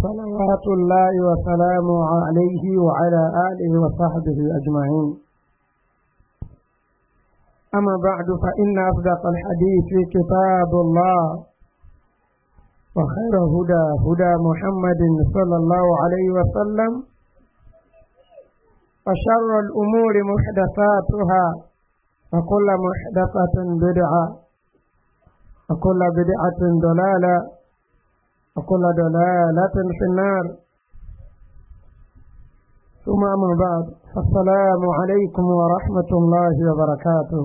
صلوات الله وسلامه عليه وعلى آله وصحبه أجمعين أما بعد فإن أصدق الحديث كتاب الله وخير هدى هدى محمد صلى الله عليه وسلم وشر الأمور محدثاتها وكل محدثة بدعة وكل بدعة ضلالة وكل دلالة في النار ثم أما بعد السلام عليكم ورحمة الله وبركاته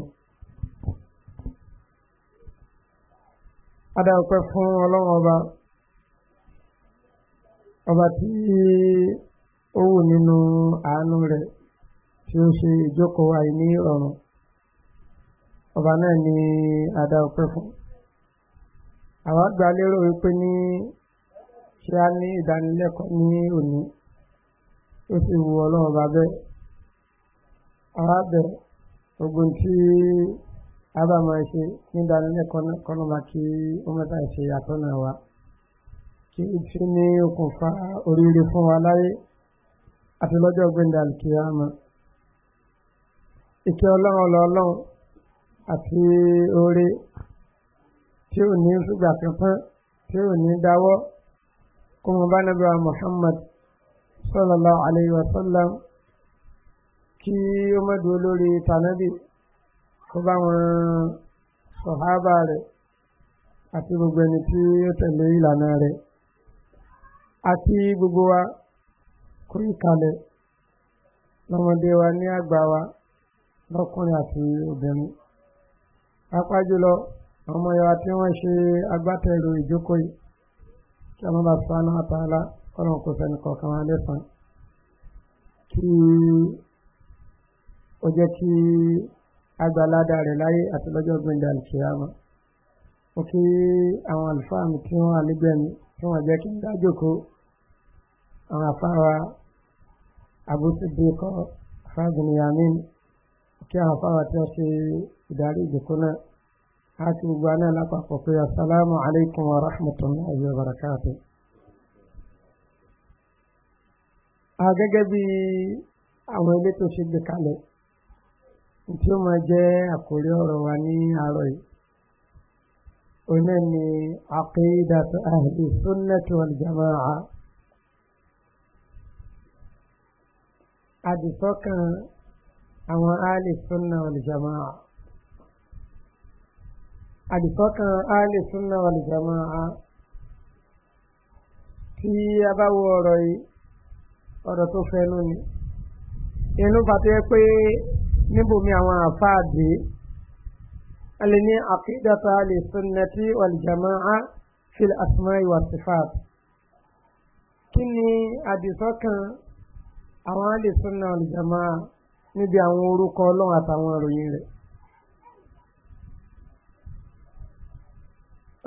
ada ọpẹ fún ọlọrun ọba ọba tí ó wù nínú àánú rẹ tí ó ṣe ìjókòó àìní ọrùn ọba náà ni ada ọpẹ fún àwa gba lérò wípé ní kí a ní ìdánilẹ́kọ̀ọ́ ní òní ó sì wu ọlọ́run bá bẹ́ẹ̀ arábẹ̀ ogun tí a bá máa ṣe ní ìdánilẹ́kọ̀ọ́ náà kí ó mẹ́ta ṣe àtọ́nà wa kí ó ti ní okùnfà oríire fún wa láyé àti lọ́jọ́ gbẹ̀ndà kìámà ìkẹ́ ọlọ́run ọlọ́run àti oore tí ò ní fìgbà kankan tí ò ní dáwọ́ kó mo bá nàbí wa muhammad sallallahu alayhi wa sallam kí ó má dúró lórí tànàbí kó bá wọn sọ̀hábà rẹ̀ àti gbogbo ẹni tí ó tẹ̀lé ìlànà rẹ̀ àti gbogbo wa kó ìkàlẹ̀ lọ́mọdé wa ní àgbà wa lọ́kùnrin àti obìnrin pápá jùlọ ọmọ ìwà tí wọ́n ṣe agbátẹrù ìjókòó yìí kí ọlọ́ba sọ́nà àtàlà ọlọ́run kò sẹ́ni kọ̀ọ̀kan wá lẹ́sàn-án kí ó jẹ́ kí agbálada rẹ̀ láyé àti lọ́jọ́ gbẹ̀ndà ìṣèyàmọ́ mo kí àwọn àlùfáà mi tí wọ́n wà níbẹ̀ mi tí wọ́n jẹ́ kí n dájòkó àwọn àfáàwà àbúsídìkọ́ fáàgùnìyàmín kí àwọn àfáàwà tí wọ́n ṣe ìdarí ìdìkú náà àti gbogbo alẹ́ lápapọ̀ pé asalaamu alaykum wa rahmatulahi wa barakatu. gẹ́gẹ́ bí àwọn elétò ṣe gbé kalẹ̀ tí ó máa jẹ́ àkórí ọ̀rọ̀ wa ní àárọ̀ yìí oní ni àkéyídàtú àhìlì sunnati wal jamaa àdìsọ́kàn àwọn àhìlì sunna wal jamaa àdìsọ́kan áálè súnà ọ̀lùjọ́mọ́ a tí a bá wo ọ̀rọ̀ yìí ọ̀rọ̀ tó fẹnu ni inú fàtó yẹ pé níbòmí àwọn àfáà dé a lè ní àkídàtà áálè súnà tí ọ̀lùjọ́mọ́ a fi àsùnmọ́ ìwà sífàt kí ni àdìsọ́kan àwọn áálè súnà ọ̀lùjọ́mọ́ a níbi àwọn orúkọ ọlọ́run àtàwọn ìròyìn rẹ̀.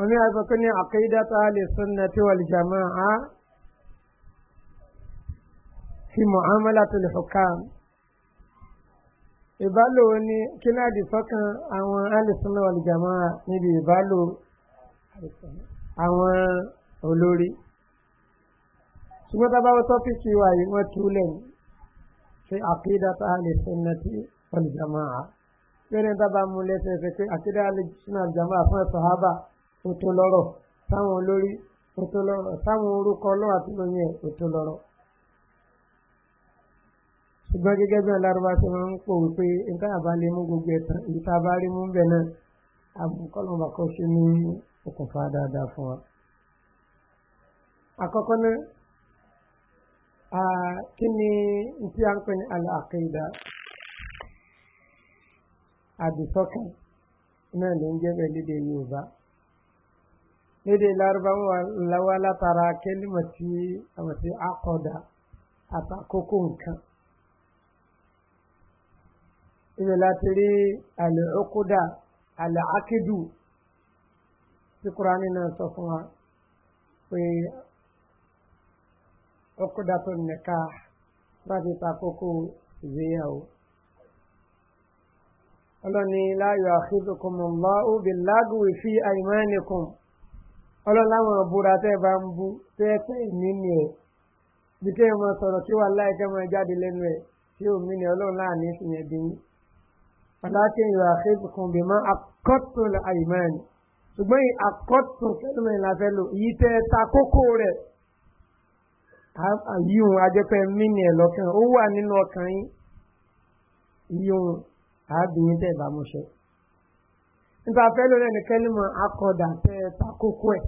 omi àkọ́kọ́ ní àkéídátà lè sọ́nà tí wọ́n lè jàmá a fi mọ̀hámálà tó lè fọ́ká ìbálò ní kí náà di sọ́kàn àwọn alìsọ́nà wọ́n lè jàmá a níbi ìbálò àwọn olórí ṣùgbọ́n tábà wọ́n tọ́pìkì wa yìí wọ́n túlẹ̀ ní ṣe àkéídátà lè sọ́nà tí wọ́n lè jàmá a lórí tábà mú lẹ́sẹ̀ fẹ́ pé àkéídátà lè sọ́nà ó tó lọ́rọ̀ sáwọn olórí ó tó lọ́rọ̀ sáwọn orúkọ ọlọ́wà tó lóyún ẹ̀ ó tó lọ́rọ̀. ṣùgbọ́n gẹ́gẹ́ bí ọ̀làrúbá ṣe máa ń pò wípé nǹkan àbálẹ̀ mú gbogbo ẹ̀tàn èyí tá bá rí mú bẹ̀ náà àbùkọ́lọ́mọba kọ́ ṣe ní okùnfà dáadáa fún wa. àkọ́kọ́ náà kí ni tí a ń pè ní àlàkéèdà àdìsọ́kàn náà ló ń jẹ́ bẹ́ẹ̀ lédè yorùbá lédè lárúbáwá làwọn látara kẹ́límà tí àwọn ti àkọ́dà àtàkókò nǹkan ibẹ̀ láti rí àlẹ́ọ́kúdà àlẹ́ákédù tí kúránì náà sọ fún wa pé ọkúdà tó nìka láti takókò ìgbéyàwó ọlọ́ni láyọ̀ àkídùkùn mọ̀ lọ́wọ́ bí lágùn ìfi àìmọ́ ọlọ́run láwọn ọ̀bùra tẹ́ ẹ bá ń bú tẹ́ ẹ pé ìmínú ẹ̀ bí kẹ́ ẹ mọ sọ̀rọ̀ kí wà láì kẹ́ ẹ mọ jáde lẹ́nu ẹ̀ tí òmìnir ọlọ́run láàánú ìsìnyẹ̀ dín ní. aláàkẹ́ ìwà àkéèkù kan bí mọ́ akọ́tò àìmọ́ni ṣùgbọ́n akọ́tò fẹ́lẹ́mọ̀ ìlàfẹ́ lò yìí tẹ́ ta kókó rẹ̀ yíyún ajẹ́pẹ́ mímì ẹ̀ lọ́kàn ó wà nínú ọkàn yín yíyún àádìyín tẹ́ ẹ ṣe nípa fẹ́lẹ́ náà ní kẹ́límọ̀ akọ̀dà tẹ́ ẹ ta kókó ẹ̀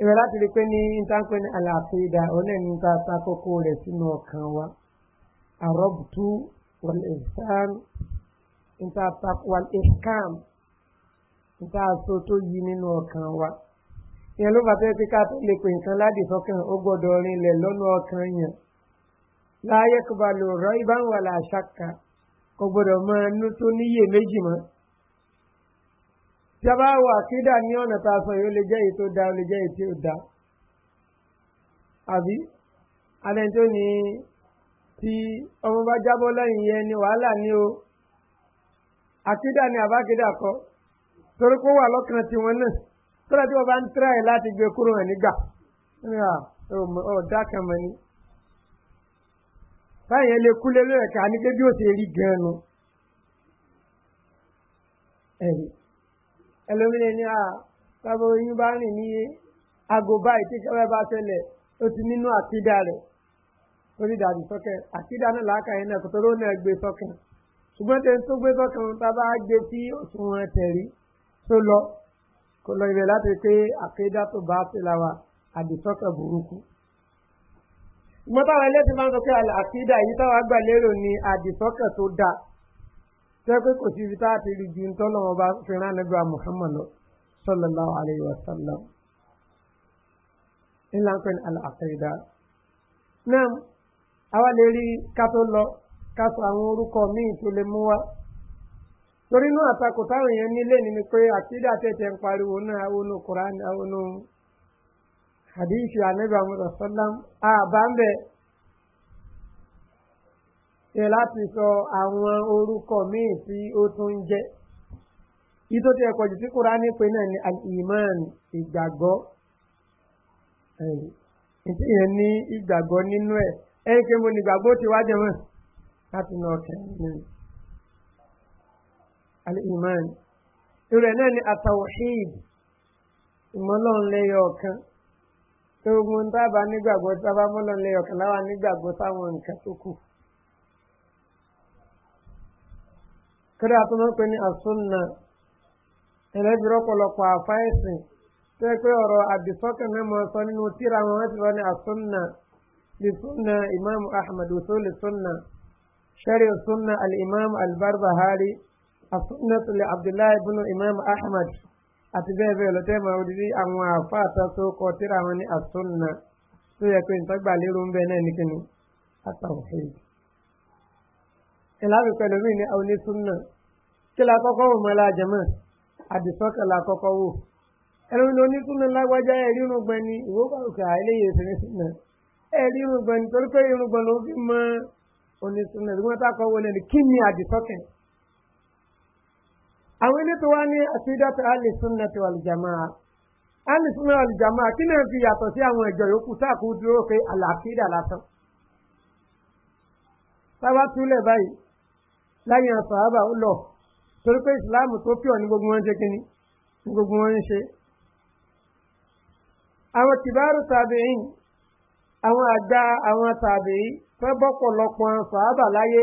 ìwẹ̀ láti rí i pé ní ìtànkùn ní àlàáfíà ìdá òun náà ní ta ta kókó rẹ̀ sínú ọkàn wa àrọ́bùtú wàlẹ̀sán níta ta wàlẹ̀kàm níta so tó yí nínú ọkàn wa ìyẹn ló bàtẹ́ pé ká tó lè pè nǹkan ládì sọ́kàn ó gbọ́dọ̀ rinlẹ̀ lọ́nà ọkàn yẹn láyé kó ba lò rọ́ ibà ń ká kó gbọ́dọ̀ máa nú tó níyè méjì mọ́ tí wa akida wọ àkídà ní ọ̀nà tá sọ yìí lè jẹ́ èyí tó da ó lè jẹ́ èyí tí ó da àbí alẹ́ tó ní tí ọmọ bá jábọ́ lẹ́yìn yẹn ni wàhálà ní o àkídà ni àbákídà kọ torí kó wà lọ́kàn tiwọn náà tọ́lá tí wọ́n bá ń tíráyè láti gbé kúrò hàn nígbà ọ̀dà kan mọ̀ ni báyìí ẹ lè kú lórí ẹ̀ka ní pé ó ṣe rí gan-an nu ẹlòmínì ni à ah, bàbá oyún bá rìn ní aago báyìí tí ìṣẹ́wẹ́ bá tẹ̀lẹ̀ ó ti nínú àkídà rẹ̀ lórí ìdàbí sọ́kẹ̀ àkídà náà làákà yẹn náà kòtò lónà gbé sọ́kẹ̀ ṣùgbọ́n tẹ̀ ń tó gbé sọ́kẹ̀ wọn tá a bá gbé sí òṣùwọ̀n tẹ̀rí tó lọ kò lọ ibẹ̀ láti pé àkídà tó bá ti là wà àdìsọ́kẹ̀ burúkú. ṣùgbọ́n táwọn ẹlẹ́sìn máa ń sọ pé àkídà yìí táwọn àgbà lérò ni àdìsọ́kẹ̀ tó dáa tẹ́pẹ́ kò sí ibi tá a ti rí ju ntọ́nà ọba fìrán nígbà muhammad sallallahu alayhi wa sallam ńlá ń pè ní àlàáfíà náà àwa lè rí ká tó lọ ká sọ àwọn orúkọ míì tó lè mú wa torí inú àtakò táwọn èèyàn nílé ni pé àkídà tẹ̀tẹ̀ ń pariwo náà àwọn kùránì àwọn hadithi anabi amúdàsálàm àbámbẹ́ yẹn láti sọ àwọn orúkọ míì tí ó tún ń jẹ́ yìí tó ẹ̀kọ́ jù tí kúránì pé náà ni al-iman ìgbàgbọ́ ìtí yẹn ní ìgbàgbọ́ nínú ẹ̀ ẹ̀yìn pé mo nígbàgbọ́ ti wájú mọ̀ láti nà ọ̀kẹ́ ní al-iman ìrẹ̀ náà ni atawhid ìmọ̀lọ́nlẹ́yọ̀ ọ̀kan tó gbọ́n tábà nígbàgbọ́ tábà mọ́lọ́nlẹ́yọ̀ ọ̀kan láwa nígbàgbọ́ táwọn nǹkan tó kù. kíra tó máa ń pè ní àsúnà ẹlẹ́bí rọ́pọ̀lọpọ̀ àfáìsìn tó yẹ pé ọ̀rọ̀ àdìsọ́kàn mẹ́mọ́ sọ nínú tíra wọn láti lọ ní àsúnà lìsúnà ìmáàmù ahmed òṣòlì súnà ṣẹ́rí súnà alìmáàmù albarbahari àsúnà tó lè abdullahi ibùnú ìmáàmù ahmed àti bẹ́ẹ̀ bẹ́ẹ̀ lọ́tẹ́ máa di bí àwọn àfa àtàtó kọ tíra wọn ní àsúnà tó yẹ pé ìtọ́gbà lérò ń bẹ náà ní ìlàbí pẹ̀lú mi ní onísúnà kí la kọ́kọ́ wò mọ́ lájẹmọ́ àdìsọ́kẹ̀ la kọ́kọ́ wò ẹnu ní onísúnà lágbájá ẹ̀rí irúgbọ́n ni ìwó kọ̀ọ̀kọ̀ àìléyè sí nísúnà ẹ̀rí irúgbọ́n ni torí pé irúgbọ́n ló fi mọ́ onísúnà ìgbọ́n tá a kọ́ wọlé ni kí ni àdìsọ́kẹ̀ àwọn elétò wa ní àfidàtà alìsúnà tí wàlìjàmá alìsúnà wàlìjàmá kí náà fi yàtọ̀ sí àwọn ìjọ yòókù sáàkú dúró pé àlàáfíà lásán tábà túlẹ̀ báyìí lẹ́yìn àṣàbà ó lọ torí pé ìsìláàmù tó pìọ̀ ní gbogbo wọn ṣe kíni ní gbogbo wọn ń ṣe. àwọn tìbáàrù tàbíyìn àwọn àgbà àwọn tàbíyìn fẹ́ bọ́pọ̀lọpọ̀ àṣàbà láyé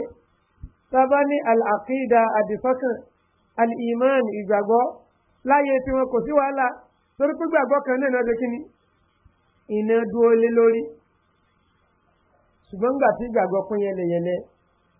sábà ní àkídà àdìsọ́kàn alìmán ìgbàgbọ́ láyé tí wọn kò sí wàhálà torí pé gbàgbọ́ kan náà náà ṣe kíni iná dúró lé lórí ṣùgbọ́n gbà tí ìgbàgbọ́ pín yẹlẹyẹlẹ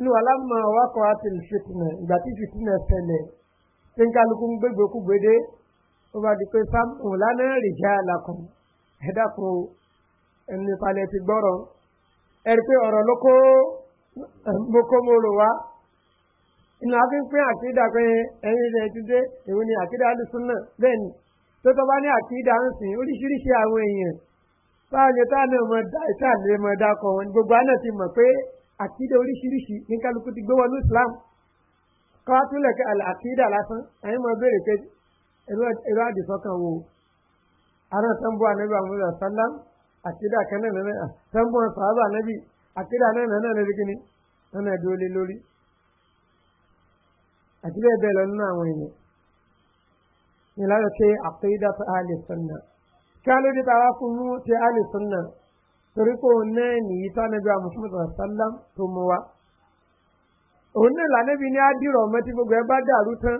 inú alámọ awakọ̀ àti ìṣètùnà ìgbà tí ìṣètùnà ṣẹlẹ̀ tí ń kálukú ń gbégbé kú gbédé ó bá di pé sáàmù lánàá rì àlàkùn ẹ̀dá ẹni palẹ̀ ti gbọ́rọ̀ ẹ̀rí pé ọ̀rọ̀ ló kó mokomoro wa inú afi ń pín àkídà pé ẹ̀yin ilẹ̀ ti dé èwo ni àkídà alùsùn náà bẹ́ẹ̀ ni tó tọ́ bá ní àkídà ń sìn oríṣiríṣi àwọn èèyàn báwo ni táà náà ìtàlẹ́ mọ̀ dá gbogbo àná ti mọ̀ pé àkídà oríṣiríṣi ní kálukú ti gbé wọnú islam káwá túlẹ̀ kí àkídà lásán àyìn máa béèrè pé irú àdìsọ́kàn wo àwọn tó ń bọ́ ànábì àwọn ọmọdé ọ̀sánlá àkídà kan náà nẹ́nẹ́ tó ń bọ́ sàábà ànábì àkídà náà nẹ́nẹ́ lórí kíni nẹ́nẹ́ dúró lé lórí àti bẹ́ẹ̀ bẹ́ẹ̀ lọ nínú àwọn èèyàn ní láyọ̀ pé àkídà àlè sọ́nà kí á lóde tá a fún mú ti àlè sọ́nà torí pé òun náà nìyí tánàbí àmọ́sọ́mọ́sọ sálám tó mú wa òun náà lànàbí ní àdìrọ̀ ọmọ tí gbogbo ẹ bá dàrú tán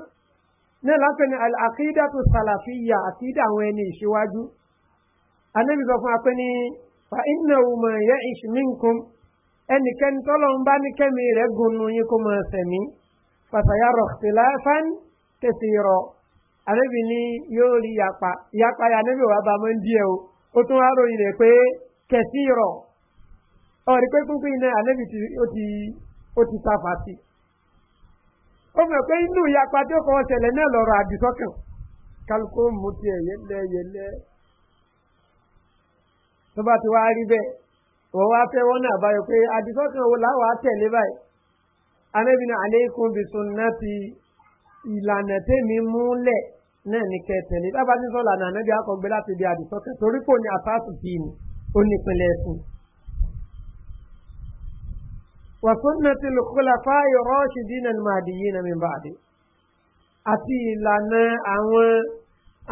náà lápẹ́ ní àkídà tó sàlàfíyà àkídà àwọn ẹni ìṣíwájú ànàbí sọ fún apẹ́ ní fa iná ọmọ ẹ̀yẹ ìṣmínkùn ẹnikẹ́ni tọ́lọ̀ ń bá ní kẹ́mi rẹ̀ gùnú yín kó mọ̀ sẹ̀mí pàtàyà rọ̀ tìlá fán tètè rọ̀ ànàbí ní yóò rí yapa yapa yà ànàbí wà bá mọ́ ń díẹ̀ o ó tún wá ròyìn rẹ̀ pé kẹ̀sí rọ̀ ọ̀rí pé pínpín iná àlẹ́bí ó ti ta fàtì. ó mọ̀ pé inú ìyapa tí ó kọ́ ṣẹlẹ̀ náà lọ́rọ̀ àdìsọ́kàn kálukó mú tiẹ̀ yẹlẹ́ yẹlẹ́. tó bá ti wá rí bẹ́ẹ̀ wọ́n wá fẹ́ wọ́n náà báyọ̀ pé àdìsọ́kàn wo láwọn á tẹ̀lé báyìí. àlẹ́bí náà àlékún bìsùn náà ti ìlànà tèmi múlẹ̀ náà ní kẹtẹ̀lé bábá ti sọ lànà ànábì akọ̀gbẹ́ láti di àdìsọ́kàn torí ó nípìnlẹ̀ ẹ̀sìn. wàsúnà ti lùkúlà fáyọ rọ́ọ̀ṣì dínà ní màdìyí na mi bàdé àti ìlànà àwọn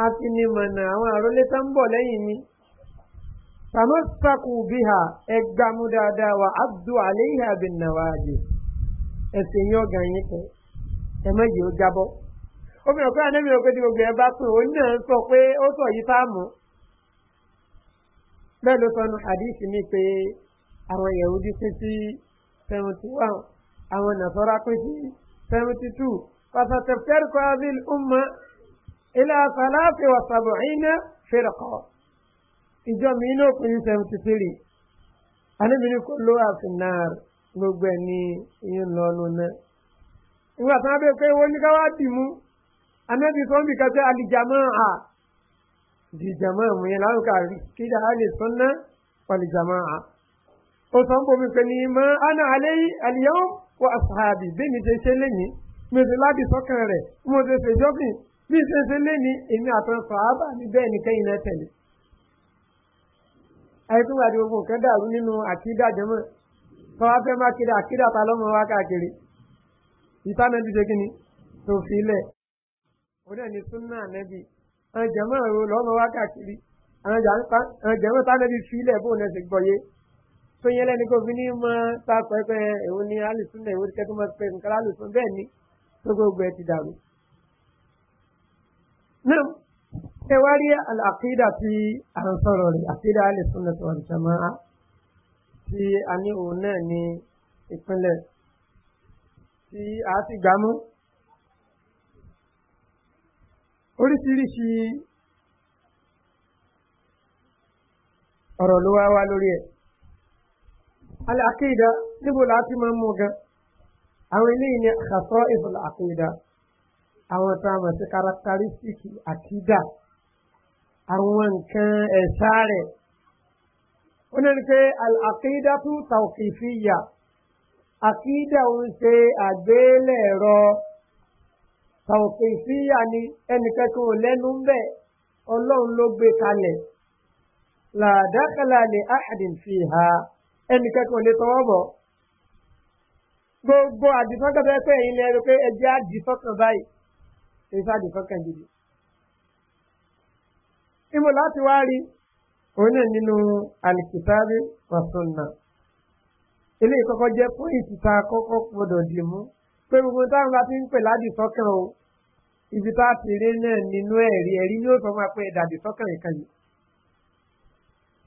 afinimọ̀nà àwọn àrólé tó ń bọ̀ lẹ́yìn mi tàmọ́sàkù bí ha ẹgbàmú dáadáa wa abdu aleyhi abinawaje ẹsẹ̀ yín ọ̀gá yín tẹ ẹ má yìí ó jábọ́ ó fi hàn pé tí gbogbo ẹ bá náà sọ pé ó sọ yìí bẹ́ẹ̀ ló sọnù hadith mi pé àwọn yahudi pín sí seventy one àwọn nasara pín sí seventy two fasatafẹ́rì kọ́abil umma ilé asalafi wa sabuina firkọ ìjọ mi inú òpin seventy three anibiri kò ló àfinaar gbogbo ẹ̀ ní ìyẹn lọ́nu náà ìgbà tí pé wọ́n ní ká wá dì mú anabi sọ́nbì kẹsẹ́ alìjàmọ́ à di jamaa mu yẹn láwùká rí kíjà á lè sọ́nà wàlì jamaa á. ó sọ ń bomi pé ní mọ ana alẹ́ yìí àlìyáwó wà sàbí bẹ́ẹ̀ni ṣe ṣe lẹ́ni mi ti láti sọ́kàn rẹ̀ mo ti fèjọ́ bì bí ṣe ṣe lẹ́ni èmi àtàn sàábà mi bẹ́ẹ̀ ni kẹ́yìn náà tẹ̀lé. àìsàn àti gbogbo nǹkan dàrú nínú àkídà jamaa kọ́ wá fẹ́ má kídà àkídà ta lọ́mọ wá káàkiri ìtànà dídé kí tó fi lẹ̀ òun náà ni súnà nẹ́bí àwọn jẹ̀mọ́ ẹ̀rọ lọ́mọ wákàtí àwọn jẹ̀mọ́ tánàbí fílẹ̀ bóun ẹ̀sìn gbọ́yé tó yẹn lẹ́ni kó fi ní mọ́ tá a pẹ́ pẹ́ ni alùsùn náà èwo ti kẹ́tọ́ máa nǹkan alùsùn bẹ́ẹ̀ ni tó gbogbo ẹ ti dàrú. náà ẹ wá rí àkídà tí à ń sọ̀rọ̀ rẹ̀ àkídà alùsùn náà sọ̀rọ̀ jẹ̀mọ́ a tí a ní òun náà ní ìpínlẹ̀ tí a ti gbámú oríṣiríṣi ọ̀rọ̀ ló wá wá lórí ẹ̀ alẹ́ akéèdá níbo la ti máa ń mú gan àwọn eléyìí ni àkàtọ́ ìfọ̀lá akéèdá àwọn tá a mọ̀ sí karakitaristiki àkídà àwọn nǹkan ẹ̀ṣá rẹ̀ ó náà ní pé àkídá tún tàùkì fìyà àkídà ń ṣe àgbélẹ̀rọ tàwọ̀kì ìfíyà ni ẹnìkẹ́kẹ́ ò lẹ́nu ń bẹ̀ ọlọ́run ló gbé kalẹ̀ làdákàlà lè áhàdìn fi ha ẹnìkẹ́kẹ́ ò lè tọwọ́ bọ̀ gbogbo àdìsọ́kàn bẹ́ẹ̀ pé èyí ni ẹni pé ẹjẹ́ àdìsọ́kàn báyìí èyí sá àdìsọ́kàn gidi ìmọ̀ láti wá rí òun náà nínú alìkìtàbí wàsùnà ilé ìkọ́kọ́ jẹ́ pọ́ìntì tá kọ́kọ́ gbọ́dọ̀ dì mú pé gbogbo táwọn bá ti ń pè ládì sọ́kàn o ibi tá a ti rí náà nínú ẹ̀rí ẹ̀rí ni ó sọ máa pé ìdàdì sọ́kàn nìkan yìí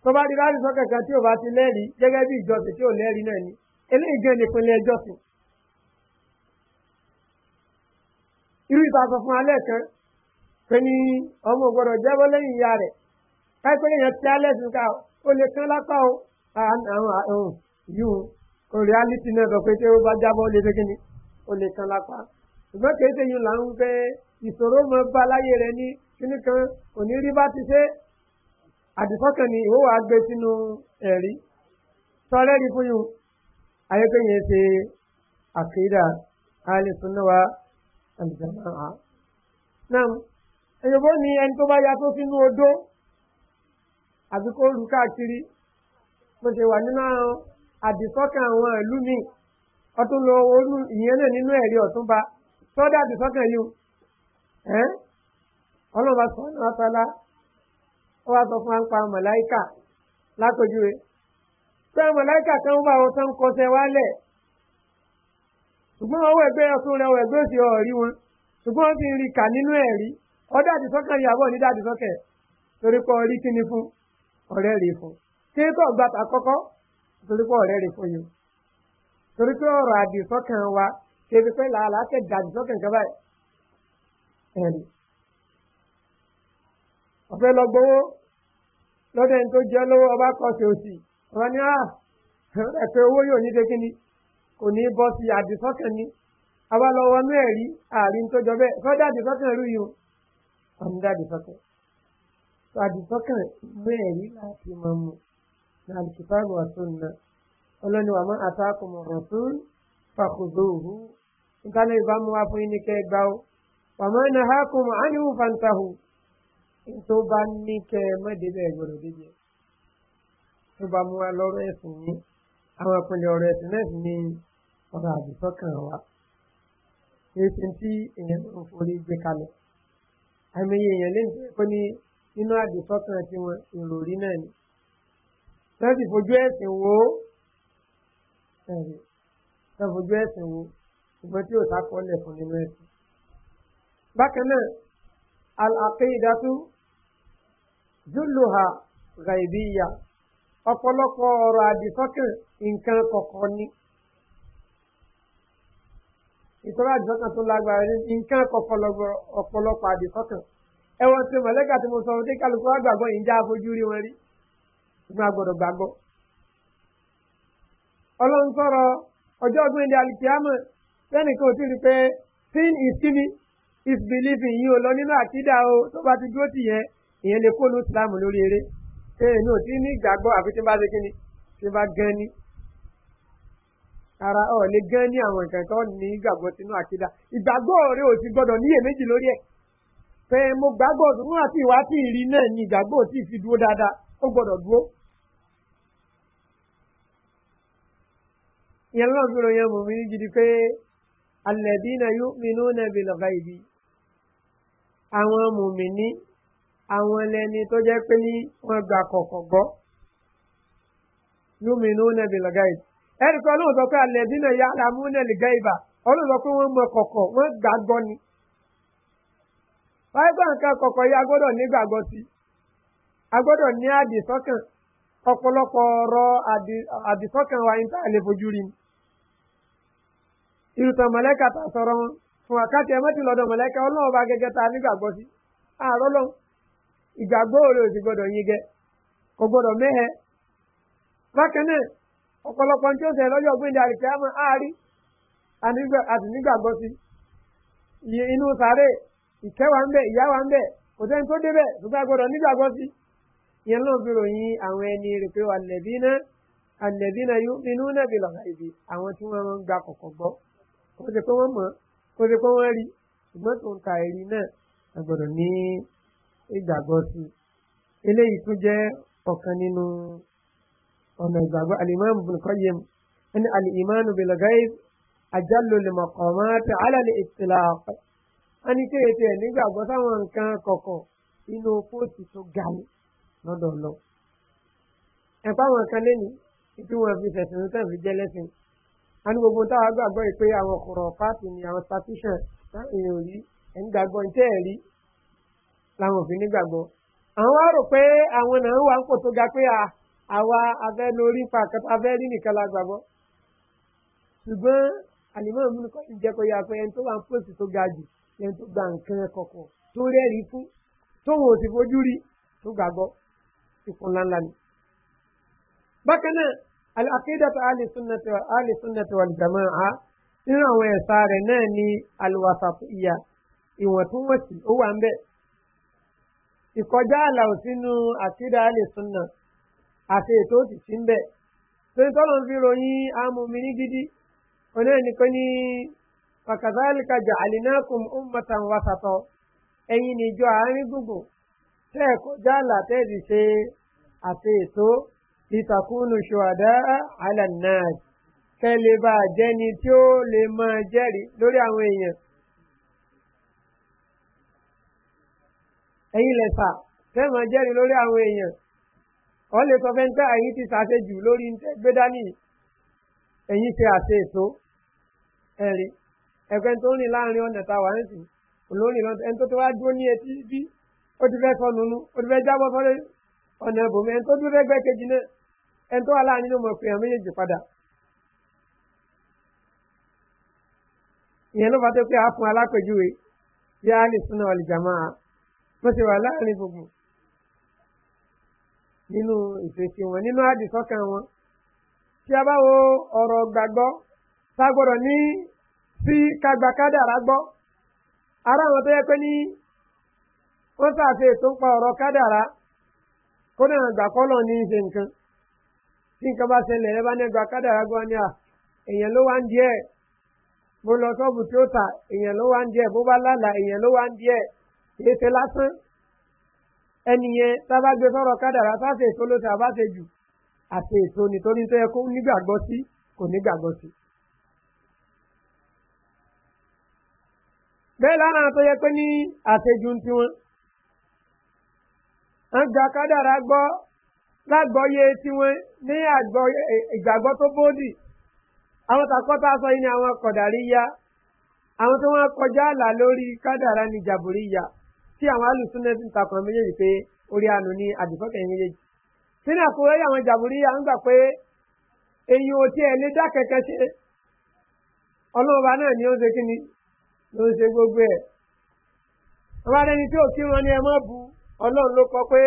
tó bá di ládì sọ́kàn kan tí ò bá ti lẹ́rìí gẹ́gẹ́ bí ìjọsìn tí ò lẹ́rìí náà ni eléyìí gan ni ìpínlẹ̀ ìjọsìn irú ìta sọ fún alẹ́ kan pé ní ọmọ ògbọ́dọ̀ jẹ́wọ́ lẹ́yìn ìyá rẹ̀ káìpẹ́ èèyàn ti alẹ́ sí ká ó lè kán lápá o àwọn yìí o reality náà sọ pé tí ó bá jábọ́ lè ṣe kí ni ó lè kan lápá ṣùgbọ́n kì í ṣe yìí là ń pẹ́ ìṣòro mọ bá láyé rẹ ní kíní kan kò ní rí bá ti ṣe àdìsọ́kàn ni ìwọ́ wàá gbé sínú ẹ̀rí tọ́lẹ́rì fún yìí ayékéyìn ṣe àkéèdà alẹ́sùnáwá àlùjámáà náà èyòbó ni ẹni tó bá ya tó sínú odó àbí kó rú káàkiri mo ṣe wà nínú àdìsọ́kàn àwọn ìlú míì ọtún lo orú ìyẹn náà nínú ẹ̀rí ọ̀túnba sọ́dà àti sọ́kàn yìí ẹ́ ọlọ́ba sọ́nà àtàlà ó wá sọ fún apá mọ̀láìkà látọjúwe pé mọ̀láìkà kan wà ó tán kọsẹ̀ wálẹ̀ ṣùgbọ́n ọwọ́ ẹgbẹ́ ọtún rẹ ọwọ́ ẹgbẹ́ òsì ọ̀rí wọn ṣùgbọ́n ó ti rí kà nínú ẹ̀rí ọdá àti sọ́kàn yìí àbọ̀ nídà àti sọ́kàn torí pé ọrí kíni fún ọ̀rẹ́ rè fún kí tó gbàtà kọ́kọ́ torí pé ọ̀rẹ́ rè fún yìí torí pé ọ̀rọ̀ àdìsọ́kàn wa ṣebi pé làálà á tẹ̀dà àdìsọ́kàn kan báyìí. ẹ̀rì ọ̀fẹ́ lọ gbowó lọ́dọ̀ ẹni tó jẹ́ lówó ọba kọ̀ọ̀sì òsì ọba ní à ah, ẹ̀pẹ́ owó yóò ní dékí ni kò ní bọ́ sí àdìsọ́kàn ni àwa lọ wọnú ẹ̀rí àárín tó jọ bẹ́ẹ̀ kọ́ dáàdì sọ́kàn rú yìí o àmì dáàdì sọ́kàn dáàdì sọ́kàn mú ẹ̀rí láti mọ̀ mu ní àdìsọ́kàn wà tó ń náà ọlọ́ni wàmọ́ àtàkùnmọ̀ rọ̀tún fàkùdóhù ìtànà ìbámu wa fún yín ní kẹ́ gbá o wàmọ́ ẹni ha kùn mọ́ ánìwò fàǹtàhù tó bá ní kẹ́ mọ́débẹ̀ gbọ́dọ̀ dédé tó bá mú wa lọ́rọ̀ ẹ̀sìn yín àwọn ìpínlẹ̀ ọ̀rọ̀ ẹ̀sìn náà sì ní ọ̀rọ̀ àdìsọ́kàn wa èsì tí èèyàn ń forí gbé kalẹ̀ àmì èèyàn lè jẹ́ pé ní nínú àdìsọ́kàn tiwọn ìròrí náà ni lọ́sì fojú ẹ̀sìn wo ẹ̀sìn rè ẹ fojú ẹ̀sìn wo ṣùgbọ́n tí ò sákọọ́lẹ̀ fún nínú ẹ̀sìn. bákan náà al-akeidatu júlùhà gàìbíyà ọ̀pọ̀lọpọ̀ ọ̀rọ̀ àdìsọ́kàn nǹkan kọ̀ọ̀kan ni ìtọ́lá àdìsọ́kàn tó lágbára ní nǹkan ọ̀pọ̀lọpọ̀ àdìsọ́kàn ẹ̀wọ̀n tí mọ̀lẹ́kà tí mo sọ fún kí kálukú wá gbàgbọ́ ìjà àfojú rí wọn rí ṣùgbọ́n a ọlọ́run sọ̀rọ̀ ọjọ́ gbẹ̀ndẹ̀ alikiyama lẹ́nìkan ò ti rí pé sin is giving is believing yìí ò lọ nínú àkídà o tó bá ti dúró tì yẹn ìyẹn lè kó lu islam lórí eré èèyàn ò ti ní ìgbàgbọ́ àfi tí n bá ṣe kíni tí n bá gan ni ara ọ̀ lè gan ní àwọn nǹkan tó ní ìgbàgbọ́ sínú àkídà ìgbàgbọ́ rẹ ò ti gbọ́dọ̀ níyè méjì lórí ẹ̀ pé mo gbàgbọ́ òdùnmọ́ àti ìwà tí ìrì náà ní ìgbàgbọ́ ì ìyẹn lọ́nà fi ròyìn mùmí ní gidi pé alẹ́dínà yóò minú nàbí lọ́gà ibi àwọn mùmí ní àwọn lẹni tó jẹ́ pé ní wọ́n gba kọ̀ọ̀kọ̀ gbọ́ yóò minú nàbí lọ́gà ibi ẹnì kan lóun sọ pé alẹ́dínà yà á lámú nàbí lọ́gà ibà ọlọ́run sọ pé wọ́n mọ kọ̀ọ̀kọ̀ wọ́n gbàgbọ́ ni wáyé gbọ́n nǹkan kọ̀ọ̀kọ̀ yìí agbọ́dọ̀ wa ní tá a ni. irúta mọ̀lẹ́kà tá sọ̀rọ̀ wọn fún àkàtì ẹ̀mẹ́tì lọ́dọ̀ mọ̀lẹ́kà bá gẹ́gẹ́ ta nígbàgbọ́ sí àárọ̀ lọ ìgbàgbọ́ òòrè òsì gbọ́dọ̀ yín gẹ kò gbọ́dọ̀ mẹ́hẹ. bákan náà ọ̀pọ̀lọpọ̀ tí ó sẹ̀ lọ́jọ́ a mọ̀ àti nígbàgbọ́ sí inú sàárè ìkẹ́ wa ń bẹ̀ ìyá wa ń bẹ̀ kò sẹ́ni tó gba kó ṣe pé wọ́n mọ̀ kó ṣe pé wọ́n rí ṣùgbọ́n tó ń ka ẹ̀rí náà a gbọ́dọ̀ ní ìgbàgbọ́ sí i eléyìí tún jẹ́ ọ̀kan nínú ọ̀nà ìgbàgbọ́ alimami bin kọ́yẹm ẹni alimami bin lọ́gáyé àjálò lè mọ̀ kọ̀ mọ́ tẹ alálẹ̀ ìtìlá ọ̀pẹ wọ́n ní kéèké ẹ̀ nígbàgbọ́ sáwọn nǹkan kọ̀kọ̀ inú póòtù tó ga ni lọ́dọ̀ lọ ẹ̀pá àwọn kan lé ní ibi fi fẹ̀sùn a ní gbogbo táwa gbàgbọ́ yìí pé àwọn ọkùnrin ọ̀páàtì ni àwọn statishan èèyàn rí ẹ̀ń gbàgbọ́ ní tẹ́ẹ̀ rí làwọn òfin nígbàgbọ́ àwọn wá rò pé àwọn náà wà ń pò tó ga pé àwa abẹ́ lórí pa abẹ́ rí nìkan la gbàgbọ́ ṣùgbọ́n àlìmọ́ mi kọ́ ti jẹ́ kó yá pé ẹni tó wà ń pòsì tó ga jù ẹni tó gba nǹkan kọ̀kọ̀ tó rẹ́rìí fún tóun ò sì fojú rí tó gbàgbọ́ ìkùnlá ni. bákan náà العقيدة أهل السنة أهل السنة والجماعة nínú àwọn ẹ̀sà rẹ̀ náà ni alùwàsàtìyà ìwọ̀ntúnwọ̀nsì ó wà ń bẹ̀. ìkọjá àlà ò sínú àkídà àlè súnà àti ètò òsì sí ń bẹ̀. torí tọ́lọ̀ ń fi ròyìn amòmí ní gidi ọ̀nà ẹnìkan ní pàkàtàlìkà jà àlìnákùn ọmọọ̀tàn wàsàtọ̀ ẹ̀yìn níjọ àárín gbùngbùn tẹ́ àlà tẹ́ẹ̀dì ṣe àti ètò litakunu ṣọ̀dá alanaad kẹlẹ bá jẹni tí ó lè máa jẹ́rìí lórí àwọn èèyàn. ẹ̀yin lè fà fẹ́ máa jẹ́rìí lórí àwọn èèyàn wọ́n lè sọ fẹ́ ń pẹ́ ẹ̀yin ti ṣàṣejù lórí gbẹ́dání ẹ̀yin ṣe àṣe èso ẹ̀rí ẹ̀gbẹ́ tó ń rìn láàrin ọ̀nà tá a wà ń sìn olórin lọ́dọ̀ ẹni tó ti wá dúró ní etí bí ó ti fẹ́ sọ nùnú ó ti fẹ́ jábọ́ sọ́lé ọ̀nà ìbòmí ẹni tó dúró fẹ́ gbẹ́ kejì náà ẹni tó wà láàrin ló mọ̀ pé àwọn méjèèjì padà ìyẹn ló bá tó pé a fún alápèjúwe bí a lè súná ọ̀lìjàmá bó ṣe wà láàrin gbogbo nínú ìfèsì wọn nínú àdìsọ́kàn wọn tí a bá wo ọ̀rọ̀ gbàgbọ́ tá a gbọ́dọ̀ ní sí kágbàkádàrá gbọ́ ara àwọn tó yẹ pé ní wọ́n sàfihàn tó ń pa ọ̀rọ̀ kádàrá kó náà gbàkọ́ lọ ní í ṣe nǹkan tí nǹkan bá ṣẹlẹ̀ ẹ bá nẹ́gbàá kádàrá gan ni à èèyàn ló wá ń díẹ̀ mo lọ sọ́ọ̀bù tí ó tà èèyàn ló wá ń díẹ̀ bó bá lálà èèyàn ló wá ń díẹ̀ kìí ṣe lásán ẹnìyẹn tábà gbé sọ̀rọ̀ kádàrá sáṣe èso ló ṣe àbáṣe jù àti èso nítorí tó yẹ kó nígbàgbọ́ sí kò nígbàgbọ́ sí. bẹ́ẹ̀ lára tó yẹ pé ní àṣejù ń tiwọn wọ́n gba kádàrá gbọ́ lágbọ́yé tiwọn ní àgbọ̀ ìgbàgbọ́ tó bódì. àwọn tàkọ́tà sọ yìí ni àwọn kọ̀dàrí yá àwọn tó wọn kọjá àlà lórí kádàrá ni jàbùrí yá tí àwọn alùsùnlẹ̀ ti méjèèjì pé orí àánú ni àdìfọ́kẹ̀yìn méjèèjì sínú àkúrẹ́ àwọn jàbùrí ń gbà pé tí ẹ̀ lé dá ṣe ọlọ́ọ̀bá náà gbogbo ẹ̀ bá dẹni tí ò kírun ni bu ọlọ́run ló kọ pé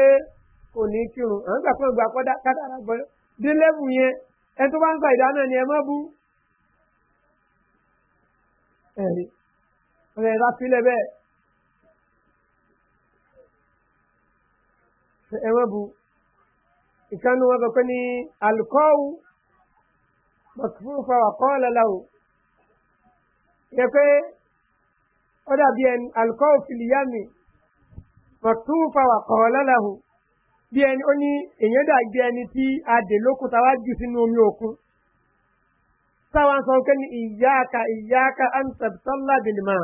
kò ní kírun gbà pé dé lẹ́bù yẹn ẹ tó bá ń gba ìdáná ni ẹ má bú ẹ̀rí ọ̀rẹ́ ẹ̀rá sílẹ̀ bẹ́ẹ̀ ẹ má bú ìkànnì wọn sọ pé ní alukọ́wù mọ̀kúfà wà yẹ pé ó dàbí ẹni alukọ́wù fìlíyàmì mọ̀kúfà wà bí ẹni ó ní èèyàn dà bí ẹni tí adè lókun tá a wá jù sínú omi òkun táwọn sọ pé ní ìyáàka ìyáàka antabtala bìnnìmá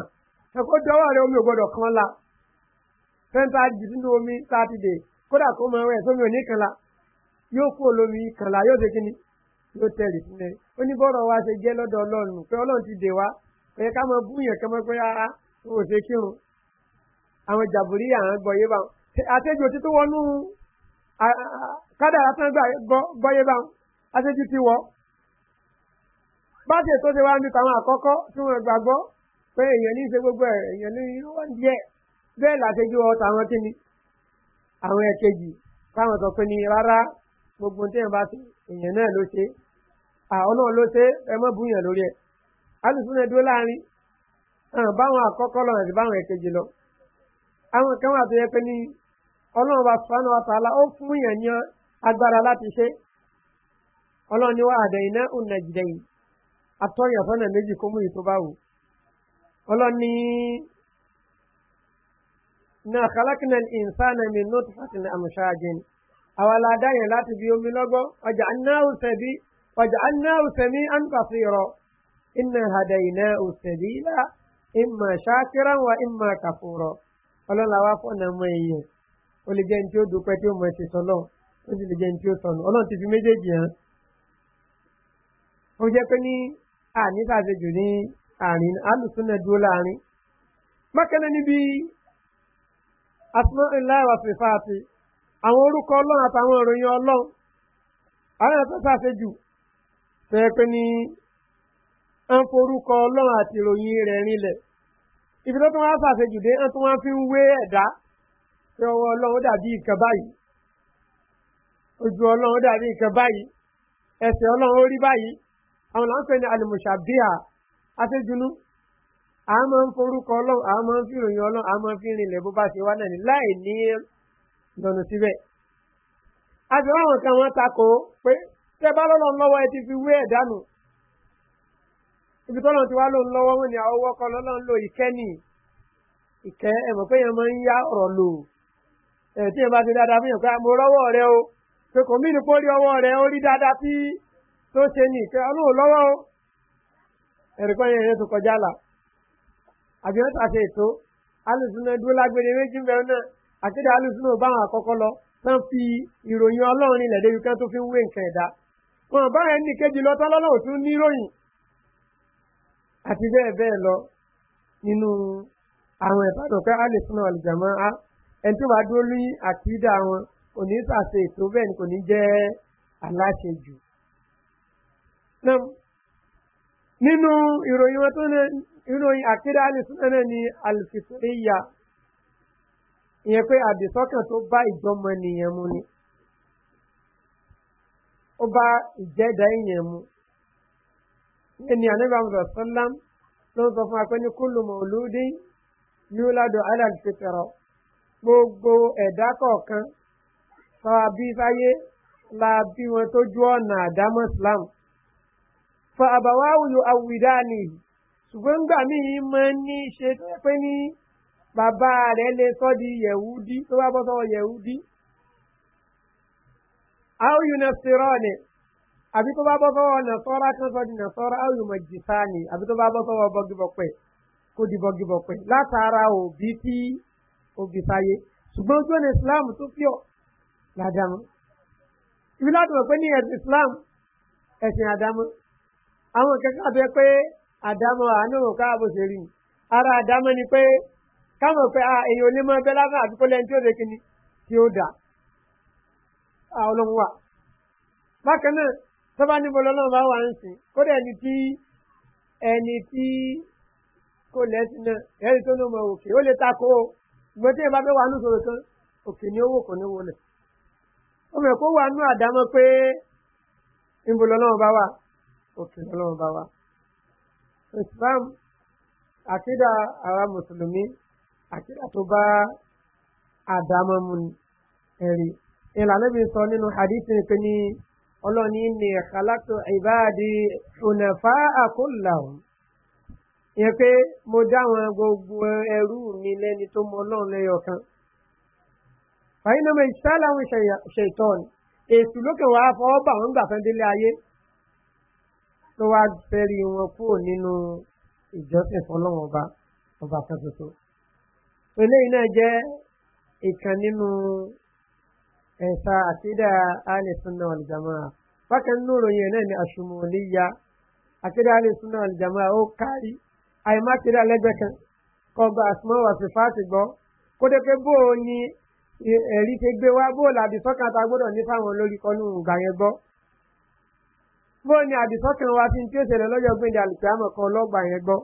ẹ̀kọ́ dọ́wọ́ rẹ omi ò kan la fẹ́ńtà jù sínú omi sátidé kódà kó máa wẹ̀ sómi òní kan la yóò kú olómi kan la yóò ṣe ni yóò tẹ̀lé sílẹ̀ ó ní bọ́rọ̀ wa ṣe jẹ́ lọ́dọ̀ ọlọ́run pé ọlọ́run ti dè wá pé ká máa bú yẹn kẹ́mọ́ pé rárá ó ṣe kírun àwọn jàbùrí àwọn gbọ̀yé bá wọn àtẹ́jọ́ ti tó wọnú kádàrá tán gbọ́yé bá wọn aṣojú ti wọ̀ báṣe tó ṣe wá ní tàwọn àkọ́kọ́ tí wọ́n gbàgbọ́ pé èèyàn ní í ṣe gbogbo ẹ̀ èèyàn ní wọ́n díẹ̀ bẹ́ẹ̀ làṣejú ọ̀tà àwọn kíni àwọn ẹ̀kejì táwọn sọ pé ní rárá gbogbo tí èèyàn bá ṣe èèyàn náà ló ṣe àwọn náà ló ṣe ẹ mọ́ búyàn lórí ẹ̀ alùpùpù náà dúró láàrin báwọn àkọ́kọ́ lọ́nà àti báwọn ẹ̀kejì lọ àwọn kan wà tó yẹ pé ní ọlọ́run bá sùpánù àtàlà ó fún yàn ní agbára láti ṣe ọlọ́run ni wà á dẹ̀yìn náà òun nàìjíríà yìí atọ́yàn fọ́nà méjì kó mú yìí tó bá wù ọlọ́run ní náà kálákìnà ìnsánà mi nóòtù fàtìlẹ àmúṣáájìn àwọn aládàáyàn láti bí omi lọ́gbọ́ ọjà anáwó sẹ́bí ọjà anáwó sẹ́mi ànfàṣírọ̀ iná àdẹ̀yìn náà òun ilá ìmọ̀ ṣáàkìrán wa ìmọ̀ kàfùrọ̀ ọlọ́run làwọn fọ́nà mọ́ èèyàn ó lè jẹ́ ní tí ó dúpẹ́ tí ó mọ ẹsẹ̀ sọlọ́run ó sì lè jẹ́ ní tí ó sọnù ọlọ́run ti fi méjèèjì hàn. ó jẹ́ pé ní àní sàṣejù ní àárín alùsùnà dúró láàrin. mákàlẹ́ níbi asmọ́ ńlá ìwà fìfà àti àwọn orúkọ ọlọ́run àtàwọn ìròyìn ọlọ́run àwọn ẹ̀fọ́ sàṣejù fẹ́ pé ní ń forúkọ ọlọ́run àti ìròyìn rẹ̀ rinlẹ̀ ìfìdó tó wá sàṣejù dé ń tó wá fi ń wé ẹ̀dá. ọwọ́ ọlọ́run dàbí ìkan báyìí ojú ọlọ́run dàbí ìkan báyìí ẹsẹ̀ ọlọ́run ó báyìí àwọn là ní alimusabia aṣejunu à ń forúkọ ọlọ́run à ń fi ìròyìn ọlọ́run à ń fi rinlẹ̀ bó bá ṣe wá náà ní láì ní lọ́nà síbẹ̀. àti láwọn kan takò pé bá lọ́lọ́ lọ́wọ́ ẹ ti fi wé ẹ̀ dànù ibi ni àwọn ọwọ́ lo tí ẹ bá ti dáadáa fún yàn pé ah, mo rọ́wọ́ rẹ o pé kò mí ọwọ kó ori ọwọ́ rẹ ó rí dáadáa tí tó ṣe ní ìpè ọlọ́run lọ́wọ́ o ẹ̀rìkọ́ yẹn yẹn tó kọjá là àbí wọ́n ṣe ètò alùsùnà dúró lágbèrè méjì náà àkéde alùsùnà àkọ́kọ́ lọ tán fi ìròyìn ọlọ́run débi kan tó fi ń wé nǹkan ẹ̀dá wọn lọ tún níròyìn àti bẹ́ẹ̀ bẹ́ẹ̀ lọ nínú àwọn ìbàdàn alùsùnà àlùjàmọ́ ẹni tó bá dúró ní àkídà wọn kò ní sàṣe ètò bẹ́ẹ̀ ni kò ní jẹ́ aláṣejù. nínú ìròyìn wọn tó ní ìròyìn àkídà alìsúná ni alìfìtìríyà ìyẹn pé àdìsọ́kàn tó bá ìjọmọ nìyẹn mu ni ó bá ìjẹ́dá ìyẹn mu ẹni ànábì àmọ̀tò sọ́lám ló ń sọ fún akẹ́ni kúlùmọ̀ olùdí ní ó ládùn alàlùfẹ́tẹ̀rọ̀ gbogbo ẹ̀dá kọ̀ọ̀kan tọ́wá bí fáyé la bí wọn tó ju ọ̀nà àdámọ́ islam fa àbáwáwù yóò awùdá ni ṣùgbọ́n gbà mí máa ń ní ṣe pé ní bàbá rẹ̀ lè sọ́ di yẹ̀wúdí tó bá bọ́ sọ́wọ́ yẹ̀wúdí àwọn yìí ni àbí tó bá bọ́ sọ́wọ́ nàṣọ́ra tó sọ di nàṣọ́ra àwọn yìí ni àbí tó bá bọ́ sọ́wọ́ bọ́gibọ̀pẹ̀ kó di bọ́gibọ̀pẹ̀ látara òbí tí obì sáyé ṣùgbọ́n ojú ọ̀nà islam tó pure làdàmú ibi láti mọ̀ pé ní ẹ̀sìn islam ẹ̀sìn àdámọ́ àwọn kẹ́kẹ́ àbẹ́ pé àdámọ́ àánú òǹkà àbòsè rí ara àdámọ́ ni pé káwọn pé èèyàn ò lè mọ ẹgbẹ́ lábẹ́ àdúgbò lẹ́ni tí ó lè kíni tí ó dà ọlọ́run wà bákan náà tọ́ba níbo lọ́lọ́run bá wà ń sìn kódà ẹni tí ẹni tí kò lẹ́sìn náà ẹni tó ní ọmọ òkè ó lè takò ó ṣùgbọ́n tí ẹ bá fẹ́ wà lóṣòro kan òkè ní owó kò ní wọlé ọmọ ẹ̀kọ́ wà nú àdámọ́ pé níbo lọ́lọ́run bá wà òkè lọ́lọ́run bá wà. islam àkídà àwa mùsùlùmí àkídà tó bá àdámọ́ mu ẹ̀rí ìlànà bí sọ nínú hadithi pé ní ọlọ́ọ̀ni ní ẹ̀ka látọ̀ ìbáàdì ṣùnẹ̀fà àkọlà yẹn pé mo dáwọn gbogbo ẹrú mi lẹ́ni tó mọ ọlọ́run lẹ́yọ kan fàyín náà mẹ́jì tá láwọn ṣètọ́ ni èsù lókè wàá fọwọ́ bà wọ́n gbà fẹ́ délé ayé tó wá fẹ́rí wọn kúrò nínú ìjọsìn fọlọ́wọ́n ọba ọba kan ṣoṣo eléyìí náà jẹ́ ìkan nínú ẹ̀ka àkídà alẹ́sùnà ọ̀lùjàmọ́ bákan nínú ìròyìn náà ni àṣùmọ̀lẹ́yà àkídà alẹ́sùnà ọ̀lùjàmọ́ ó kárí àìmákiri alẹ́gbẹ́ kan kọgbà àsùnmọ́ wà sí fáàtì gbọ́ kó dé pé bó o ní ẹ̀rí ṣe gbé wá bó o làbí sọ́kàn ta gbọ́dọ̀ ní fáwọn olórí kọ́nù ìgbà yẹn gbọ́ bó o ní àdìsọ́kàn wa sí tí ó ṣẹlẹ̀ lọ́jọ́ gbé ní àlùkìyàmọ̀ kan lọ́gbà yẹn gbọ́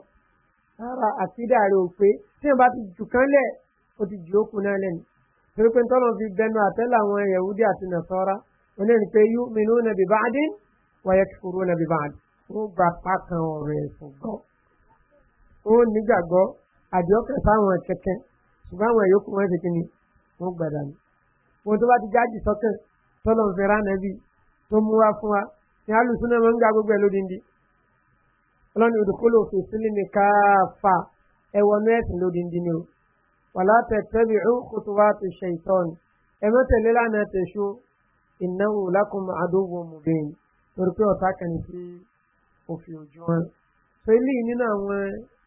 rárá àtidá rẹ̀ ò pé tí wọ́n bá ti jù kán lẹ̀ ó ti jù ókun náà lẹ́nu torí pé tọ́lọ́ fi bẹnu àtẹ́ làwọn yahudi àti nàṣọ́ra onírin pé yú mi ní ó nàbì báàdín wáyé kúrú nàbì báàdín ó gbà pákan ọ̀rọ̀ ẹ̀sùn gan ó nígbàgbọ́ àdìọ́kẹ́ sáwọn kẹ̀kẹ́ ṣùgbọ́n àwọn ìyókù wọn ṣe kíni wọn gbàdá ni. ohun tó bá ti jáde sọ́kàn tọ́lọ̀ ń tó mú wá fún wa máa ń gbogbo ẹ̀ lódindi. ọlọ́ni òdòkóló òfin sílẹ̀ fa káfà ẹ̀wọ̀nú ẹ̀sìn ni o. wàlá wa ti ṣe ìtọ́ni ẹ̀mọ́ tẹ̀lé lánàá tẹ̀sù ìnáwó lákùnmọ́ àdógún mùbẹ́yìn torí pé ọ̀tá kàn sí òfin òjò wọn. pẹ̀lú àwọn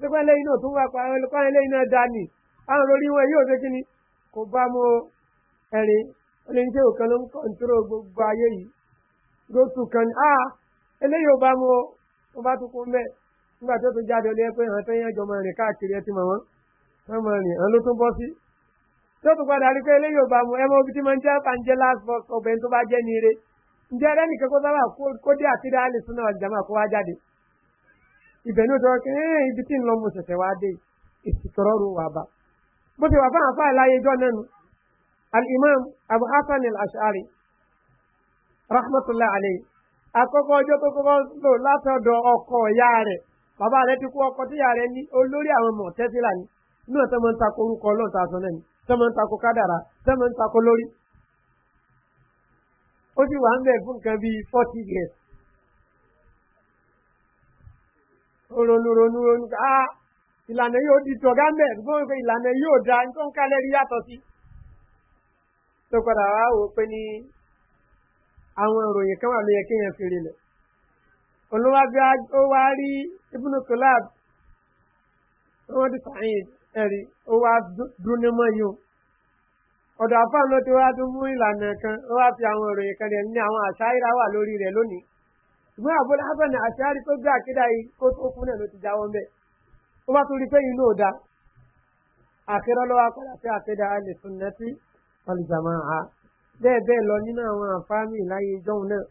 pípẹ́ lẹ́yìn náà tó wá pa àwọn olùkọ́ni lẹ́yìn náà dání àwọn olórí wọn yóò ṣe kí ni kò bá mọ ẹ̀rín oníṣẹ́ òkan ló ń kọ́ńtúrò gbogbo ayé yìí lóṣù kan ní ah eléyìí ò bá mọ wọn bá tún kó mẹ́ nígbà tó tún jáde olóyè pé àwọn tẹ́yìn ẹjọ́ máa rìn káàkiri ẹ ti wọ́n máa rìn àwọn ló tún bọ́ sí tó tún padà rí pé eléyìí ò bá mọ ibi tí last box tó bá jẹ́ ire ǹjẹ́ kó sábà kó dé ibẹ̀ ní òtọ́ kí ẹ́ eh, ibi tí ń lọ mo ṣẹ̀ṣẹ̀ wá dé ìtìtọ̀rọ̀ ru wà bá bó ti wà fáwọn afáà láyé jọ nẹnu al-imam abu hasan al-ashari rahmatulah alayhi akọkọ ọjọ tó kọkọ lò látọdọ ọkọ ìyá rẹ bàbá rẹ ti kú ọkọ tí ìyá rẹ ní olórí àwọn ọmọ tẹsílà ni náà tẹ́ mọ́ ń takò orúkọ ọlọ́run tá a sọ náà ni tẹ́ mọ́ ń takò kádàrà tẹ́ mọ́ ń takò lórí ó sì wà ń bẹ̀ fún nǹkan bíi forty years ronú ronú ronú ká ìlànà yóò di tọ̀gá mẹ́ gbọ́n pé ìlànà yóò da tó ń kálẹ̀ rí yàtọ̀ sí. tó padà wá wò pé ní àwọn ìròyìn kan wà ló yẹ kéèyàn fi rinlẹ̀. olùwàbí ó wá rí ibùdó collab wọ́n ti sàyìn ẹ̀rí ó wá dúnni mọ́ yìí o. ọ̀dọ̀ àfáàná tí wọ́n á tún mú ìlànà kan ó wá fi àwọn ìròyìn kan rẹ̀ ní àwọn àṣà ìra wà lórí rẹ̀ lónìí ṣùgbọ́n àbúrò hasan àṣàrí tó gbé àkídà yìí kó tó kú náà ló ti jáwọ́ ń bẹ̀ ó bá tún pé inú ò da àkérọ́ lọ́wọ́ akọ́lá sí àkídà alẹ́ fún nẹ́tí ọ̀lùjàmọ́ ha bẹ́ẹ̀ bẹ́ẹ̀ lọ nínú àwọn àǹfààní ìláyé ìjọ́un náà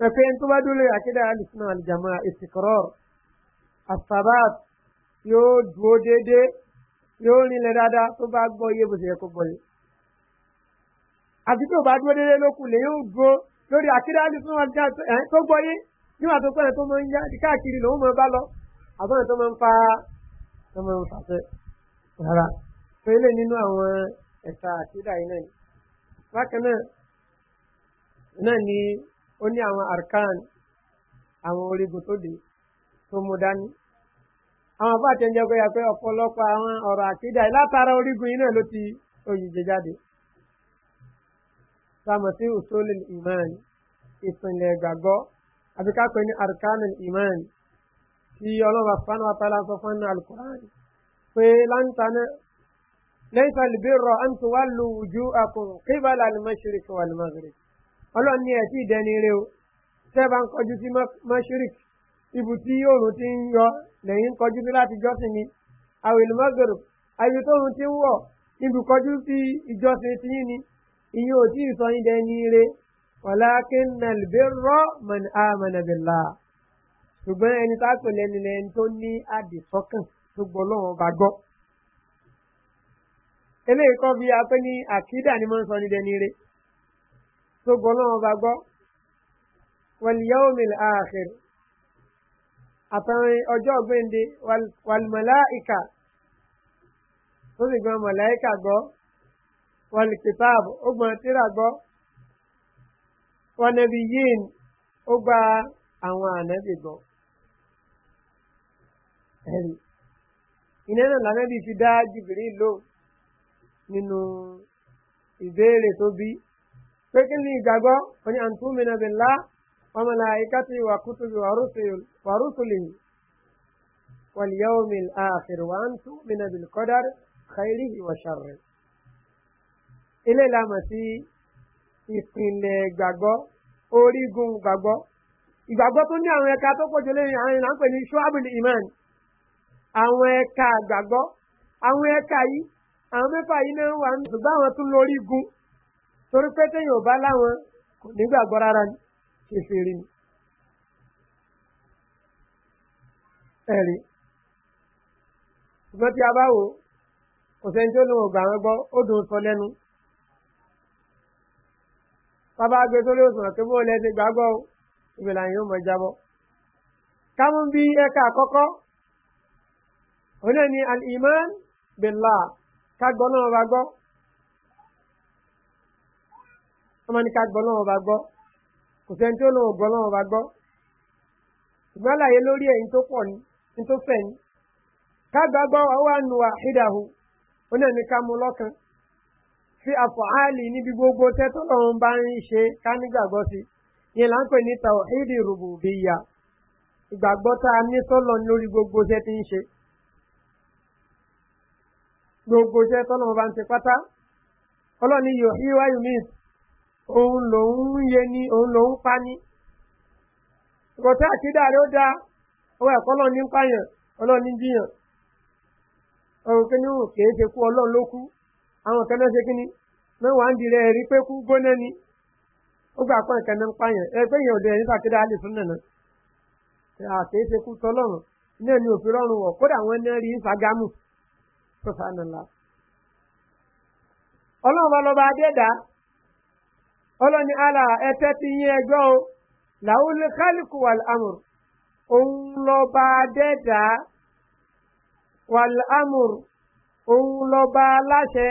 pẹ̀pẹ́ tó bá dúró àkídà alẹ́ fún ọ̀lùjàmọ́ ìsìkọ́rọ̀ àfàbàt yóò dúró déédéé yóò rinlẹ̀ dáadáa tó bá gbọ́ iye bó ti yẹ kó gbọ́ yìí àti tó bá dúró déédéé lókùn lè yóò dúró lórí àkídáàlì fún wọn tó gbọ́yé níwà tó pẹ́rẹ́ tó máa ń yá káàkiri lòun máa bá lọ àbọ̀n tó máa ń fa tó máa ń fàṣẹ rárá tó ilé nínú àwọn ẹ̀ka àkídá yìí náà ni bákan náà náà ni ó ní àwọn arkan àwọn orígun tó dé tó mú dání àwọn afáàtẹ̀ńjẹ́ pé ọ̀pọ̀lọpọ̀ àwọn ọ̀rọ̀ àkídá yìí látara orígun yìí náà ló ti oyè jẹ jáde sáàmù sí usulil iman ìpìlẹ̀ ìgbàgbọ́ àbí ká pè ní arkanil iman tí ọlọ́run àfáàní wa tààlà sọ fún ní alukur'an pé lantana lẹ́yìn sàlì bí rọ àǹtí wà lù ojú àkùn kíbalà alimashiri kí wà alimashiri ọlọ́run ní ẹ̀tí ìdẹni rẹ o tẹ́ bá ń kọjú sí mashiri ibu tí òòrùn ti ń yọ lẹ́yìn kọjú sí láti jọ́sìn ni àwìlì mọ́gòrò àyè tóòrùn ti ń wọ̀ ibù kọjú sí ìjọsìn tiyín ni ìyẹn ò tí ì sọ yín dẹni ire ọ̀làkín nàlbẹ́rọ̀ mọ̀nàbẹ̀là ṣùgbọ́n ẹni tá a pè lẹ́nu lẹ́ni tó ní àdìsọ́kàn tó gbọ́ lọ́wọ́ bá gbọ́. eléyìí kọ́ bí apẹ́ ní àkídà ni mo ń sọ ní dẹni tó gbọ́ lọ́wọ́ bá gbọ́ wàlíyáwó mi là àtàwọn ọjọ́ ọ̀gbẹ́ndé wàlmọ̀láìkà tó sì gbọ́n mọ̀láìkà gbọ́. والكتاب lè kìtáàbù ó gbọ́n tíra gbọ́ إننا níbi في ó gba لو ànábì gbọ́. ìnáná lànàbì fi dá jìbìrì lò nínú ìbéèrè tó bí pé kí ni ìgbàgbọ́ wọn ni àǹtúmìnà bìlá wọn mọ̀ náà ìkàtí wà kútùbí wà rúṣùlì wàlíyàwó mi àfẹ̀rẹ̀ wà ń tún mìnà bìlkọ́dárì. خيره وشره eléyìí la mọ̀ sí ìpìlẹ̀ gbàgbọ́ orígun gbàgbọ́ ìgbàgbọ́ tó ní àwọn ẹ̀ka tó kojú lẹ́yìn àwọn ìlànà pè ní ṣọ́ábìlì imán àwọn ẹ̀ka gbàgbọ́ àwọn ẹ̀ka yìí àwọn mẹ́fà yìí náà wà nínú ṣùgbọ́n àwọn tún lórí gun torí pé téèyàn ò bá láwọn kò nígbàgbọ́ rárá ni ṣe fi rí ni. ẹ̀rí ṣùgbọ́n tí a bá wò kò sẹ́ni tó lóun ò gbà wọ́n gbọ́ ó dùn sọ lẹ́nu bàbá gbé sórí òṣùwọ̀n tó bó lẹ́sẹ̀ gbàgbọ́ o ibẹ̀ làwọn yóò mọ̀ jábọ̀. kámú bí ẹ̀ka àkọ́kọ́ òun ni al-iman bela kágbọ́ náà bá gbọ́ ọmọ ní kágbọ́ náà bá gbọ́ kò sẹ́ni tó lóun gbọ́ náà bá gbọ́ ṣùgbọ́n àlàyé lórí ẹ̀yìn tó pọ̀ ní ní tó fẹ̀ ní kágbàgbọ́ àwọn ànúwà ìdáhùn òun ni ká lọ́kàn. fi àfọ̀hálì níbi gbogbo tẹ́tọ́lọ́run bá ń ṣe ká nígbàgbọ́ sí yẹn là ń pè ní tàwíìdì rùbùbíyà ìgbàgbọ́ tá a ní tọ́lọ lórí gbogbo iṣẹ́ tí ń ṣe gbogbo bá ń ṣe pátá ọlọ́ni yóò hí wáyù míì òun yé ni òun pa ni rẹ̀ ó dáa ẹ̀kọ́ ń àwọn kan náà ṣe kí ni náà wà ń dirẹ ẹ̀rí pé kú gbóná ni ó gbà pọ̀ nǹkan náà ń pààyàn ẹgbẹ́ yẹn ò dẹ̀ nípa kí dáhà lè fún nànà àti ṣe kú tọ́lọ́run náà ni òfin rọrùn wọ̀ kódà wọn náà rí ìfagámù tó fàánà la. ọlọ́run bá lọ́ba adéda ọlọ́ni àlà ẹtẹ́ ti yín ẹjọ́ o làwùlẹ̀ kálíkù wà lámùr òun lọ́ba adéda wà lámùr òun lọ́ba aláṣẹ.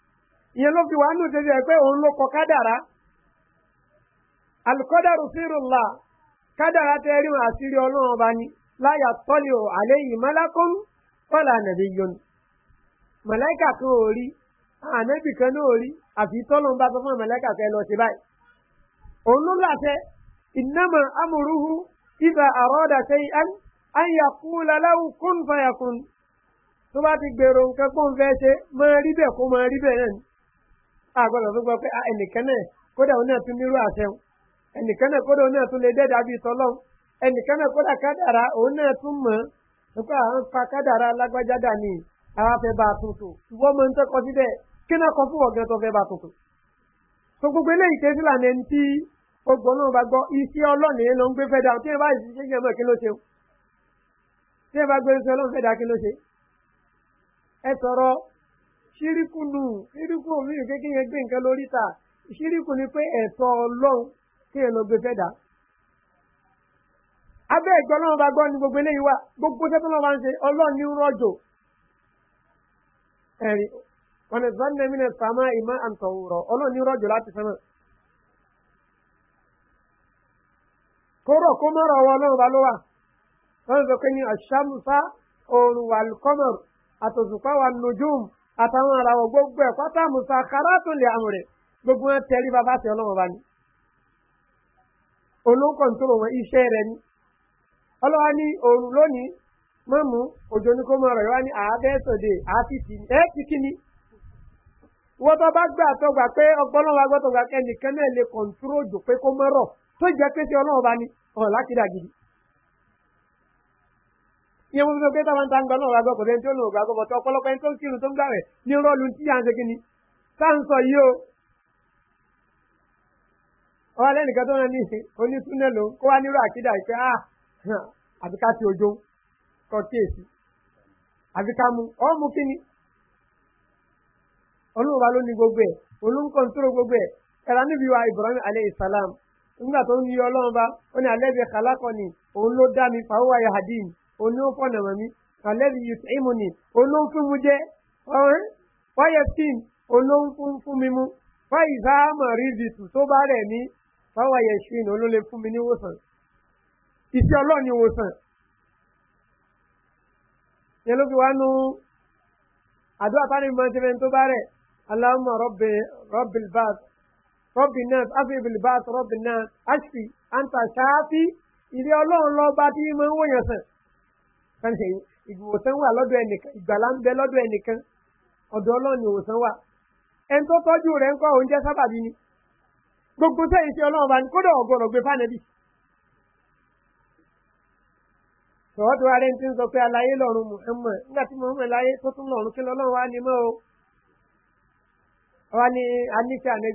ìyẹn ló fi wàá nù tẹ́tí ẹ̀ pé òun ló kọ kádàrá alukọ́dàrú sírùlá kádàrá tẹ́ rí wọn àṣírí ọlọ́run ọba ni láyà tọ́lì ò àlẹ́ yìí mọ́lákọ́m kọ́là nàbí yọnu mọ̀lẹ́kà kan ò rí ànábì kan náà ò rí àfi tọ́lọ́n bá sọ fún mọ̀lẹ́kà kan lọ sí báyìí òun ló láṣẹ ìnáma amúrúhu ibà àrọ́dà sẹ́yìn án àyà kúlà kún fàyà kún tó bá ti gbèrò nǹkan kó ń fẹ́ ṣe máa rí bẹ́ẹ̀ kó máa rí bẹ́ẹ̀ náà ni a gbọ́dọ̀ tó gbọ́ pé ẹnìkan náà kódà òun náà tún nírú àṣẹun ẹnìkan náà kódà òun náà tún lè dẹ́dà bíi tọ́lọ́hún ẹnìkan náà kódà kádàrá òun náà tún mọ̀ nípa àwọn pa kádàrá alágbájádà ni àwọn afẹ́ bá a tuntun ìwọ́ mọ ní tẹ́kọ̀ síbẹ̀ kí náà kọ́ fún ọ̀gán tó fẹ́ bá a tuntun. tó gbogbo eléyìí ké sí lànà ẹni tí ó gbọ́ náà bá gbọ́ iṣẹ́ ọlọ́ọ̀nì ló ń gbé fẹ́ dáhùn tí ẹ bá ṣiṣẹ́ yẹn mọ̀ kí ló ṣeun tí ẹ bá gbé iṣẹ́ ọlọ́ọ̀nì fẹ́ dáhùn kí ló ṣe. ẹ sọ̀rọ̀ ṣíríkù nù ṣíríkù mi ò kékeré yẹn gbé nǹkan lórí ta ṣíríkù ni pé ẹ̀tọ́ ọlọ́run kí yẹn lọ gbé fẹ́ dà. abẹ́ ìgbọ́ náà bá gbọ́ ni gbogbo eléyìí wà gbogbo tẹ́tọ́ náà bá ń ṣe ọlọ́run ní rọ́jò. ẹ̀rí wọn ẹ̀sán ní ẹ̀mí náà fàmà ìmọ̀ àǹtọ̀wòrọ̀ ọlọ́run ní rọ́jò láti fẹ́ràn. kóró kó mọ̀rọ̀ wọn náà bá ló wà wọ́n sọ pé ní àṣàmùsá òòrùn wàlúkọ́mọ̀rù àtòsùpá wà nùjúùmù àtàwọn àràwọ̀ gbogbo ẹ̀ pátá musa kára tó lè àmọ̀ rẹ̀ gbogbo wọn tẹ̀lé bàbá àti ọlọ́wọ́n bá ní. olóńkọ̀ ń tóró wọn iṣẹ́ rẹ̀ ni. ọlọ́wà ní òòrùn lónìí mọ́ mú òjò ní kó mọ ọ̀rọ̀ yìí wá ní àádẹ́sọ̀dẹ̀ àtìtì ẹ̀ ti kí ni. wọ́n tó bá gbà tó gbà pé ọgbọ́nlọ́wọ́ agbọ́tọ̀ gbà kẹ́ nìkan náà lè kọ̀ǹtúrò òjò pé kó mọ́rọ̀ tó jẹ́ pé ṣe ọlọ́wọ́ bá ní ọ̀ lákìdá gidi ìyẹn wọ́n fi pé táwọn ta ń gbọ́ náà wá gbọ́ kò sẹ́ni tó lò ó gbàgbọ́ bọ̀tọ̀ ọ̀pọ̀lọpọ̀ ẹni tó ń kírun tó ń gbà rẹ̀ ní rọ́ọ̀lù tí à ń ṣe kíni tá à ń sọ yìí o. ọwọ́ alẹ́ nìkan tó ń ní onísúnlẹ̀ ló kó wá nírú àkídà yìí pé a ah, ká ti ojo kọ kíyèsí àfi ká mu ọ́ mu kíni. olúwa ló ní gbogbo ẹ̀ olúkọ̀ ń gbogbo ẹ̀ kàrà níbi wa ibrahim aleyhi salam nígbà tó ń yí ọlọ́run bá ó ní alẹ́ bíi kálákọ̀ ni òun ló dá mi fàáwá yahadin olóńfọ̀nàmọ́ mi kàlẹ́bí yìí ìmù ni olóńfún mu jẹ́ ọ̀hún wáyé tíìm olóńfún fún mi mu wáyé sáàmù rìzìtù tó bá rẹ̀ mí fáwọn ayẹ̀ ṣìn olólè fún mi níwòsàn iṣẹ́ ọlọ́ọ̀ni ìwòsàn yẹn ló fi wá nu àdúrà tá a ní mọ ṣe fẹ́ tó bá rẹ̀ aláwọ̀ rọ́bìl báàt rọ́bì náà áfíìbìl báàt rọ́bì náà áṣì àǹtà ṣááfì ìdí ọlọ́run lọ́ba tí mo ń wòyàn sàn. kan ṣe ìwòsàn wà lọ́dọ̀ ẹnìkan ìgbàlá ń bẹ lọ́dọ̀ ẹnìkan ọ̀dọ̀ ọlọ́run ìwòsàn wà ẹni tó tọ́jú rẹ̀ ń kọ́ oúnjẹ sábàbí ni gbogbo sẹ́yìn tí ọlọ́run bá ní kódà ọ̀gọ̀rọ̀ gbé fánẹ́bì. sọ̀rọ̀ ara ẹni tí ń sọ pé aláyé lọ́run mọ̀ ẹ mọ̀ nígbà tí mo mọ̀ láyé tó tún o. wá ní aníṣẹ́ ni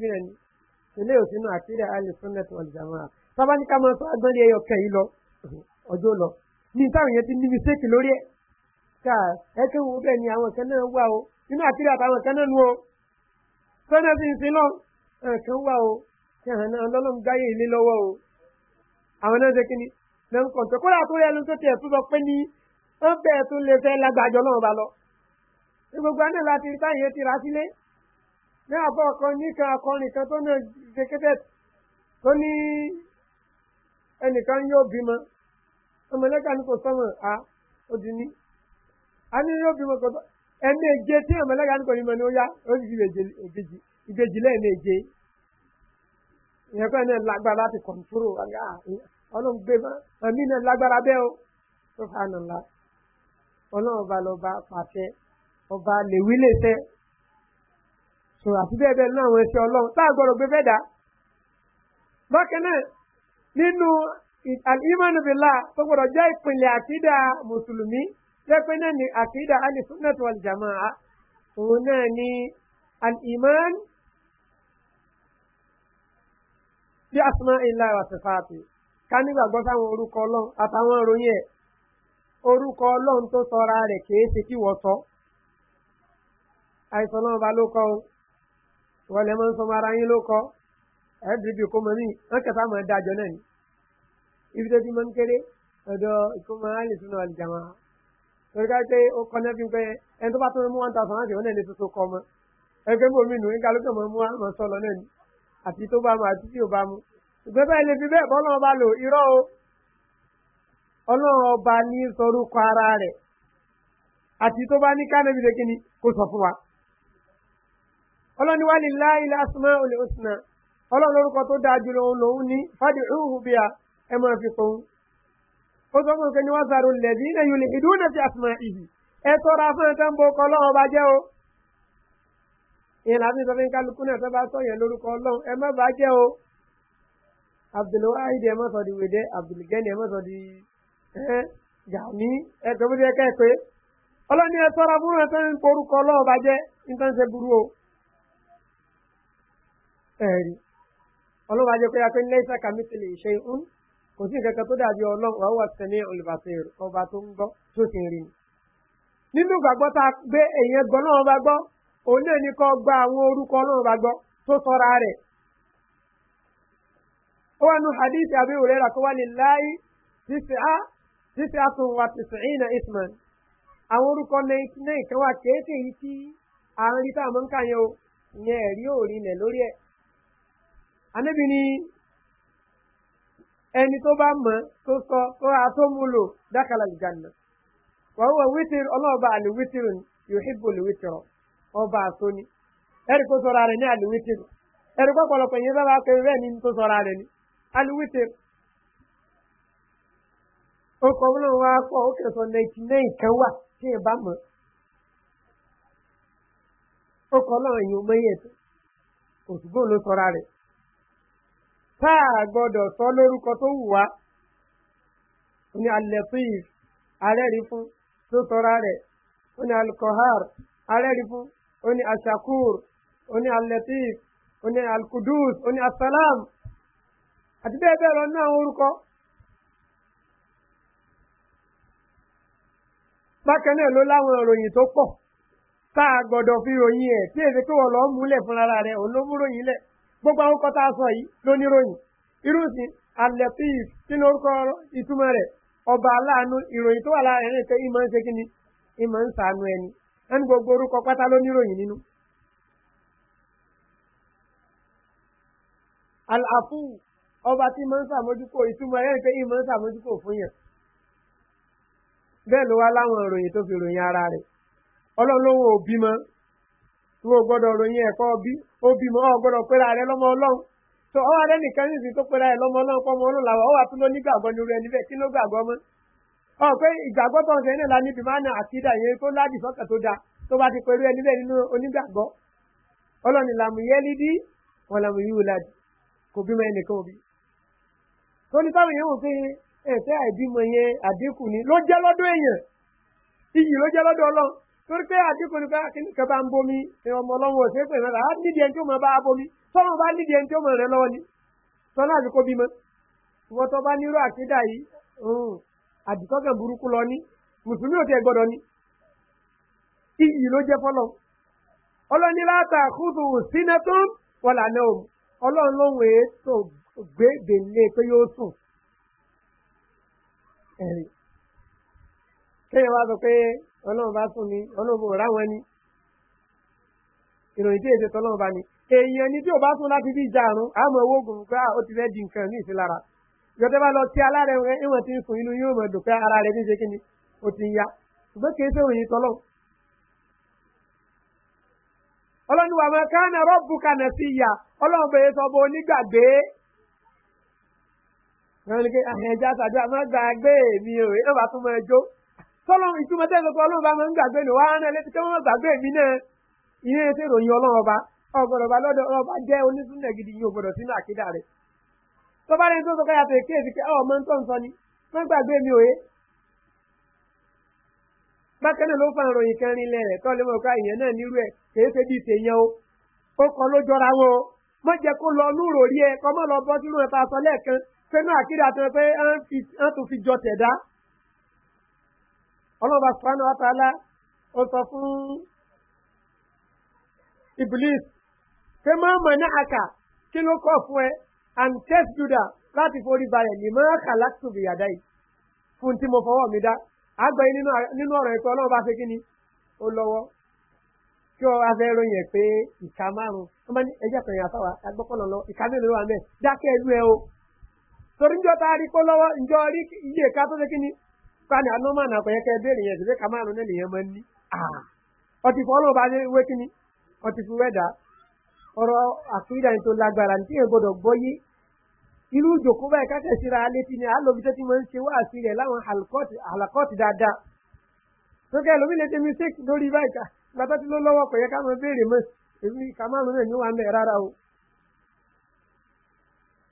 ilé òsínú alẹ́ wọn ní táwọn èèyàn ti ní mistake lórí ẹ̀ ká ẹ̀kẹ́ wo bẹ́ẹ̀ ni àwọn kan náà wà o nínú àkírí àtàwọn kan náà nu o sọ́nà sì ń sin lọ àwọn kan wà o kí àwọn náà lọ́lọ́run gáyé ilé lọ́wọ́ o àwọn náà ṣe kí ni lẹ́nu kọ̀ǹtẹ̀ kó láàtó rẹ̀ ló tó tiẹ̀ tó sọ pé ní wọ́n bẹ̀ẹ̀ tó lè fẹ́ lágbàjọ́ náà bá lọ ní gbogbo àná láti rí táyé ti ra sílé ní àbọ̀ ọkọ nìkan akọrin kan tó náà ṣe kéde tó ní ẹnìkan yóò bímọ ọmọlẹ́ka ni kò sọmọ a ó ti ní a ní yóò bímọ kọtọ ẹ̀ẹ́mẹ́je tí ọmọlẹ́ka ní kò ní mọ ní ó yá ó sì fi ìbejì ìbejì lẹ́ẹ̀mẹ́je ìyẹn kọ́ ẹ̀ náà lágbára láti kọ̀ǹtúrò ọlọ́run gbé mọ́ àmì náà lágbára bẹ́ẹ̀ o tó fà nà ńlá ọlọ́run ọba lọ́ba pàṣẹ ọba lèwí lè tẹ́ sọ̀rọ̀ àti bẹ́ẹ̀ bẹ́ẹ̀ náà àwọn ẹṣẹ́ ọlọ́run alimanu bila tó gbọdọ̀ jẹ́ ìpìlẹ̀ àkídà mùsùlùmí jẹ́ pé náà ni àkídà alisunat wal jamaa òun náà ni aliman bí asuma ilá wa ti fàáfi ká nígbàgbọ́ sáwọn orúkọ ọlọ́run àtàwọn ìròyìn ẹ̀ orúkọ ọlọ́run tó sọra rẹ̀ kìí ṣe kí wọ́n sọ àìsàn náà ba ló wọlé máa ń sọmọ ara yín ló ẹ̀ẹ́dìbì kó mọ̀ mí wọ́n kẹta mọ̀ ẹ́ náà ni ibi tó ti máa ń kéré ọ̀dọ̀ ìkómọ àlìsúnà àlìjàmá torí ká pé ó kọ́ nẹ́bí pé ẹni tó bá tó mú one thousand láti ọ̀nà ilé tuntun kọ́ ọmọ ẹgbẹ́ mọ̀ mí nù ń kálukẹ́ mọ̀ mú àmọ́ sọ̀lọ́ náà àti tó bá mu àti tí ò bá mu ìgbẹ́ bẹ́ẹ̀ lè fi bẹ́ẹ̀ bọ́ ọlọ́run bá lò irọ́ o ọlọ́run ọba ní sọrúkọ ara rẹ̀ àti tó bá ní kánẹ́bí lè kíni kó sọ fún wa ọlọ́run ni wàá lè láyé lásán olè òsínà ọlọ́run lórúkọ tó dáa jùlọ òun ní fàdí ìhùhù bíi ẹ máa fi kún ó sọ fún mi pé ni wọ́n sàrò lẹ̀dí iná yìí ní ìdúnà ti àtúmọ̀ ìhì ẹ tọ́ra fún ẹ̀ka ń bo ọkọ̀ ọlọ́run ọba jẹ́ o ìyẹn làbí sọ fún kálukú náà tó bá sọ yẹn lórúkọ ọlọ́run ẹ má bàá jẹ́ o abdulwahid ẹ má sọ di wèdè abdulgani ẹ má sọ di gani ẹ tó bí ẹ pé ọlọ́ni ẹ tọ́ra fún ẹ̀ka bo orúkọ ọlọ́run ọba jẹ́ níta ṣe burú o ẹ̀rí ọlọ́run kò sí nǹkan kan tó dàbí ọlọ́run ọwọ́ sẹ́ni olùbàṣẹ ọba tó ń gbọ́ tó sì nínú ìgbàgbọ́ tá a gbé èèyàn gbọ́ náà bá gbọ́ òun náà ní kọ́ gba àwọn orúkọ náà bá gbọ́ tó sọra rẹ̀. ó wà nù hadith àbí wà ní láyé títí na isman. àwọn orúkọ náà kan wà tí ń rí táwọn o ìyẹn ẹ̀rí òrìnlẹ̀ lórí ẹ̀. anábì ẹni tó bá mọ̀ tó sọ tó ra dákàlà ìjànà wọ́n wọ wítìrì ọlọ́ọ̀bá àlè yóò hìbò lè ọba àsóni ẹ̀rí kó sọ̀rọ̀ ní pọ̀lọpọ̀ yẹn bábá bẹ́ẹ̀ ni tó sọ̀rọ̀ rẹ̀ ní àlè wítìrì. ó kọ́ wá kọ́ ó kẹsọ̀ ninety nine kan wà tí ẹ bá tá a gbọ́dọ̀ sọ lórúkọ tó wù wá ó ní alẹ́fíìf arẹ́rìí fún tó sọra rẹ̀ ó ní alkohar arẹ́rìí fún ó ní ashakur ó ní alẹ́fíìf ó ní alkudus ó ní asalam àti bẹ́ẹ̀ bẹ́ẹ̀ lọ ní àwọn orúkọ. bákan náà ló láwọn ìròyìn tó pọ̀ tá a fi ròyìn ẹ̀ tí èdè tó wọ̀ lọ́ọ́ múlẹ̀ fúnra rẹ̀ òun ló mú ròyìn lẹ̀. gbogbo àwọn kọta sọ yìí ló irusi irúsìn alẹ́tíf nínú orúkọ ìtumọ̀ rẹ̀ ọba aláàánú ìròyìn tó wà láàrin rẹ̀ pé ìmọ̀ ń ṣe kí ni ìmọ̀ ń sànú ẹni ẹni gbogbo orúkọ pátá ló nínú. àlàfù ọba tí ìmọ̀ ń sàmójúkò ìtumọ̀ rẹ̀ pé ìmọ̀ ń sàmójúkò fún yàn bẹ́ẹ̀ òbí mọ́ ọ̀gbọ́dọ̀ pera rẹ lọ́mọ ọlọ́run tó ọwọ́ alẹ́ nìkan nìsín tó pera rẹ lọ́mọ ọlọ́run pọ́mọ ọlọ́run làwọ̀ ọwọ́ àtúndó nígbàgbọ́ ni irú ẹni bẹ́ẹ̀ kí ló mọ́ ọ pé ìgbàgbọ́ tó ń sẹ́yìn náà láníbi máa na àkídà yẹn tó ládì tó da tó ẹni bẹ́ẹ̀ nínú onígbàgbọ́ ọlọ́ni wọn ní ló torí pé àdínkù ni káàkiri nìkan bá ń bomi ọmọ ọlọ́wọ́ ọ̀sẹ̀ pè náà á nídìí ẹni tí ó mọ bá bomi tọ́mọ bá nídìí ẹni tí ó mọ rẹ lọ́wọ́ ni tọ́lá àti kó bímọ. wọ́n tọ́ bá nírú àkídà yìí àdìsọ́kàn burúkú lọ ní mùsùlùmí ò tiẹ̀ gbọ́dọ̀ ni kí yìí ló jẹ́ fọ́lọ́ ọlọ́ni láta kúndù sínẹ́tún wọlà náà ọlọ́run lóhùn ètò gbẹ́gbẹ́lé pé yóò kéèyàn wá sọ pé ọlọ́run bá tún ni ọlọ́run bò ráwọn ni ìròyìn tí èsè tọ́lọ́run bá ni èèyàn ni tí ò bá láti bí àmọ́ owó pé ah, ó ti fẹ́ di nǹkan ní ìfilára ìjọba bá lọ tí alára ẹ̀wọ̀n ìwọ̀n ti ń sùn inú yóò mọ̀ dùn ara rẹ̀ ní ṣe kí ni ó ti ya ṣùgbọ́n kì í ṣe òyìn tọ́lọ́ ọlọ́run wà rọ́ọ̀bù sí ọlọ́run sọ onígbàgbé sọlọ ìtumọ̀ tẹ́ sọ pé ọlọ́run bá máa ń gbàgbé lò wá rán létí kí wọ́n gbàgbé mi náà ìyẹn ṣe ròyìn ọlọ́run ọba ọgbọ̀dọ̀ lọ́dọ̀ ọba jẹ́ onísúnnà gidi yìí ògbọ̀dọ̀ sínú àkídà rẹ̀ tó bá rẹ̀ tó sọ káyà tẹ̀ kéèsì pé ọ̀ máa ń tọ́ ń sọ ni wọ́n gbàgbé mi òye. bákan náà ló fa ìròyìn kẹrin lẹ̀ tọ́ lé ìyẹn náà ọlọ́ba sùpánù àtàlà ó sọ fún iblis pé máa mọ̀ ní àkà kí ló kọ́ fún ẹ and test juda láti forí balẹ̀ ní máa kà látùbí yàdá yìí fún tí mo fọwọ́ mi dá àgbà yìí nínú ọ̀rọ̀ ètò ọlọ́ba ṣe kí ni ó lọ́wọ́ kí ọ wá fẹ́ ròyìn ẹ̀ pé ìka márùn-ún wọ́n bá ní ẹjẹ́ kan yàtọ̀ wá agbọ́kànlá lọ ìka mélòó wà mẹ́ dákẹ́ ẹlú ẹ o torí njọ́ ta rí kó lọ́wọ́ njọ́ rí iye ìka tó ṣe kí ni kani anoma na kò yẹ kẹ béèrè yẹn ṣẹlẹ kàmá àrùn náà nìyẹn máa ń ní. ọtí fún ọlọ́ọ̀bá ní wé kíni ọtí fún wẹ́dà ọ̀rọ̀ àkúrẹ́dà yẹn tó lágbára ní tíyẹn gbọ́dọ̀ gbọ́ yé irú ìjòkó báyìí kákẹ́ síra létí ni àlòbí ah. tó ti máa ń ṣe wá àti rẹ̀ láwọn àlàkọ́ọ̀tì dáadáa tó kẹ́ lómi lè ṣe mistake lórí báyìí ká gbàtà tí ló lọ́wọ́ kò yẹ ká máa béèrè mọ́ èmi kàmá àrùn o.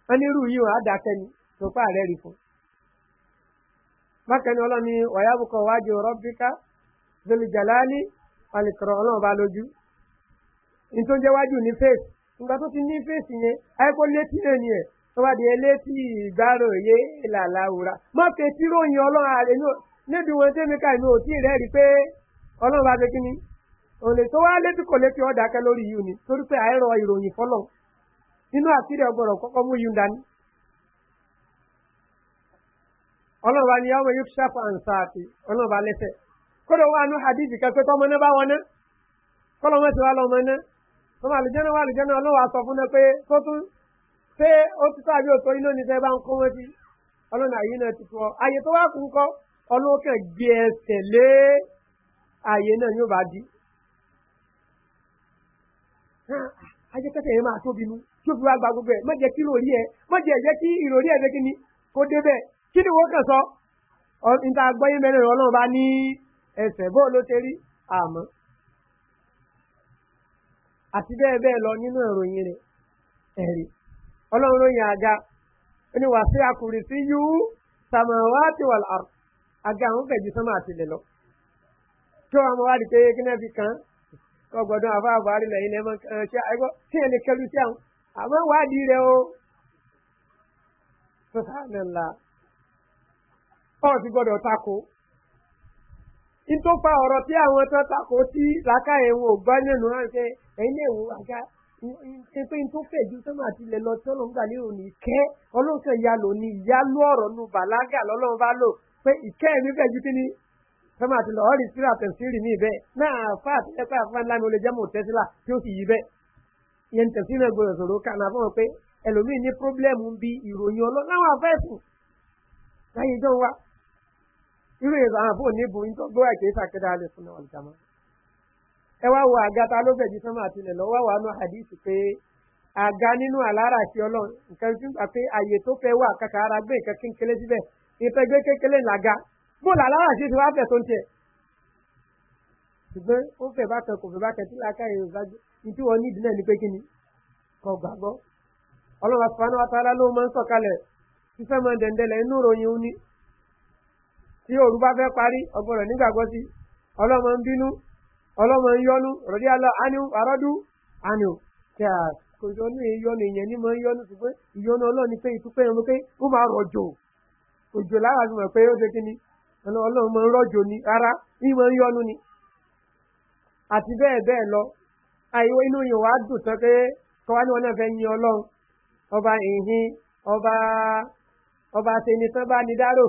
wọ́n ní irú yìí wọ́n á dákẹ́ ni tó bákan náà ọlọ́ni ọ̀yábùkọ̀ wájú rọ́bíkà zoli jalali alikọ̀rọ̀ ọlọ́run bá lójú nítorí jẹ́ wájú ní fèsì nígbà tó ti ní fèsì yẹn àìkọ́ létí lè ní ẹ̀ tó bá di elétí ìgbárò yé làlàwùrà má fẹ́ tí ròyìn ọlọ́run àrẹ níbi wọn tẹ́mi ká ìmú òtí rẹ̀ rí pé ọlọ́run bá fẹ́ kí ni òlè tó wá létí kò létí ọ̀dà kẹ́ lórí yìí ni torí pé àìrọ̀ ìròyìn fọlọ́ nínú àkírí ọgbọ̀rọ̀ kọ́kọ́ mú yìí dání ọlọ́run bá ní yàwó yóò ṣàfà ǹsààtì ọlọ́run bá lẹ́sẹ̀ kódà wà nù hadithi kan pé tọ́mọ náà bá wọn ná kọ́lọ́ wọn ti wá lọ́mọ náà tọ́mọ àlùjẹ́nà wà àlùjẹ́nà ọlọ́run wa sọ fún náà pé tó tún pé ó ti tàbí òtó iná ní sẹ́ bá ń kọ́ wọn sí ọlọ́run àyè náà ti fọ́ àyè tó wá kú kọ́ ọlọ́run kàn gbé ẹsẹ̀ lé àyè náà yóò bá di. ajẹ́ kẹ́tẹ̀ yẹn máa tóbi nu tó fi wá gba gbogbo ẹ̀ má jẹ́ kí ìròrí ẹ̀ má jẹ́ jẹ́ kí ìròrí kí ni wọ́n kàn sọ níta gbọ́yé mẹ́rin rẹ̀ ọlọ́run bá ní ẹsẹ̀ bó ló ṣe rí àmọ́ àti bẹ́ẹ̀ bẹ́ẹ̀ lọ nínú ìròyìn rẹ̀ ẹ̀rí ọlọ́run ló yan àga ó ní wàá sí akùnrin sí yú sàmàwá ti wà lárùn àga àwọn kẹjì sọmọ àtìlẹ lọ tí wọn wá di pé kí fi kàn kọ gbọdọ àfáà buhari lẹyìn lẹmọ ṣe àìkọ tí ẹni kẹlu sí àwọn àmọ wádìí rẹ o ọ̀sìn gbọ́dọ̀ tako nítòpá ọ̀rọ̀ tí àwọn tán tako tí làákàyè wọn ò gbọ́ nínú wọn ṣe ẹ̀yin lè wo àga pé n tó fẹ̀jú sọ́mọ́ àti ilẹ̀ lọ tí ọlọ́run gbà lérò ní ìkẹ́ ọlọ́run kan ya lò ní ìyálò ọ̀rọ̀ nu bàlágà lọ́lọ́run bá lò pé ìkẹ́ ẹ̀mí fẹ̀jú kí ni sọ́mọ́ àti lọ́ọ́ rí síra tẹ̀síìrì ní ibẹ̀ náà àfa àti ẹ̀kọ́ àfa ńlá mi ò lè jẹ́ mọ̀ tẹ́sílà tí ó sì yí bẹ́ẹ̀ ìyẹn tẹ̀síìrì gbọdọ̀ sọ̀rọ̀ kan náà fún pé ẹlòmíì ní pírọ́blẹ́mù bíi ìròyìn ọlọ́run irú èèyàn àwọn àbúrò níbo gbọ́ àìkè ike alẹ́ fún wọn jàmá. ẹ wá wo àga ta ló bẹ̀jú sọ́mọ àti ilẹ̀ lọ́wọ́ wà nù àdìsí pé àga nínú àlára àti ọlọ́run nǹkan tí ń gbà pé àyè tó fẹ́ wà kàkà ara gbé nǹkan kékeré síbẹ̀ nǹkan gbé kékeré làga bó làlára àti ti wá fẹ̀ tó ń tiẹ̀. ṣùgbọ́n ó fẹ́ bá fẹ́ bá tí òru bá fẹ́ parí ọgbọ́dọ̀ nígbàgbọ́ sí ọlọ́mọ ń bínú ọlọ́mọ ń yọnu rọ̀dí alọ́ ánú àrọ́dú ánú tẹ à kò sọ ní ìyọnu ìyẹn ní mọ ń yọnu sí pé ìyọnu ọlọ́ni pé ìtúpẹ́ ẹ̀rọ pé ó máa rọ̀jò òjò láwàá fi mọ̀ pé ó ṣe kí ni ọlọ́run máa ń rọ̀jò ni rárá ní mọ ń yọnu ni àti bẹ́ẹ̀ bẹ́ẹ̀ lọ àìwọ inú yìí wàá dùn tán pé kọ́wá ní wọn náà fẹ́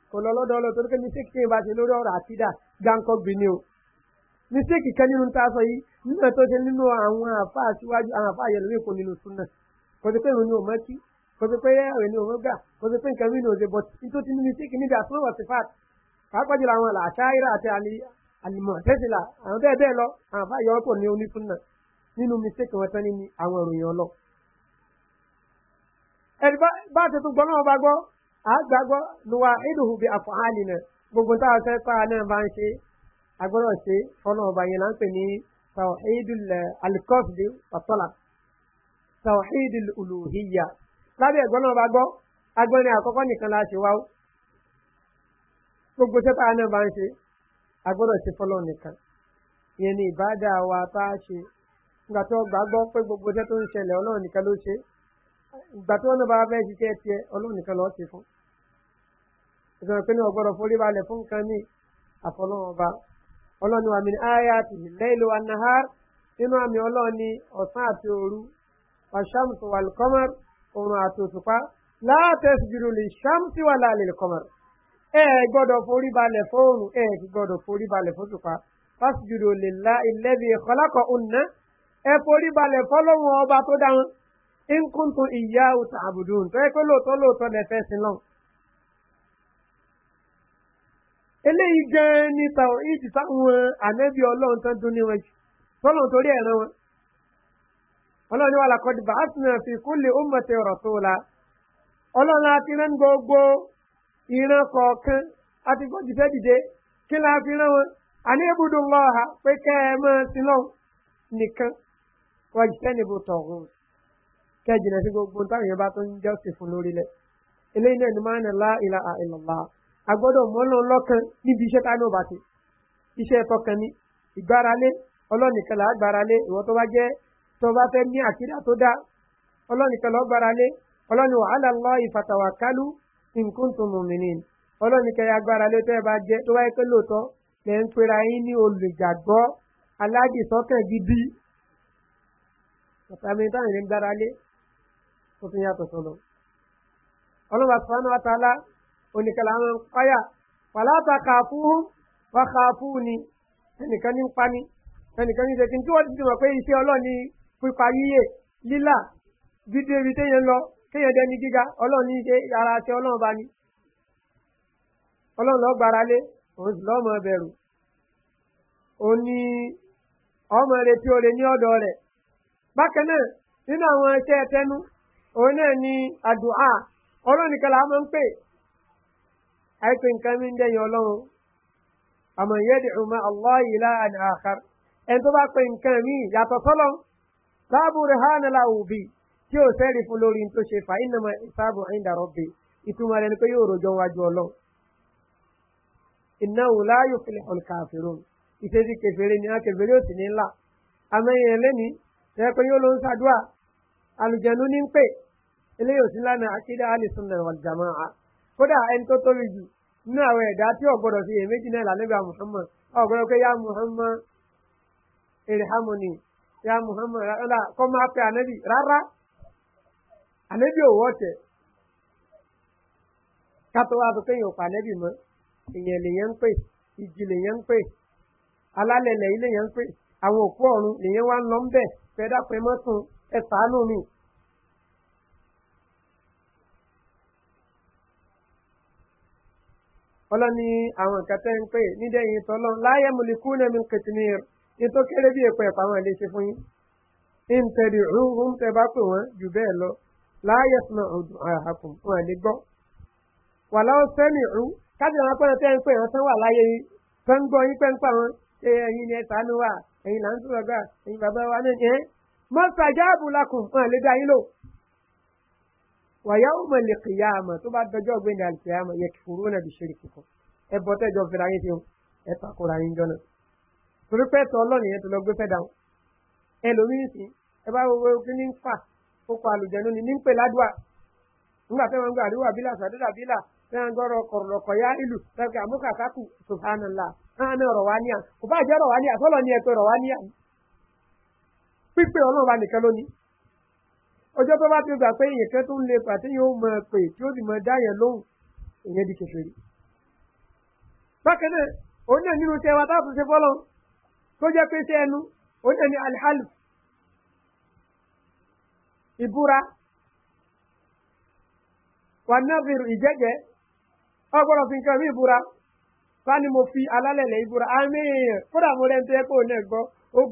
kò lọ lọ́dọ̀ ọlọ́ torí pé mistake tí n bá ṣe lórí ọ̀rọ̀ àtidá gbáǹkọ́ gbin ni o mistake kan nínú tá a sọ yìí nínú tó ṣe nínú àwọn àfa síwájú àwọn àfa àyẹ̀lẹ́wé kò nínú súnà kò sí pé òun ni ò mọ́ kí kò sí pé ẹ̀rẹ̀ ni òun gbà kò sí pé nǹkan mi ni ò ṣe bọ̀ nítorí ní mistake níbi àtúnwò sifat pàápàá jùlọ àwọn àṣàyíra àti àlìmọ̀ tẹ́sílà àwọn bẹ́ẹ̀ bẹ́ẹ̀ lọ àwọn àfa àyẹ̀wò kò ní onísúnà nínú mistake wọn tán ní àwọn ìròyìn ọlọ́ ẹ̀rí bá a ti tún gbọ́ náà a gbàgbọ́ nuwa ìdùhù bíi àfọ̀hálì gbogbo gbogbo táwa fẹ́ pàà náà bá ń ṣe agbọ́dọ̀ ṣe fọ́nà ọba yẹn là ń pè ní tawhidul alikọ́fìdì ọ̀tọ́là tawhidul olùhìyà lábẹ́ ẹ̀gbọ́n náà bá gbọ́ agbọ́nrin àkọ́kọ́ nìkan la ṣe gbogbo sẹ́ta náà bá ń ṣe agbọ́dọ̀ ṣe fọ́nà nìkan ìyẹn ni ìbáàdà wa tá a ṣe ìgbà tó gbogbo sẹ́ tó ń nìkan ló ṣe ìgbà tó bá ìsọ̀rọ̀ pé ní ọgbọ́dọ̀ forí balẹ̀ fún nǹkan ní àfọlọ́wọ́ba ọlọ́ni wa mi ní aya ti lẹ́yìn wa nahar nínú àmì ọlọ́ni ọ̀sán àti òru wàṣàmùsù wà lùkọ́mọ́r òrùn àti òṣùpá látẹ̀sí jùlọ lè ṣàmùsì wà lálẹ́ lùkọ́mọ́r ẹ gbọ́dọ̀ forí balẹ̀ fóònù ẹ ti gbọ́dọ̀ forí balẹ̀ fóṣùpá fásitì lè la ìlẹ́bi ìkọlákọ̀ ònà ẹ forí balẹ̀ fọlọ́wọ́n ọba tó dáhùn nkùntùn ìyá eléyìí gan ni tàwọn ìdí táwọn ànẹ́bí ọlọ́run tán dún níwọ̀n jù tọ́lọ̀ torí ẹ̀ràn wọn. ọlọ́run wà lákọ́dí bá fi kúlè ó mọ̀tẹ́ ọ̀rọ̀ tó la ọlọ́run láti rán gbogbo ìran kọ̀ọ̀kan àti gbọ́dì dìde kí la fi rán wọn. àní ibùdó pé kẹ́ ẹ mọ́ sílọ́ọ̀ nìkan wọ́n tọ̀ ọ̀hún kẹ́ gbogbo táwọn èèyàn bá tó ń agbọ́dọ̀ mọ́lọ́ lọ́kàn níbi iṣẹ́ tá ní ọba ti iṣẹ́ tọkàn ni ìgbáralé ọlọ́nìkan là á gbáralé ìwọ́n tó bá jẹ́ tó bá fẹ́ ní àkídà tó dá ọlọ́nìkan lọ́ gbáralé ọlọ́ni wàhálà lọ ìfàtàwà kálú nǹkan tó mọ̀ mí nìyí ọlọ́nìkan yà tó bá jẹ́ tó bá yẹ pé lóòótọ́ lẹ́ ń pera yín ní olùgbàgbọ́ aládìsọ́kàn gidi àtàmì táwọn ènìyàn gbáralé tó fi yàtọ̀ sọ̀rọ̀ ọlọ́wà sọ́nà àtàlá oníkàlà àwọn páyà wàláta kàfú wà kàfú ni ẹnìkan ní pa ni ẹnìkan ní ṣètì tí wọ́n ti dùnmọ̀ pé iṣẹ́ ọlọ́ọ̀ni pípa yíyè lílà dídé ibi téèyàn lọ téèyàn dẹni gíga ọlọ́ọ̀ni ṣe ara ṣe ọlọ́ọ̀ba ni ọlọ́ọ̀n lọ́ọ́ gbára lé òun sì lọ́ọ́ mọ bẹ̀rù òun ni ọmọ rẹ tí o lè ní ọ̀dọ̀ rẹ̀ bákan náà nínú àwọn iṣẹ́ tẹnu òun náà ni àdùá ọlọ́ọ̀nìkan làá máa ń pè àìpé nǹkan mi ń dẹ́yìn ọlọ́run àmọ̀ ìyẹ́dì ọmọ aláì láàánú àkàr ẹni tó bá pe nǹkan mi yàtọ̀ sọ́lọ́ sáàbù rẹ̀ hánà láwùbí tí ò sẹ́rì fún lórí tó ṣe fà iná sáàbù ìdàrọ̀ bè ìtumọ̀ rẹ̀ ni pé yóò rojọ́ wájú ọlọ́ ìnáwó láàyò filẹ̀ ọ̀lùkà àfẹ́rọ̀ ìṣesí kẹfẹ́rẹ́ ni akẹfẹ́rẹ́ ò sì ní ńlá àmẹ́yìn ẹlẹ́ni tẹ́ pé yóò ló ń ṣàdúrà àlùjẹ̀nu ní ń pè eléyìí lánàá akídá alìsùn náà wàlùjàmáà kódà ẹni tó tóbi jù nínú àwọn ẹ̀dá tí ọ̀gbọ́dọ̀ sí èméjì náà lànàbíà muhammad ọ̀gbọ́dọ̀ pé yá muhammad irhamuni yá muhammad rárá kọ́ máa pe ànábì rárá ànábì òwò ọ̀tẹ̀ kátó wá tó kéèyàn pa ànábì mọ́ èèyàn lèyàn ń pè ìjì lèyàn ń pè lèyàn ń ọlọ́ni àwọn nǹkan tẹ́ ń pè nídẹ̀yìn tọ́lọ́ láyé mùlíkúnà mi kìtìmí ètò kéré bí èpè ẹ̀pà wọn lè ṣe fún yín ntẹ̀dì rúhùn tẹ bá pè wọ́n jù bẹ́ẹ̀ lọ láyé sinà ọdún àhàkùn wọn lè gbọ́. wà láwọn sẹ́mi rú káàdì àwọn akọ́nà tẹ́ ń pè wọ́n tán wà láyé yìí tó ń gbọ́ yín pẹ́ ń pa wọn ẹ̀yin ni ẹ̀ta ni wà ẹ̀yin là ń sọ̀rọ̀ gbà ẹ̀yin bàbá wa náà ẹ̀ mọ́sàjáàbù lakùn wọn lè dá yín lò wàyáwùmọ̀ lè kìyà àmọ̀ tó bá dọjọ́ ọ̀gbìn ní àlùkìyà àmọ̀ yẹ kí fúró náà bí ṣeré kíkọ ẹ bọ́ tẹ́jọ́ fìlà yín ṣeun ẹ takora yín jọ náà torí pé tọ́ ọlọ́ọ̀nì yẹn tó lọ gbé fẹ́ dáhùn ẹ lómìn sí ẹ bá wo kí ní ń fà ó pa àlùjẹ̀nu ni ní ń pè ládùá nígbà tẹ́ wọn gba àríwá bílà sàdédà bílà tẹ́ wọn ọjọ́ tó bá ti gbà pé èèyàn kan tó ń lepa tí yóò mọ pè tí ó sì mọ dá yẹn lóhùn èèyàn di kékeré. bákan náà òun náà nínú tẹwa ṣe tó jẹ́ pé ẹnu òun náà ní alihalu ìbúra ìjẹ́jẹ́ ọgbọ́dọ̀ fi nǹkan fani mo fi ìbúra àmì èèyàn kódà mo ń tẹ́ náà gbọ́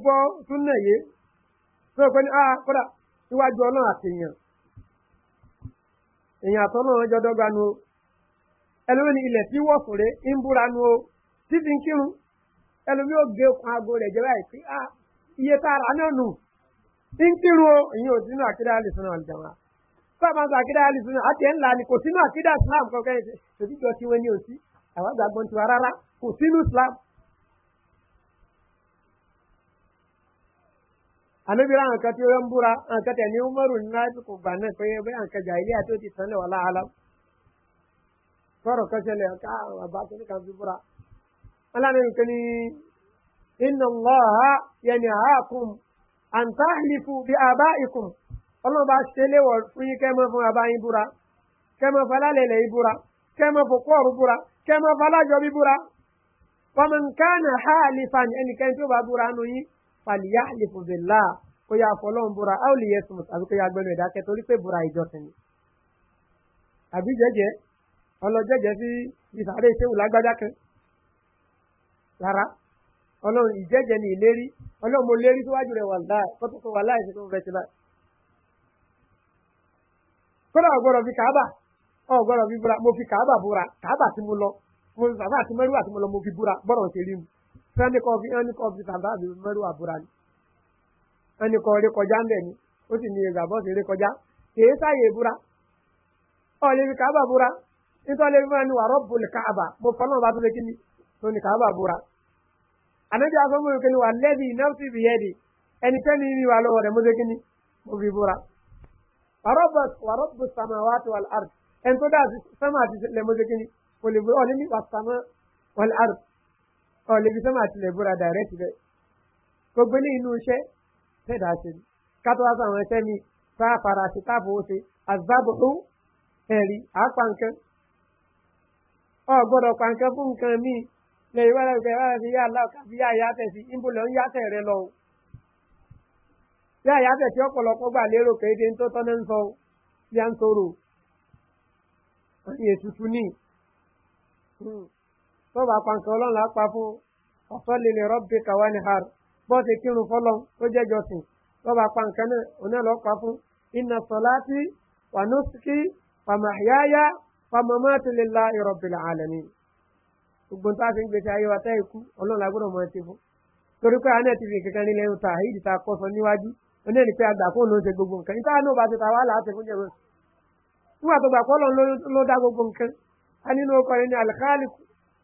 gbọ́ síwájú ọlọ́run àtẹ̀yàn èèyàn àtọ́nà ọjọ́ dọ́gba nu o ẹlòmíì ní ilẹ̀ tí wọ́ọ̀fù rẹ̀ ń búra nu o títí ń kírun ẹlòmíì ò gé okun aago rẹ̀ jẹ́ báyìí pé iye tá a rà náà nù ń kírun o ìyẹn ò sínú àkídá àlìsàn àlìjàmá sábà sọ àkídá àlìsàn àti ẹ̀ ńlá ni kò sínú àkídá islam kankan ẹ̀ ṣètìjọ tiwọn ni ò sí àwọn àgbàgbọ́n tiwa rárá kò sínú islam anabira nǹkan tí ó yẹn ń búra nǹkan tẹ̀ ní umaru náà kò gbà náà pé bẹ́ẹ̀ nǹkan jà ilé àti ó ti sànlẹ̀ wà láàlá sọ̀rọ̀ kẹsẹ̀lẹ̀ ká bàbá tó ní kan fi búra. aláàbẹ̀ nǹkan ni iná lọ́ha yẹn ni àákùn àǹtá ìlìfù bí abá ìkùn ọlọ́run bá ṣe léwọ̀ fún yín kẹ́mọ́ fún abá yín búra kẹ́mọ́ falálẹ̀lẹ̀ yín búra kẹ́mọ́ fòkọ́ọ̀rù búra kẹ́mọ́ falájọ bí búra. wọ́n mọ̀ nǹkan náà fàlìyà àlefòbẹ̀là kó yà fọlọ́run búra a ó lè yẹ sùn tàbí kó yà gbẹnu ẹ̀dá kẹ torí pé búra ìjọsìn ni. àbí jẹjẹ ọlọjẹjẹ sí ìsàrè ìṣẹ́wù lágbájá kan rárá ọlọ́run ìjẹ́jẹ ni ìlérí ọlọ́run mo lérí síwájú rẹ̀ wà láì kó tó kó wà láì sí tó fẹ́ ti láì. kódà ọ̀gbọ́dọ̀ fi kàábà ọ̀gbọ́dọ̀ fi búra mo fi kàábà búra kàábà tí mo lọ mo sàfà àti mẹ́rù sẹ́nìkọ́ fi ẹnìkọ́ fi tàbá àbí mẹ́rù àbúrà ni ẹnìkọ́ rí kọjá ń bẹ̀ ni ó sì ní ìgbà bọ́ọ̀sì rí kọjá kìí sáyè búra ọ̀lẹ́ fi kàábà búra nítorí fi máa ní wàrọ̀ bùn kàábà mo fọ́nà bá tó lé kí ni tó ní kàábà búra. ànájọ afọ́mọ́ yìí kí ni wà lẹ́bi nọ́ọ̀sì fi yẹ́ di ẹnikẹ́ni ní wà lọ́wọ́ rẹ̀ mo ṣe kí ni mo fi búra. wàrọ̀ bùn sàmà wà tó wà lárù ẹni tó dáa ọ̀lẹ́bí sọ́mà tilẹ̀ búra direct bẹ́ẹ̀ gbogbo ní inú iṣẹ́ tẹ̀dá sí ni kátó wá sáwọn ẹsẹ́ mi tá a fara sí táàbù ó ṣe àzábò ó ẹ̀rí àápa nǹkan ọ gbọ́dọ̀ pa nǹkan fún nǹkan míì lẹ́yìn wá lẹ́yìn wá lẹ́yìn yá aláwọ̀ káfí yá yàtẹ̀ sí ìbúlẹ̀ ń yàtẹ̀ rẹ lọ. yá yàtẹ̀ tí ọ̀pọ̀lọpọ̀ gbà lérò kéde ń tó tọ́nà ń sọ bí ń sọ̀rọ̀ ẹ̀yìn ètùtù ní tó bá pa nǹkan ọlọ́run lápá fún ọ̀sọ́ lè lè rọ́bì kàwá ní har bó ti kírun fọlọ́n ó jẹ́ jọ̀sìn tó bá pa nǹkan náà òun náà lọ́ pa fún iná sọláàtì wà nùsùkì wà màáyáyá wà mọ̀mọ́tì lè la ìrọ̀bì làálẹ̀ ni. gbogbo nǹkan àti gbèsè ayé wa tẹ́ ikú ọlọ́run lágbọ́dọ̀ mọ̀ ti fún. torí pé àánẹ̀ ti fi kankan nílẹ̀ ń ta ìdí ta kọ́ sọ níwájú oní ẹni pé àgbà fún ló ń ṣe gbogbo nǹkan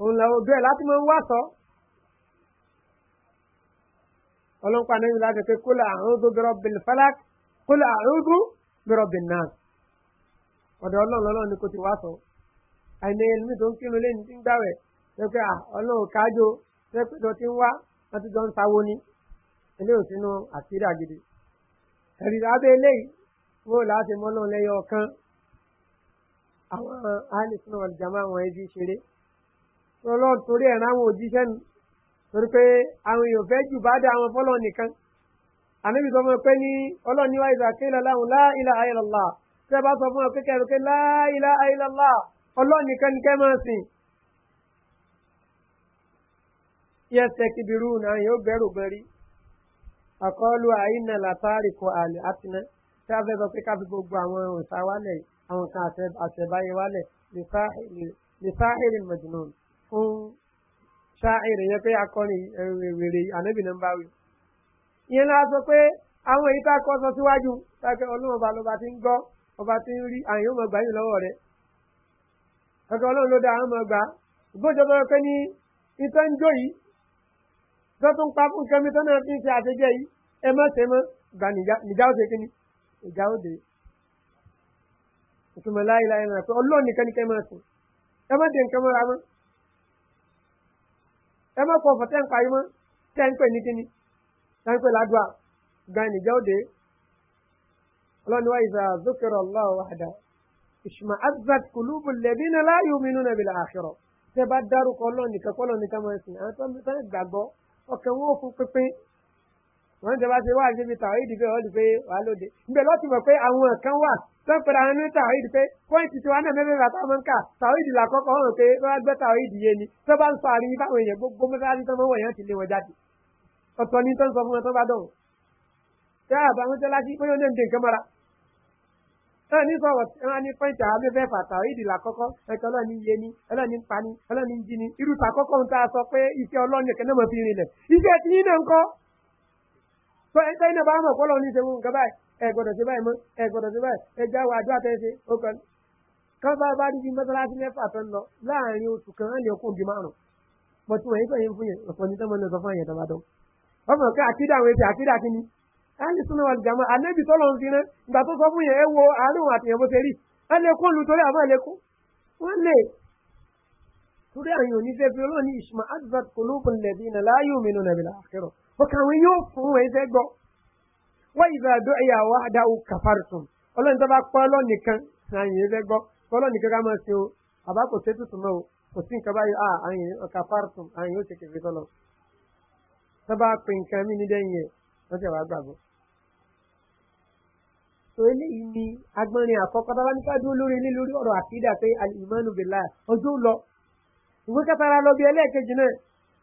òun làwọn bẹ́ẹ̀ láti máa ń wá sọ. ọlọ́pàá náà láti pé kólà àrùndó bẹ̀rọ̀ bẹ̀lẹ̀ falak kólà àrùndó bẹ̀rọ̀ bẹ̀lẹ̀ náà. ọ̀dọ̀ ọlọ́run lọ́lọ́run ni kò ti wá sọ. àìní ẹlẹ́mí tó ń kírun lé ní ti ń gbàwẹ̀ pé ọlọ́run kájọ pé tó ti ń wá wọ́n ti jọ ń sáwó ní ilé òsínú àtìrà gidi. ẹ̀rí lábẹ́ eléyìí wọ́n láti mọ́ náà lẹ́yọ ọ̀kan àwọn áìlì sínú ọ̀lùjàmá ẹbí ṣeré lọ́lọ́run torí ẹ̀ ráwọn òjíṣẹ́ nu torí pé àwọn èèyàn fẹ́ jù bá dá àwọn fọ́lọ́ nìkan ànábì sọ fún ẹ pé ní ọlọ́run ní wáyé ìdàkẹ́lẹ̀ láwọn láìlà àìlọ́lá tẹ́ bá sọ fún ẹ pé kẹ́rù pé láìlà àìlọ́lá ọlọ́run nìkan ní kẹ́ máa sìn yẹsẹ̀ kìbìrú náà yóò bẹ̀rù bẹ̀rí àkọọ́lù àyínà látàrí kò àlè àtinẹ́ tí a fẹ́ sọ pé káfí gbogbo àwọn òṣà wálẹ̀ àwọn kan àtẹ̀báyé wálẹ̀ lè sáhìrì mẹ̀dùnú fún ṣáàìrì yẹn pé akọni wèrè ànábì náà ń bá wí. ìyẹn náà sọ pé àwọn èyí tá a kọ́ sọ síwájú tákẹ́ ọlọ́run ọba lọba ti ń gbọ́ ọba ti ń rí àyàn ọmọ gbà yín lọ́wọ́ rẹ̀ tákẹ́ ọlọ́run ló da àwọn ọmọ gbà ìgbọ́jọba pé ní ìtọ́ ń jó yìí tó tún pa fún kẹ́mi tó náà fi ń ṣe àtẹ́jẹ́ yìí ẹ má ṣe mọ́ gbà níjà ó ṣe kí ni ìjà ó dé ìtumọ̀ láyé láyé náà pé ọlọ́run nìkan ní kẹ́ máa sùn ẹ má dé nǹkan mọ́ra mọ́ ẹ má kọ ọ̀fọ̀ tẹ́ ń parí mọ́ tẹ́ ń pè ní kíni tẹ́ ń pè ládùá gan ìjà òde ọlọ́niwá ìzà zókèrè ọlọ́wọ́ àdá ìṣùmá azat kùlùbù lẹ́bínà láàyò mínú nàbí làákìrọ̀ tẹ́ bá dárúkọ ọlọ́ọ̀nìkan kọ́lọ́ọ̀nìkan máa ń sìn àwọn tó ń gbàgbọ́ ọkàn wọn ò fún pínpín wọ́n ti bá ṣe wá síbi tàwọn ìdí pé ọ̀lù pé wà lóde. ǹbẹ̀ lọ́tì mọ̀ pé àwọn kan wà lọ́pẹ̀rẹ̀ àwọn ní tàwọn ìdí pé pọ́ìntì tiwa náà mẹ́fẹ́ bàtà máa ń kà tàwọn ìdí làkọ́kọ́ hàn pé wọ́n á gbẹ́ tàwọn ìdí yé ni tó bá ń sọ àríyìn báwọn èèyàn gbogbo mọ́sálásí tó mọ́wọ́ èèyàn ti lé wọn jáde. ọ̀tọ̀ ni tó ń sọ fún wọn tó bá dọ̀ wọ́n. ṣé àbá mọ́sálásí ni ọlọ́ni pani ọlọ́ni jí ni irú tàkọ́kọ́ ń ta sọ pé iṣẹ́ tó ẹ tẹ́yìn náà bá mọ̀ kọ́lọ́ ní ìṣẹ́wó nǹkan báyìí ẹ gbọ́dọ̀ ṣe báyìí mọ́ ẹ gbọ́dọ̀ ṣe báyìí ẹ jáwọ́ àjọ àtẹ̀ṣe ó kàn ní. káfá bá dídí mọ́sálásí mẹ́fà tó ń lọ láàrin oṣù kan á lè kún bí márùn bọ́ tí wọ́n yín sọ̀yìn fún yẹn ọ̀pọ̀ ní tọ́mọ náà sọ fún bọ̀kà àwọn yóò fún ẹ fẹ́ gbọ́ wọ́n ìfẹ́ àdó ẹ̀yà wá dáwó kàfàrùtùm ọlọ́run tó bá pọ́ lọ́nìkan àyìn ẹ fẹ́ gbọ́ pọ́ lọ́nìkan ká máa ṣe o àbá kò ṣe tuntun mọ́ o kò sí nǹkan báyìí à àyìn eh, kàfàrùtùm àyìn ó eh, ṣe kẹfẹ́ tọ́lọ tó bá pè nǹkan mí ní dẹ́yìn ẹ̀ wọ́n ti wá gbàgbọ́. sọ eléyìí ni agbọ́nrin àkọ́kọ́ tá a bá ní ká dúró lórí ilé lórí ọ̀rọ̀ àkídà pé alìmọ́nù bìlà ọjọ́ lọ ìwé kẹtàlá lọ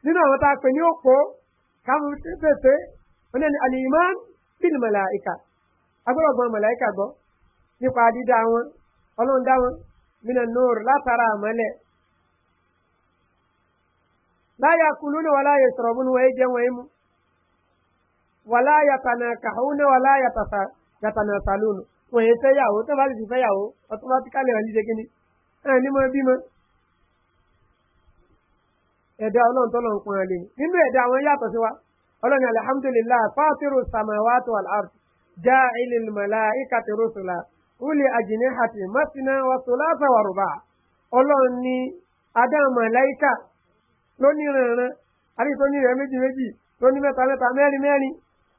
nínú àwọn tá a pè ní òpó káwọn ti tẹ̀sẹ̀ wọn ní àlìmọ́ bíi mọ̀láìkà agbọ́dọ̀ gbọ́n mọ̀láìkà gbọ́ nípa dídá wọn ọlọ́run dá wọn nínú nóòrù látara àmọ́lẹ̀ láyà kulu ni l'a ya sọ̀rọ̀ múnú wọ́n jẹ́ wọ́n mú wàlá yàtànà kàhún ni wàlá yàtànà sàlónù wọ́n yẹ fẹ́yàwó tó bá ti fẹ́yàwó wọn ní ẹ̀ ní mọ́ bímọ. ẹ̀dá ọlọ́run tó lọ́n pọn ẹ̀lẹ́ nínú ẹ̀dá àwọn yàtọ̀ sí wa ọlọ́run alihamudulilayi fàtírù samawaatu al'ar já ilil mọ̀lá ikàtí rúṣùlá wúlì àjìní hàtì mọ́sínà wàtúlá sàwárùbá ọlọ́run ní adámọ̀láìkà lónìrànràn àríṣọ́ ní rẹ̀ méjì méjì lóní mẹ́ta mẹ́ta mẹ́rin mẹ́rin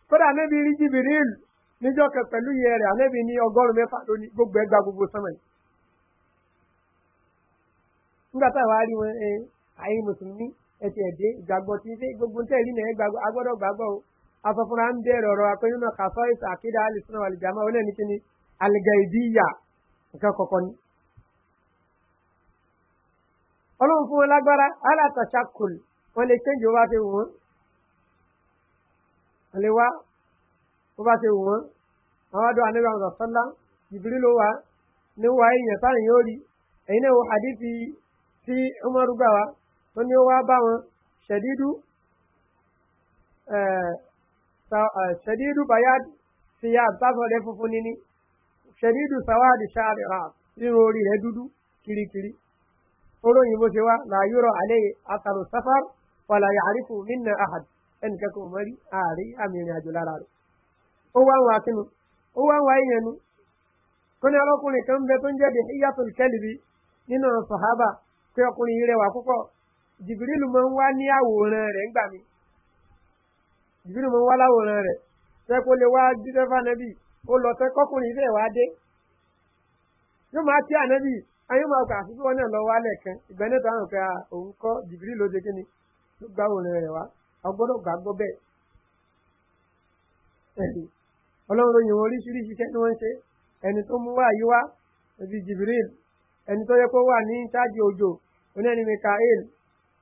kódà mẹ́bi rí jìbìrìl níjọ́ kẹ pẹ̀lú iye rẹ̀ àmẹ́bi ní ọgọ́rùn mẹ́fà lóní gbogbo ẹgbàá gbogbo sọ́mọ̀ yìí. nígbà táwa rí wọn eh, àyè mùsùlùmí ẹsẹ̀ ẹ̀dẹ́ ìgbàgbọ́ tí ṣe gbogbo ń tẹ̀lé náà gbàgbọ́ agbọ́dọ̀ gbàgbọ́ o afọfúnra ń bẹ̀rẹ̀ ọ̀rọ̀ akọ́nínà kàfọ́ ìsà àkídà alìsàn àlìjàmá ó lẹ́ni kíni àlìgà ìdíyà nǹkan kọ̀ọ̀kan ni. ọlọ́run fún wọn lágbára alátàṣàkùl wọn lè ṣéǹjì wọn bá ṣe wù wọn wọn lè wá wọn bá ṣe wù wọn àwọn àdó anábì àwọn sọ́lá ìbírí ló wá wọ́n ní ó wá bá wọn ṣẹ̀dídú ṣẹ̀dídú bayad siyab sáfọ̀lẹ́ funfun níní ṣẹ̀dídú sawadi ṣáàrìrà nínú orí rẹ̀ dúdú kirikiri oróyìn bó ṣe wá làyúrọ̀ alẹ́ àtàrò sáfàr fọlàyà àrífù nínú àhàd ẹnì kẹ́kọ̀ọ́ mọ́rí àárí àmì ìrìn àjò lára rẹ̀ ó wá ń wá sínú ó wá ń wá nu tó ní arákùnrin kan bẹ tó ń jẹ́ dèhíyàtò kẹ́lìbí nínú sọ̀hábà pé ọkùnrin rẹwà púpọ̀ jìbìrìlù máa ń wá ní àwòrán rẹ̀ ńgbà mi jìbìrìlù máa ń wá láwòrán rẹ̀ fẹ́ kó lè wá jíṣẹ́ fànẹ́bì ó lọ fẹ́ kọ́kùnrin ìfẹ́ wá dé yóò máa tí ànẹ́bì ayé máa kà fífi wọn náà lọ wálẹ̀ kan ìgbà níta àwọn kan òun kọ́ jìbìrìlù ó ṣe ni ló gbá àwòrán rẹ̀ wá ọgbọ́dọ̀ gbàgbọ́ bẹ́ẹ̀ ọlọ́run ròyìn wọn oríṣiríṣi iṣẹ́ tí wọ́n ń ṣe ẹni tó mú wá yí wá ẹbí jibril ẹni tó yẹ kó wà ní ṣáàjì òjò oní ẹni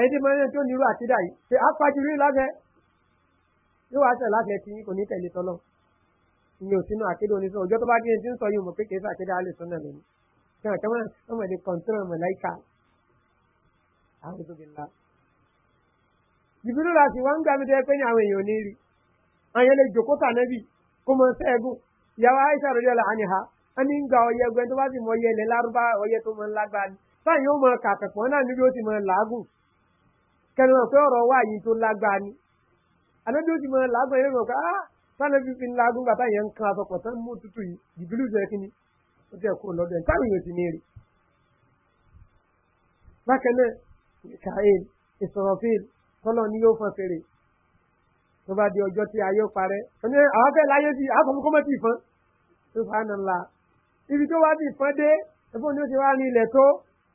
ẹni tí mọ́lẹ́ tó nírú àtidá yìí ṣe apájúrí lábẹ́ yóò wá sẹ̀ láti ẹtì kò ní tẹ̀lé tọ́lọ́ ìyẹn ò sínú àkéde oníṣẹ́ òjò tó bá dé ti ń sọ yìí mọ̀ pé kìí sọ àkéde alẹ́ sọ́nà lónìí ṣé àkẹ́ mọ́ ọmọ ẹni kọ̀ǹtírọ̀ mọ̀láìkà àwọn tó gbìlá. ìbílẹ̀ láti wọ́n ń gbà mí tẹ́ pé ní àwọn èèyàn ní rí àwọn ilé ìjòkóta nẹ́bì kó mọ sẹ́ẹ̀gùn ìyàwó aisha rẹ̀ lọ́la àníhà á ní gba ọyẹ ẹgbẹ́ tó bá sì mọ ọyẹ ilẹ̀ lárúbá ọyẹ tó mọ ńlágbá ni táyà yóò mọ kàkẹ́kọ̀ọ́ náà níbi ó ti mọ làágùn kẹrin wọn pé ọ̀rọ̀ wá yìí tó lágbára ni ànábi ó ti mọ làágùn yẹn mọ̀ pé ah sáré fífi làágùn bàtà yẹn ń kan àtọkọ̀ tán mú tutù yìí ìbílú ìfẹ́ kí ni ó ti ẹ̀kọ́ lọ́dọ̀ ẹ̀ táwọn èèyàn ti ní rí. bákan náà kàhín ìsọ̀rọ̀fín tọ́lọ̀ ni yóò fọn fèrè tó bá di ọjọ́ tí ayé parẹ́ ẹni àwọn fẹ́ láyé ti àfọ̀mù kọ́mọ́ ti fọ́n tó fà nà ńlá ibi tó wá ti fọ́n dé ẹ̀fọ́n ni ó ti wá ní ilẹ̀ tó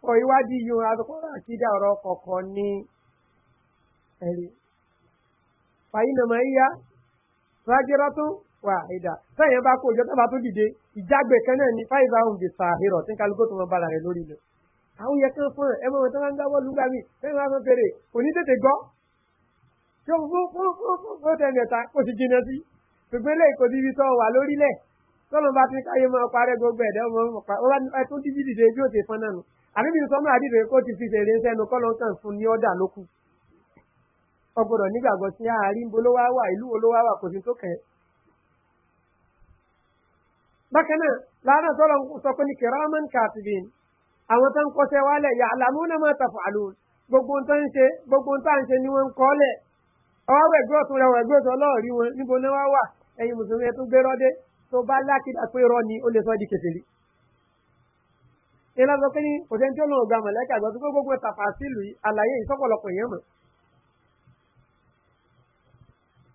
ọ̀ ìwádìí yòó àtọkọ́ àkídà ọ̀rọ̀ kọ̀ọ̀kan ní ẹ̀rí fàyínàmọ́ yíyá rágírọ́tún wà ìdá sẹ́yìn bá kó òjò tó bá tó dìde ìjágbe kan náà ní fáìlì àwọn òǹdè sàhírọ̀ tí kálukó tó mọ bára rẹ̀ lórí lọ. àwọn yẹn kan fún ẹ ẹ mọ wọn tó máa ń dáwọ́ lùgbà mí sẹ́yìn bá fún fèrè òní tètè gbọ́. tó fún fún fún fún fún tẹ̀ mẹ́ta kò sì jìnnà sí ṣùgbọ́n lè kò díbi tó wà lórílẹ̀ tọ́lọ́ bá ti káyé máa parẹ́ gbogbo ẹ̀dá ọmọ ọmọ pa ọgbọdọ nígbàgbọ sí àárín ah, bo ló wá wà ìlú wo ló wá wà kò sí tó kẹ. bákan náà lánà tọ́lọ̀ ń sọ pé ní kẹrọ́mọ́n kàtìbìn àwọn tó ń kọ́sẹ́ wálẹ̀ yà àlàmúnà máa gbogbo tó gbogbo tó ń ṣe ni wọ́n ń kọ́lẹ̀ ọwọ́ ẹ̀gbẹ́ ọ̀tún rẹ̀ ẹ̀gbẹ́ ọ̀tún ọlọ́ọ̀rí wọn níbo ni wọ́n wà ẹ̀yin mùsùlùmí ẹ̀ tó gbé rọ́dé tó bá lákìdá pé rọ́ ni ó lè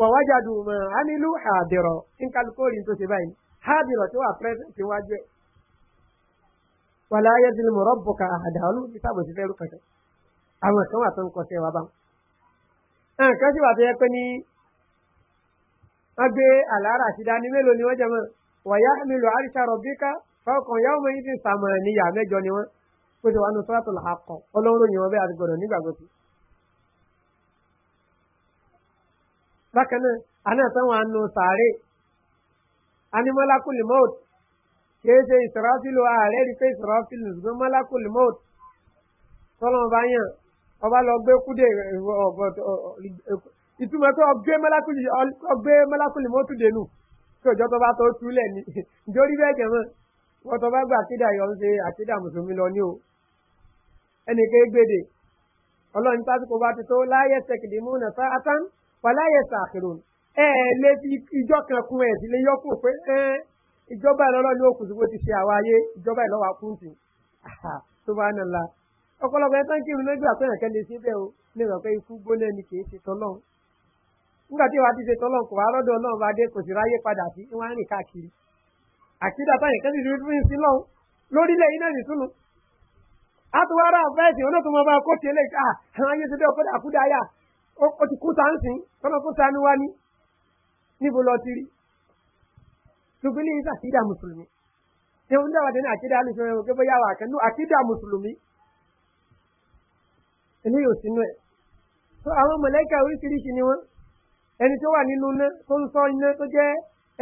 wọ̀wájàdù mọ̀ ánílù àbẹ̀rọ̀ nkálukórì tó ṣe báyìí hábìrọ̀ tó wà pẹ́ẹ́sì wájú ẹ̀ wàlá ayédèlú mọ̀ rọ́bùkà àdá olùkọ́ ti sábò sí fẹ́ẹ́ rúkọ̀tẹ̀ àwọn kan wà tó ń kọsẹ̀ wá bá wọn. nǹkan sì wà tó yẹ pé ní wọ́n gbé àlàárà sí dání mélòó ni wọ́n jẹ mọ́ wọ̀yá nílò àríṣà rọ̀bíkà fọkàn yá ọmọ yìí ti sàmọ̀ níyà mẹ́jọ ni wọ́n kó ti wà nù sọ́tò làákọ̀ ọlọ́run ni wọ́n bẹ́ẹ̀ àti gbọ̀dọ̀ nígbàgbọ́ bákan náà àná táwọn àna sàárè animalakuli mọ́ọ̀t kìí ṣe ìsọ̀rọ̀fìlù ààrẹ rí pé ìsọ̀rọ̀fìlù ṣùgbọ́n malakuli mọ́ọ̀t tọ́lọ́mọba yàn ọba lọ gbé kúdè ìtumọ̀ tó ọgbé malakuli mọ́ọ̀tù dènù tí òjò tó bá tó túlẹ̀ ní nítorí bẹ́ẹ̀ jẹ̀mọ́ wọ́n tó bá gba àkídà yọ̀ ń ṣe àkídà mùsùlùmí lọ ní o ẹnì kéé gbèdè ọlọ́run tásìkò bá ti tó láyé tẹkìdì múnà sáátán wàláyé sàkérò ẹ lé fi ìjọ kan kún ẹ sí lè yọ kó pé ẹ ìjọba ìlọlọ ní òkùnkùn tó ti ṣe àwọn ayé ìjọba ìlọwà kún tì tó bá nà la ọ̀pọ̀lọpọ̀ ẹ̀tàn kí irun lójú àpẹẹrẹ kẹ́lẹ́ sí bẹ́ẹ̀ o ní ìrọ̀pẹ́ ikú gbóná ni kì í ṣe tọ́lọ́ nígbà tí wàá ti ṣe tọ́lọ́ kò wá rọ́dọ̀ ọlọ́run bá dé kò sì ráyé padà sí wọn á rìn káàkiri àkídà táyìn kẹ́sì ti fi sí lọ́hùn lórílẹ̀ iná nìtúnu àtúwárà fẹ́ẹ̀sì ọ̀nà tó mọ bá kó tiẹ̀ lẹ́yìn àwọn ayé ti dé ọ̀pẹ́ àkúdà yà ó ti kú sáǹsìn kọ́nà kó sani wá ní níbo lọ ti rí ṣùgbọ́n ní ìsà àkídà mùsùlùmí ṣé ń dáwà dé ní àkídà alùsùn ẹ̀rọ gbẹ́bọ́ yàwó àkẹ́nu àkídà mùsùlùmí eléyìí ò sínú ẹ̀ tó àwọn mọ̀lẹ́kà oríṣiríṣi ni wọ́n ẹni tó wà nínú iná tó ń sọ iná tó jẹ́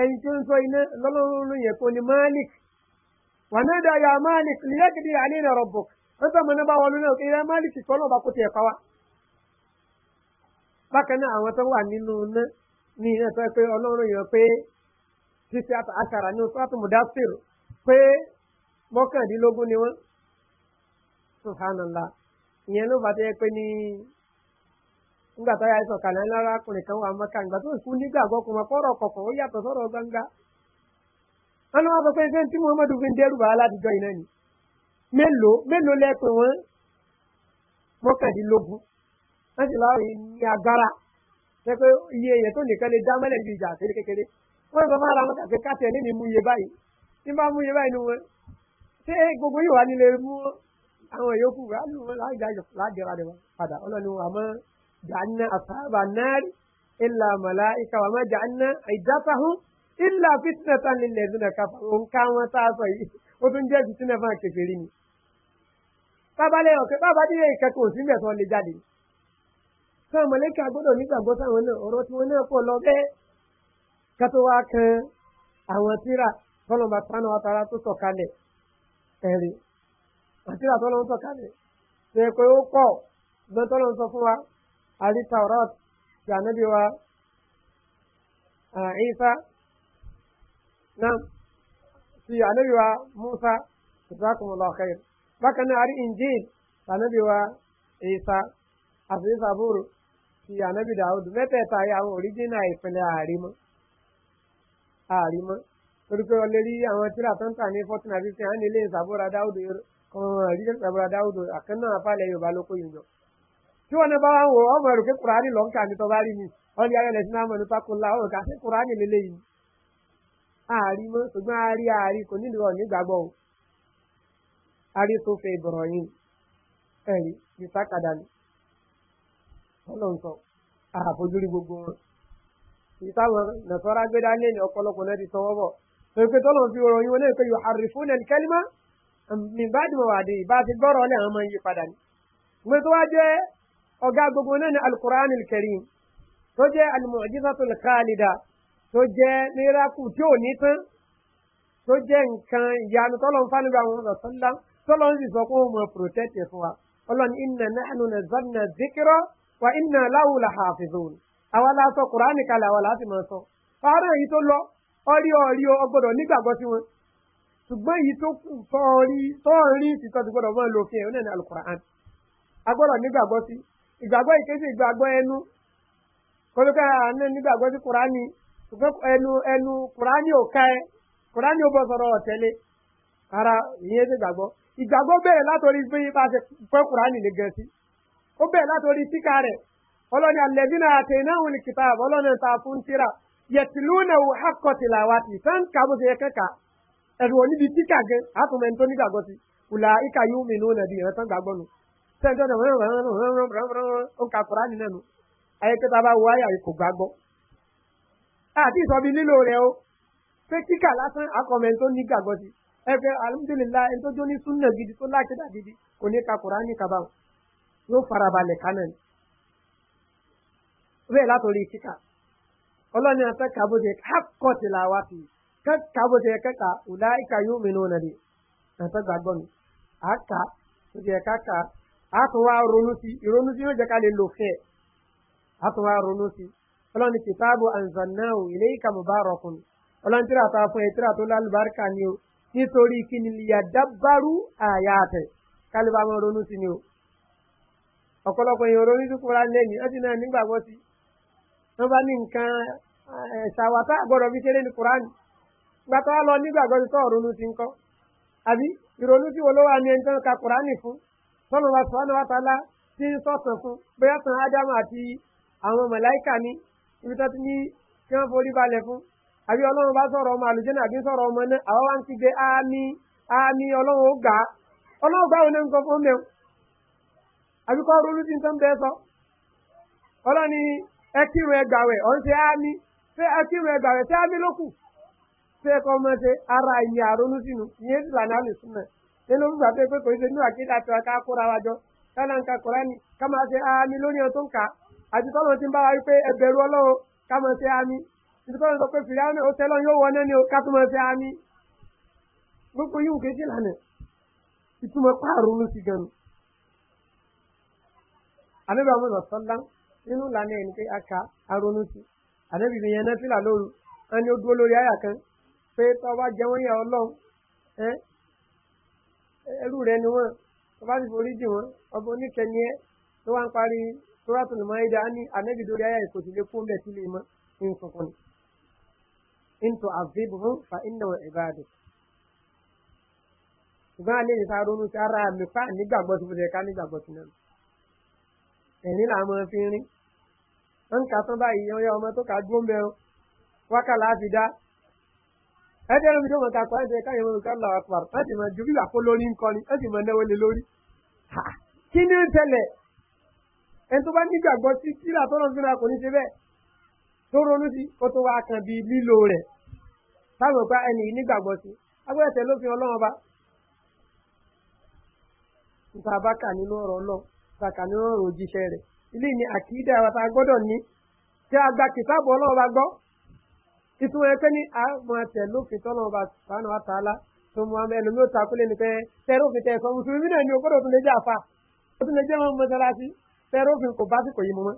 ẹni tó ń sọ iná lọ́lọ́run yẹn kò ní malik wà náà dá ya malik lìyẹ́kìdì àní ìrọ̀bù ó sọ mọ̀ náà bá wọlé náà bákan náà àwọn tó wà nínú iná ní iná tó pé ọlọ́run yàn pé títí àkàrà ní sọ́tù mùdásìr pé mọ́kàndínlógún ni wọ́n subhanallah ìyẹn ló fàtẹ́ pé ní nígbà tó yà sọ kàlẹ́ lárakùnrin kan wà mọ́kà nígbà tó kú nígbàgbọ́ kùn wọn fọ́rọ̀ ó yàtọ̀ sọ̀rọ̀ gbangba wọn ni wọn sọ pé ṣé tí muhammadu fi ń dẹrù ni mélòó mélòó wọ́n sì láwọn ní agbára pẹ́pẹ́ iye èyẹ tó nìkan lè dá mẹ́lẹ̀ níbi ìjà àti kékeré wọ́n sọ fún ara wọn kàfé káàtì ẹni ní mú iye báyìí tí bá mú iye báyìí nu wọn ṣé gbogbo yìí wà nílé mú àwọn yòókù láàjọra rẹ padà ọlọ́ni wọn àmọ́ jàǹnà àtàbà náírì ilà màlá ìka wàmọ́ jàǹnà ìdáfàhún ilà fìtínà nílẹ̀ ìdúnà káfà wọn tá táwọn mọ̀lẹ́kẹ́ agbọ́dọ̀ nígbàgbọ́ sáwọn náà ọ̀rọ̀ tí wọ́n náà pọ̀ lọ bẹ́ẹ̀ ká tó wá kan àwọn tíra tọ́lọ́mà tánà àtàrà tó sọ̀kalẹ̀ ẹ̀rí àtíra tọ́lọ́mà sọ̀kalẹ̀ ṣe pé ó pọ̀ gbọ́n tọ́lọ́mà sọ fún wa àríta ọ̀rọ̀ ti ànábì wa ìfá náà ti ànábì wa musa ìsákùnmọ̀lá ọ̀kẹ́yìn bákan náà àrí injil ànábì wa ìsá àti ìsá búrú àti anabi dawud mẹ́tẹ̀ẹ̀ta yà àwọn òríjìnà ìpínlẹ̀ àrímọ́ àrímọ́ torí pé ọlẹ́ rí àwọn tíra tó ń tà ní fourteen and fifteen àwọn ilé ìsàbúra dáwùdù kan ìdíje ìsàbúra dáwùdù àkànnà àfàlẹ̀ yorùbá lóko yìí lọ. tí wọn bá wọn wò ọmọ rẹ pé kùránì lọ ń kà ní tọ́ba rí mi wọn lè ayọ̀lẹ̀ sínú àmọ́ nípa kọlá ọ̀rọ̀ kà sí kùránì lélẹ̀ yìí. ààrí mọ́ ṣùgbọ́n ààrí ààrí kò nílò ọ̀ nígbàgbọ́ o. ààrí tó fẹ́ ìbọ̀rọ̀ yìí ẹ̀rí ní sákàdá ni ọlọ́run sọ àfojúrí gbogbo wọn ìtàwọn nàtọ́ra gbé dání ní ọ̀pọ̀lọpọ̀ náà ti sanwó bọ̀ pèpè tọ́lọ̀ fi ròyìn wọn náà pé yóò àrí fún ẹni kẹ́límà ní báàdì mọ̀ wàdí ìbá ti gbọ́rọ̀ ọ̀lẹ́ àwọn ọmọ yìí padà ní. gbé tó wá jẹ́ ọ̀gá gbogbo náà ní alukur'an kẹrin tó jẹ́ alimọ̀jísà tó tó jẹ́ nírakù tí ò ní tán tó jẹ́ nǹkan ìyanu tọ́lọ̀ ń fánibà wọn lọ́sọ́lá tọ́lọ̀ ń wa iná láwù là hàfìzùn la sọ kùránì kalẹ̀ àwa láti máa sọ ọ̀rọ̀ èyí tó lọ ọrí ọrí ọgbọ́dọ̀ nígbàgbọ́ wọn ṣùgbọ́n èyí tó kù tọ́ọ̀rí ti gbọ́dọ̀ máa lo na ẹ̀ ní alukur'an agbọ́dọ̀ nígbàgbọ́ sí ìgbàgbọ́ ìkéṣe ìgbàgbọ́ ẹnu nígbàgbọ́ sí kùránì ṣùgbọ́n ẹnu ẹnu kùránì ò ká ẹ kùránì ò bọ́ ara ìyẹn ti gbàgbọ́ ìgbàgbọ́ bẹ̀rẹ̀ ó bẹ̀rẹ̀ látòrí síkà rẹ̀ ọlọ́ni alẹ́bínà àtẹnáwó ni kìtà ọlọ́ni ta fún tíra yẹtìlúnà wò hákọ̀tìlà wa ti fẹ́ ń ka bó ṣe yẹ kẹ́ka ẹ̀rù oníbi síkà gan àtúmọ̀ ẹni tó nígbàgbọ́ sí kùlà ìkà yóò mi nù nàbí ìrántí gbàgbọ́ nù sẹ́ńtẹ́ ọ̀dọ̀ ó ń ka kùránì náà nù ayẹkẹta bá wọ àyà kò gbàgbọ́ àti ìsọ̀bi lílo rẹ̀ o pé kíkà lásán àkọ́mọ ẹni tó nígbàgbọ́ sí ẹgbẹ́ alhamdulilayi ẹni tó jó ní súnà gidi tó lákìdá gidi kò ní ka kùránì kaba o yóò farabalẹ̀ kánẹ̀ ni bẹ́ẹ̀ látòrí kíkà ọlọ́ni afẹ́ kàbóse kákọ́ ti là wá fi kàbóse kẹ́kà ọ̀dà ìka yóò mìíràn ọ̀nà de afẹ́ gbàgbọ́ mi àkà ó jẹ káka àtúnwá ronú sí ìronú sí yóò jẹ ká lè lò fẹ́ àtúnwá ronú sí ọlọ́ni kìtàbù anzannáwó ilé ìka mubarakun ọlọ́ni tíra ta fún ẹ tíra tó lálùbáríkà ni o nítorí kí ni ni o. ọ̀pọ̀lọpọ̀ èèyàn olórí dúkú ra lẹ́yìn ẹ ti náà nígbàgbọ́ sí wọ́n bá ní nǹkan ṣàwátà gbọ́dọ̀ fi ṣeré ní kuraani gbàtà fụ lọ nígbàgbọ́ sí tọ́ọ̀rù ti ń kọ́ àbí ìrònú tí olówó àmì ka kuraani fún tọ́nà wa sọ́nà wa ti ń fún ọmọ àbí sọ̀rọ̀ àbíkọ́ ronú tí n tán bẹ́ẹ̀ sọ. ọlọ́ni ẹ kírun ẹgbàwẹ̀ ọ̀n ṣe ámì ṣé ẹ kírun ẹgbàwẹ̀ ṣé ámì ló kù. ṣé ẹ kọ́ ọmọ ṣe ara ìyìn àronú sínú ìyẹn sì lànà àlè súnmọ́ ẹ̀. nínú gbígbà pé pé kò ṣe nínú àkídà tí wọn ká kóra wa jọ kánà ń ka kùránì ká máa ṣe ámì lórí ẹ̀ tó ń kà àti tọ́lọ́ ti ń bá wa wípé ẹ bẹ̀rù ọlọ́run ká máa ṣe ámì ìtọ́lọ́ sọ pé fìlà ó ká ànábì àwọn ọ̀nà sọ́lá nínú ìlànà ẹni pé aka aronú sí ànábì mi yẹn nẹ́fìlà lóru wọn ni ó dúró lórí àyà kan pé tọ́ba jẹun yà ọlọ́run ẹ ẹrú rẹ ni wọn tọ́ba sì forí jì wọn ọba oníkẹni ẹ tó wá ń parí tóratù lùmọ́ ẹ̀dá ní ànábì lórí àyà ìkòtì lé fún bẹ́ẹ̀ sílé mọ́ nǹkan kan ní ntọ́ àzébùhún fa ìnáwó ibadu. ṣùgbọ́n àlejò ta ronú sí ara mi pa nígbàgbọ́ tó fi ká nígbàgbọ́ náà ẹ̀rín là máa fi rin wọ́n ń ka tán báyìí ọyọ ọmọ tó ka dúró ń bẹ o wákàlà á fi dá ẹ̀dẹ́ lómi tó mọ̀ ká pa ẹ̀dẹ́ káyọ̀ mọ̀ ká lọ àpàrọ̀ láti mọ̀ ju bí wà kó lórí ń kọrin láti mọ̀ náwó lé lórí. kí ni ń tẹ̀lẹ̀ ẹni tó bá nígbàgbọ́ sí sílà tó lọ́n fúnra kò ní ṣe bẹ́ẹ̀ tó ronú sí kó tó wá kan bíi lílo rẹ̀ táwọn pa ẹni nígbàgbọ́ sí agbẹ́sẹ̀ ló fi ọlọ́run bá. nípa bá kà nínú ọ̀rọ̀ náà sàkàní ọ̀rọ̀ òjíṣẹ́ rẹ̀ ilé ni àkìdá wa ta gbọ́dọ̀ ní tí a gba kìtàbù ọlọ́run bá gbọ́ ìtumọ̀ ẹ̀kẹ́ ní àwọn àtẹ̀lófin tọ́lọ́run bá sàánù àtàlá tó mú àmọ́ ẹlòmí ò takúlé ni pé tẹ́rófin tẹ̀ sọ mùsùlùmí náà ni o gbọ́dọ̀ tún lè jẹ́ àfa o tún lè jẹ́ wọn mọ́sálásí tẹ́rófin kò bá sì kò yí mọ́.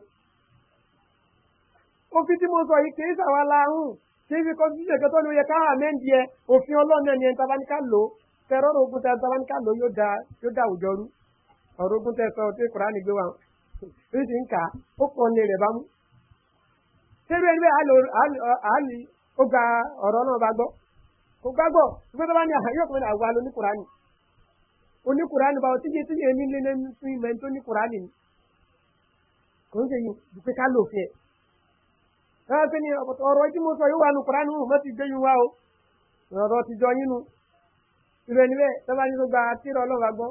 òfin tí mo sọ yìí kìí sàwa láàrùn kìí fi constitution kẹtọ́ ni ó yẹ káwọn àmẹ́ndì ẹ òfin ọlọ́run náà ni ọ̀rọ̀ ogun tẹ́ sọ tí kùránì gbé wa ń sì ń kà ó kọ́ ní rẹ̀ bá mú. sẹ́rù ẹgbẹ́ àlì ó gba ọ̀rọ̀ náà bá gbọ́ kò gbàgbọ́ ṣùgbọ́n tó bá ní àyọ̀ kan àwa ló ní kùránì oní kùránì báwo tíye tíye èmi lé lẹ́nu fún ìmọ̀ ẹni tó ní kùránì ni kò ń ṣe yìí dùpẹ́ ká lò fẹ́ ẹ ẹ ọ̀rọ̀ tí mo sọ yóò wà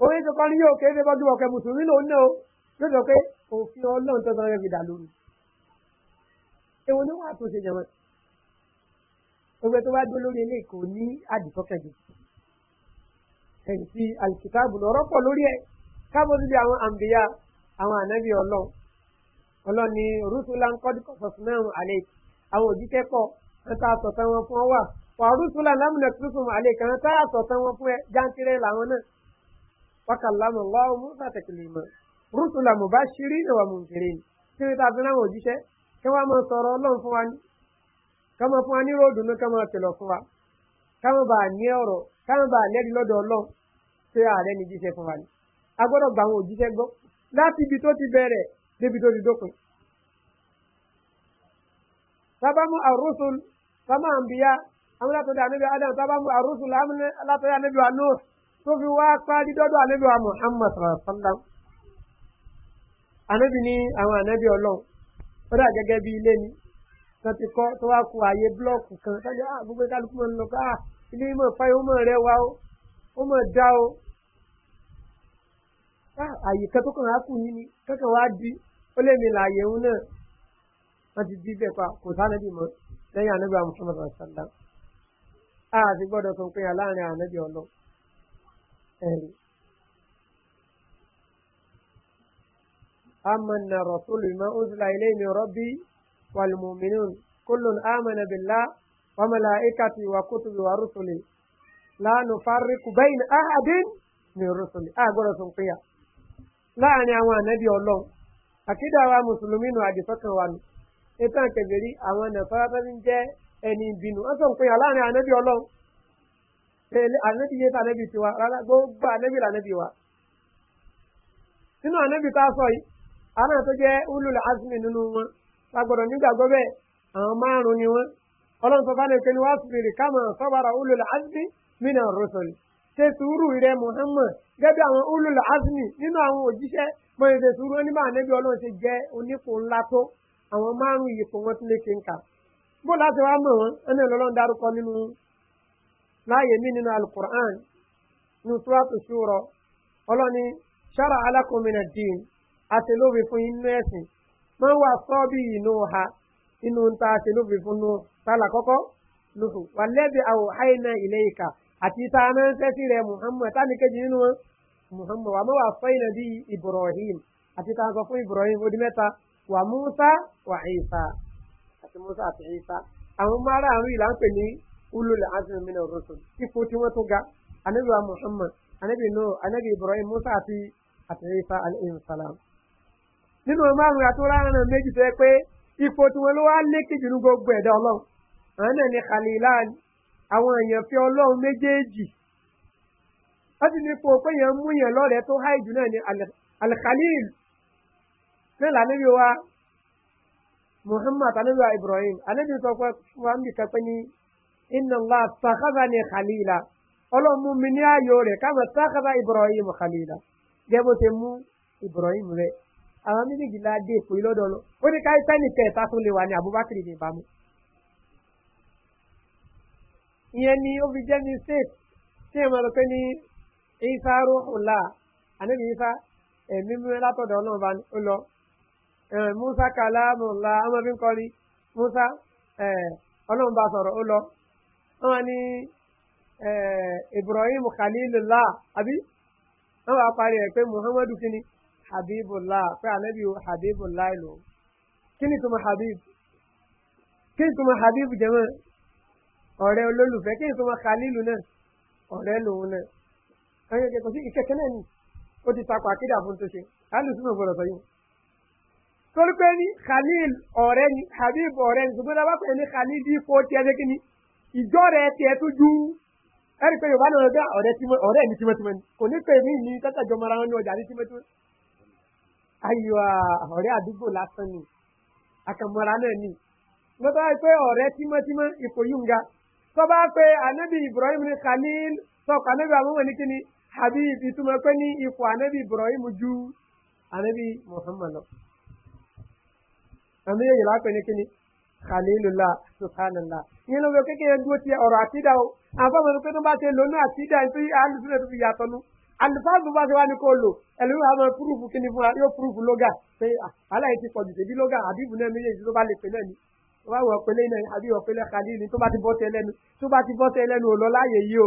òun ètò kan ni yóò kéde bọ́dún ọ̀kẹ́ mùsùlùmí lòun náà ló sọ pé òfin ọlọ́run tó sọ yẹn fi dà lóru èwo ló wà tó ṣe jẹmọ ọgbẹ tó bá dó lórí ilé kò ní àdìsọkẹjì ẹni tí alìkìtàbù lọ rọpò lórí ẹ káàbọ̀ níbi àwọn àǹbíyá àwọn ànábì ọlọ́run ọlọ́run ni rúṣùlá ń kọ́dí kọ̀sọ̀sùn mẹ́rin àlẹ́ àwọn òjíṣẹ́ pọ̀ ń ta àtọ̀tàn wọn fún ọ wà wà rúṣùlá lámùnà tuntun wákàlámù lọ́wọ́ musa tẹ̀kìlìmọ̀ rútùlà mùbáṣírí ni wà mùnkìrì ni kí ni táàbí náà wọ́n jíṣẹ́ kí wọ́n máa sọ̀rọ̀ ọlọ́run fún wa ní ká máa fún wa ní ròdù ní ká máa tẹ̀lọ̀ fún wa ká máa bàa ní ọ̀rọ̀ ká máa bàa lẹ́rìí lọ́dọ̀ ọlọ́run ni jíṣẹ́ fún wa ní a gbọ́dọ̀ gba àwọn òjíṣẹ́ gbọ́ láti ibi ti bẹ̀rẹ̀ débi tó ti dópin. sábàmù àrùsùn sábàmù àǹbíyá àwọn látọ̀dọ̀ àníbi adam sábàmù àrùsùn látọ̀dọ̀ àníbi ànúr tó fi wá parí dọ́dọ̀ ànábì wa muhammad sallam ànábì ní àwọn ànábì ọlọ́run ó dà gẹ́gẹ́ bí ilé ni wọ́n ti kọ́ tó wá ku ààyè búlọ́ọ̀kù kan sọ́jú à ah, gbogbo kálukú mọ̀ ń lọ káà ah, ilé mọ̀ fáyọ̀ mọ̀ rẹ wa ó ó mọ̀ dá o ah, ààyè kan tó kàn á kù yín ni kankan wá di ó lè mi lààyè òun náà wọ́n ti di bẹ́ẹ̀ pa kò sánẹ́bì mọ́ lẹ́yìn ànábì wa muhammad sallam a ti gbọ́dọ̀ tó yà láàrin ànábì ọlọ́run ẹ̀rí. آمنا الرسول بما أنزل إليه من ربي والمؤمنون كل آمن بالله وملائكته وكتبه ورسله لا نفرق بين أحد من رسله أقول آه سنقيا لا أنا أوان نبي الله أكيد أوان مسلمين وعدي فكر وانو إتان كبيري أوان نفرق من جاء أني بينو أسنقيا لا أنا نبي الله ele anabi yé ta anabi tiwa rárá gbogbo anabi la anabi wa sínú anabi tá a sọ yìí àwọn tó jẹ ulul azmi nínú wọn lágbọdọ nígbàgbọ bẹẹ àwọn márùnún ni wọn ọlọ́run sọfà lè kéwìn wàá sùbìrì kámọ̀ sọ́bàrà ulul azmi mina rusuli ṣe sùúrù rẹ muhammad gẹ́gẹ́ bí àwọn ulul azmi nínú àwọn òjíṣẹ́ mọ̀yìn ṣe sùúrù nígbà anabi ọlọ́run ṣe jẹ onípò ńlá tó àwọn márùn yìí kò wọ́n tún lè kéńkà bó láti wá mọ̀ wọn ẹni ọlọ́run dárúkọ nínú láàyè mí nínú alukur'an nínú sùwàtú ṣúrọ ọlọ́ni ṣára alákòmìnà dín àtẹlóbi fún inú ẹ̀sìn máa wà sọ́ọ́bì inú ha inú ta fún kọ́kọ́ wà lẹ́bi àwọ̀ ilé ìka àti a máa rẹ̀ muhammed tani kejì nínú wọn muhammed wà máa wà bí ibrahim àti tá sọ fún ibrahim musa wà isa àti musa àti isa àwọn ìlànà pè ulul azmi min ar-rusul ipò tí wọ́n tó ga anabi wa muhammad anabi nuh anabi ibrahim musa àti àtẹ̀yẹ́fà alayhim salam. nínú márùn-ún àtúrà àná méjì tó yẹ pé ipò tí wọ́n ló wá lékè jù ní gbogbo ẹ̀dá ọlọ́run àwọn náà ni khalilan àwọn èèyàn fi ọlọ́run méjèèjì wọ́n sì ní kó o pé yẹn mú yẹn lọ́rẹ̀ẹ́ tó háì jù náà ni alkhalil náà lànàbí wa muhammad anabi wa ibrahim anabi sọ fún wa ń bì kápẹ́ ní iná ńlá sàkàbà ní khalila ọlọ́mú mi ní ayò rẹ̀ káwọn sàkàbà ibrahim khalila gẹ́gbó ti mú ibrahim rẹ̀ àwọn méjèèjì la dé èpò ìlọ́dọ̀ lọ ó ní káyí sẹ́ni kẹta tó lè wà ní abubakar ní ìbámu. ìyẹn ni ó fi jẹ́ ní state tí èèmọ̀ lọ pé ní isa ruhula ànábi isa ẹ̀mí mímú látọ̀dọ̀ náà bá ó lọ musa kalamu la musa ọlọ́run bá sọ̀rọ̀ ó lọ wọn ní eh, ibrahim khalilullah àbí wọn wàá parí ẹ pé muhammadu kini habibullah pé anabi o habibullah lò kini tó mọ habib kini tó mọ habib jẹmọ ọrẹ olólùfẹ kini tó mọ khalilu náà ọrẹ lòun náà ẹyẹ kẹkọọ sí ìkẹkẹ náà ni ó ti takọ akéde àfún tó ṣe alùsùn náà gbọdọ sọ yìí torí pé ní khalil ọ̀rẹ́ ni habib ọ̀rẹ́ ni ṣùgbọ́n dábàá pẹ̀lú ní khalil bí kò tiẹ̀ ṣe kí ìjọ rẹ̀ tiẹ̀ tó ju ẹ̀rí pé yorùbá náà dá ọ̀rẹ́ mi tímọ́tímọ́ ni kò ní pè mí ní kẹ́kẹ́jọ mara wọn ní ọjà ní tímọ́tímọ́. ayiwa ọ̀rẹ́ àdúgbò lásán ni àkàmọ́ra náà ni ló bá pé ọ̀rẹ́ tímọ́tímọ́ ipò yunga tó bá pé anabi ibrahim ní khalil sọkọ anabi àwọn ní kíni habib ìtumọ̀ pé ní ipò anabi ibrahim ju anabi muhammad lọ. àmì yẹn yìí lápẹ́ ní kíni khalilullah subhanallah yẹn ló ń bẹ kékeré dúró ti ọ̀rọ̀ àtidá o àǹfààní ọ̀rọ̀ pé tó bá ti lò ní àtidá yìí tó yí alùsílẹ̀ tó fi yàtọ̀ nu alùfáàbù bá ti wá ní kó lò ẹlòmíì wàá máa púrùfù kí ni fún wa yóò púrùfù lóga pé ah, aláì ti pọ̀jù tèbi lóga àbíbù náà méjèèjì tó bá lè pè náà ni wọ́n wọ̀ pélé náà àbí wọ̀ pélé kàdí ni tó bá ti bọ́tẹ̀ lẹ́nu tó bá ti bọ́tẹ̀ lẹ́nu ò lọ yìí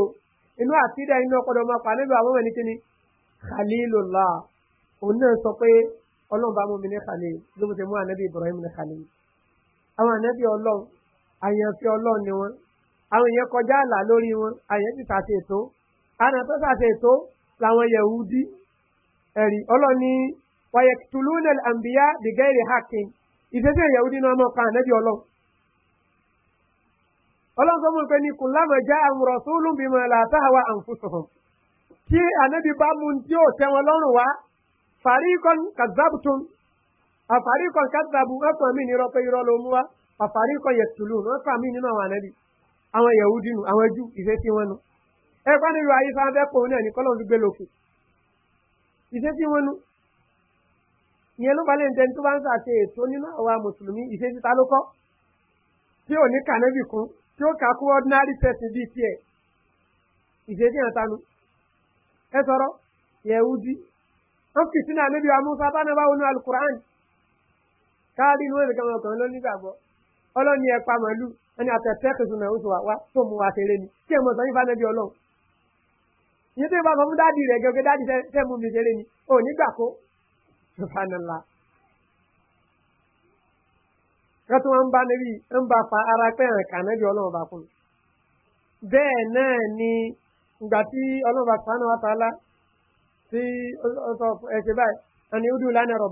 o àyànfẹ́ ọlọ́run ni wọn àwọn èèyàn kọjá àlà lórí wọn àyàn ti sàṣe ètò àna tó sàṣe ètò làwọn yẹ̀wù dí ẹ̀rí ọlọ́ni wàyẹ̀tùlúnẹ̀lì àǹbíyá dìgẹ́rì hakin ìṣẹ́sẹ̀ yẹ̀wù dínú ọmọ kan ànẹ́bí ọlọ́run ọlọ́run sọ fún mi pé ní kùlámọ̀ já àmúrọ̀ sólùm bí mo là táwa àǹfùsùn kí ànẹ́bí bá mu tí ó tẹ́ wọn lọ́rùn wá fàríkọ̀n kàzábùtún àfàríkọ̀n kàzábù ẹ̀fọn mi ní irọ́ irọ́ ló mú wa fàfàrí kọ yẹtùlù wọn fà mí nínú àwọn ànábì àwọn yahudi nù àwọn jù ìfẹsí wọn nù ẹ bá nílò ayé sáà fẹ pọ náà ní kọlọ fi gbé lòkè ìfẹsí wọn nù ìyẹn ló balẹ̀ ǹjẹ́ tó bá ń sàṣe èso nínú àwa mùsùlùmí ìfẹsí ta ló kọ́ tí ò ní kànábì kún tí ó kà kú ordinary person bíi tiẹ̀ ìfẹsí yẹn tanu ẹ sọ̀rọ̀ yahudi wọn fi sínú ànábì wa musa bá náà bá wọnú alukur'an ọlọ́ni ẹ̀pá màálù ẹni àtẹ̀tẹ̀ tuntun náà oṣù wa tó mu wa ṣeré ni tí ẹ mọ̀ sọ yín fánẹ́bí ọlọ́run ìyẹn tó yẹ bá sọ fún dáàdi rẹ̀ gẹ́gẹ́ dáàdi tẹ́ mú mi ṣeré ni ò nígbà kó subhanallah wọ́n tún wá ń bá níbi ń bá fa ara pé hàn ọlọ́run bá fún bẹ́ẹ̀ náà ni ìgbà tí ọlọ́run bá sànù wá sàlá tí ó sọ ẹ̀ṣẹ̀ báyìí àni ó dùn lánàá rọ̀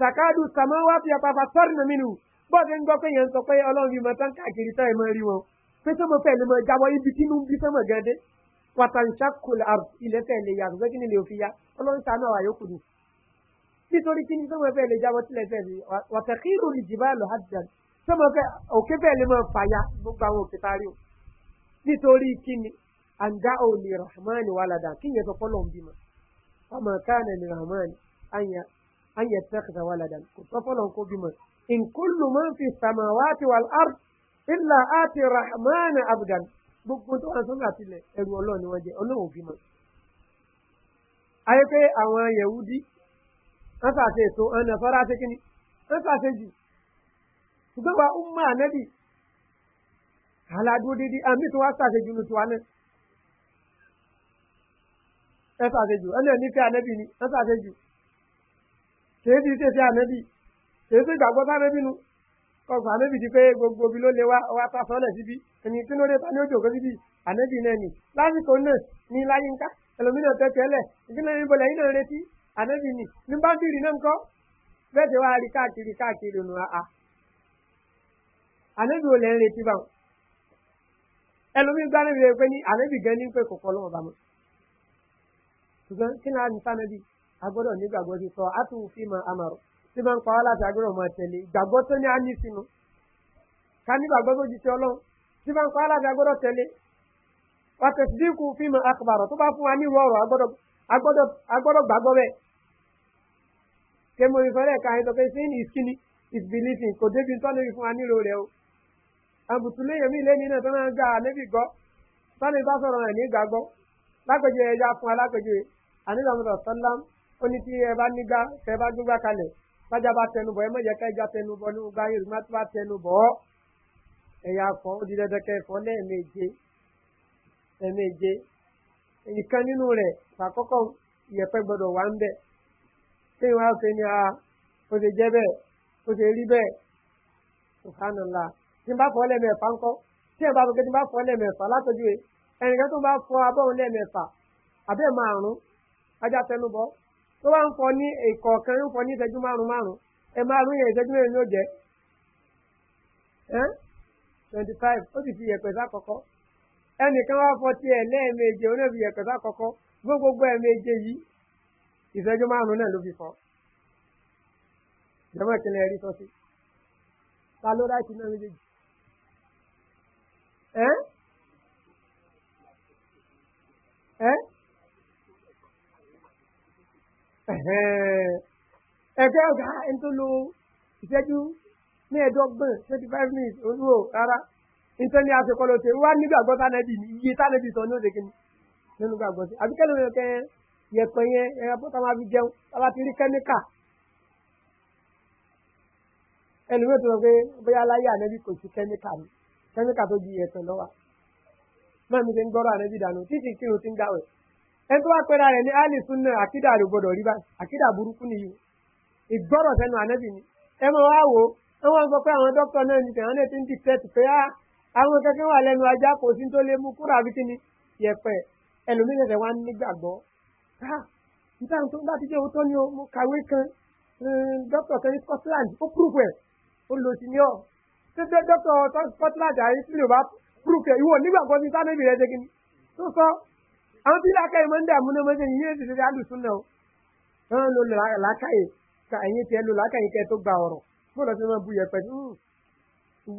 takadu samawati ya apapa sọ́ọ̀rì nà mínú bọ́ọ̀dé ń gbọ́ pé yẹn ń sọ pé ọlọ́run yìí máa tán káàkiri táyà máa rí wọn pé sọ́mọ fẹ́ lè máa jábọ́ ibi tínú bí sọ́mọ gẹ́dẹ́ wàtàǹṣà kùlà ilẹ̀ fẹ́ lè yàtọ̀ sẹ́kí ni lè fi ya ọlọ́run sànú àwọn àyókù ni. nítorí kí ni sọ́mọ fẹ́ lè jábọ́ tilẹ̀ fẹ́ lè wàtàkìrò lè jìbá lọ hajjan sọ́mọ òkè fẹ́ lè máa fàya gbogbo àwọn òkè ni àǹdá ò an yattakhidha waladan kò tọ́ fọlọ́n kó bímọ in kullu man fi samawati wal ard illa ati rahman abdan gbogbo tó wà sọ́nà àtìlẹ̀ ẹrù ọlọ́run ni wọ́n jẹ ọlọ́run òbí mọ́. ayé pé àwọn yẹ̀wúdí wọ́n sàṣe èso ọ̀nà fọ́nrán ṣe kínní wọ́n sàṣe jù ṣùgbọ́n wa ń mọ ànẹ́bì aládùú dídí àmì tí wọ́n sàṣe jù ní tiwa náà. ẹ sàṣe jù ẹ náà nífẹ̀ẹ́ ànẹ́bì ni ẹ sàṣe jù kéèdì tètè ànábì èso ìgbàgbọ́ sárébi nu ọgbà ànábì ti pé gbogbo bi ló lé wa wa ta sọ́lẹ̀ síbi ẹni tí lóde ta ni ó jòkó síbi ànábì náà nì lásìkò náà ní láyé ńká ẹlòmínà tẹ́tẹ́lẹ̀ ìpínlẹ̀ níbo lẹ́yìn náà retí ànábì nì ní báńkìrì náà ńkọ́ bẹ́ẹ̀ ti wá rí káàkiri káàkiri nù àá ànábì ò lẹ́ ń retí báwọn ẹlòmíì gbá agbọ́dọ̀ nígbàgbọ́ sí sọ á tún fi máa amàrọ̀ tí máa ń pa wá láti agbọ́dọ̀ máa tẹ̀lé ìgbàgbọ́ tó ní á ní sínú ká nígbàgbọ́ tó jíṣẹ́ ọlọ́run tí máa ń pa wá láti agbọ́dọ̀ tẹ̀lé wàtẹ̀sí dínkù fi máa akọ̀bàrọ̀ tó bá fún wa nírú ọ̀rọ̀ agbọ́dọ̀ gbàgbọ́ bẹ́ẹ̀ ṣé mo rí fẹ́rẹ̀ ká ẹ̀tọ́ pé sin is kini is believing kò débi tọ́lé fún wa nílò rẹ̀ o àbùtúlé yẹmí lẹ́ni náà tó máa ń gba ànẹ́bí gbọ́ tọ́lé bá sọ̀rọ̀ rẹ̀ ní gbàgbọ́ lágbèjì ẹ̀yà fún alágbèjì ànílọ́mọdọ̀ sọ́lám ó ní tí ẹ bá nígbà tẹ bá gbégbá kalẹ̀ bájá bá tẹnu bọ̀ ẹ mọ̀jẹ̀ kẹjá tẹnu bọ̀ ní gbogbo ayé tó bá tẹnu bọ̀ ẹ̀yà fọ́ ó di dandan kẹfọ́ lẹ́ẹ̀méje ẹ̀méje nǹkan nínú rẹ̀ àkọ́kọ́ ìyẹ̀pẹ̀ gbọ́dọ̀ wà ń bẹ̀ tí wọ́n á ni a ó ṣe jẹ́ bẹ́ẹ̀ ó ṣe rí bẹ́ẹ̀ subhanallah tí n bá fọ́ lẹ́ẹ̀mẹ̀fà ńkọ́ tí ẹ bá sọ pé tí n bá fọ́ lẹ́ẹ̀mẹ̀fà látọ̀jú ẹ ẹnìkan tó bá fọ́ abọ́hùn lẹ́ẹ̀mẹ̀fà àbẹ́ẹ̀ márùn-ún ajá tẹnubọ́ tó bá ń fọ ní ìkọ̀ọ̀kan ń fọ ní ìṣẹ́jú márùn márùn ẹ márùn yẹn ìṣẹ́jú mẹ́rin ló jẹ́ twenty five ó sì fi yẹ̀pẹ̀ sákọ̀kọ́ ẹnìkan wá fọ tiẹ̀ lẹ́ẹ̀mejì òun náà fi yẹ̀pẹ̀ sákọ̀kọ́ fún gbogbo ẹ̀ẹ̀mejì yìí ìṣẹ́jú márùn náà ló fi fọ ìjọba ìkìlẹ̀ ẹ̀rí sọ sí ta ló láti náà méjèèjì ẹ́ ẹ́. ẹgbẹ́ ọ̀gá ẹni tó lo ìṣẹ́jú mẹ́ẹ̀ẹ́dọ́gbọ̀n twenty five minutes olúwo rárá nítorí ní aṣọ kọlọ ṣe wá nígbàgbọ́ sánẹ́bì ní iye sánẹ́bì sọ ní òde kìíní nínú gbàgbọ́ sí àbíkẹ́ ló yẹ kẹ́ yẹ̀pẹ̀ yẹn ẹ̀rọ máa fi jẹun tábà ti rí kẹ́míkà sọ pé bóyá láyé ànẹ́bì kò sí kẹ́míkà ni kẹ́míkà tó lọ́wọ́ ti ẹni tó wá pẹ́ra rẹ̀ ní ali sunna akídà ló gbọdọ̀ rí báyìí akídà burúkú nìyí ìgbọ́rọ̀ sẹ́nu ànábì ni ẹ mọ̀ wá wò ó wọ́n sọ pé àwọn dókítà náà ní tẹ̀wọ́n ti ń di tẹ́tù pé á ah, àwọn kẹ́kẹ́ wà lẹ́nu ajá kò sí tó lé mú kúrò àbí kíni yẹpẹ ẹlòmíràn rẹ̀ wá nígbàgbọ́ ah, nígbà tó bá ti jẹ́ òótọ́ ni mo kàwé kan eh, dókítà kan ní scotland ó kúrùkù ẹ̀ ó lò sí ní ọ̀ tètè dókítà scotland àyè sílẹ̀ ò bá kúrùkù ẹ̀ ìwọ nígbàgbọ́ sí sánẹ́bì rẹ̀ ṣe kíni tó sọ àwọn tí làákàyè máa ń dààmú náà mọ́tò yìí ti ṣe àlùsùn náà wọn lo làákàyè ka ẹ̀yin tiẹ̀ lo làákàyè kẹ́ tó gba ọ̀rọ̀ fúnra tí wọ́n bu yẹ pẹ̀lú hmm.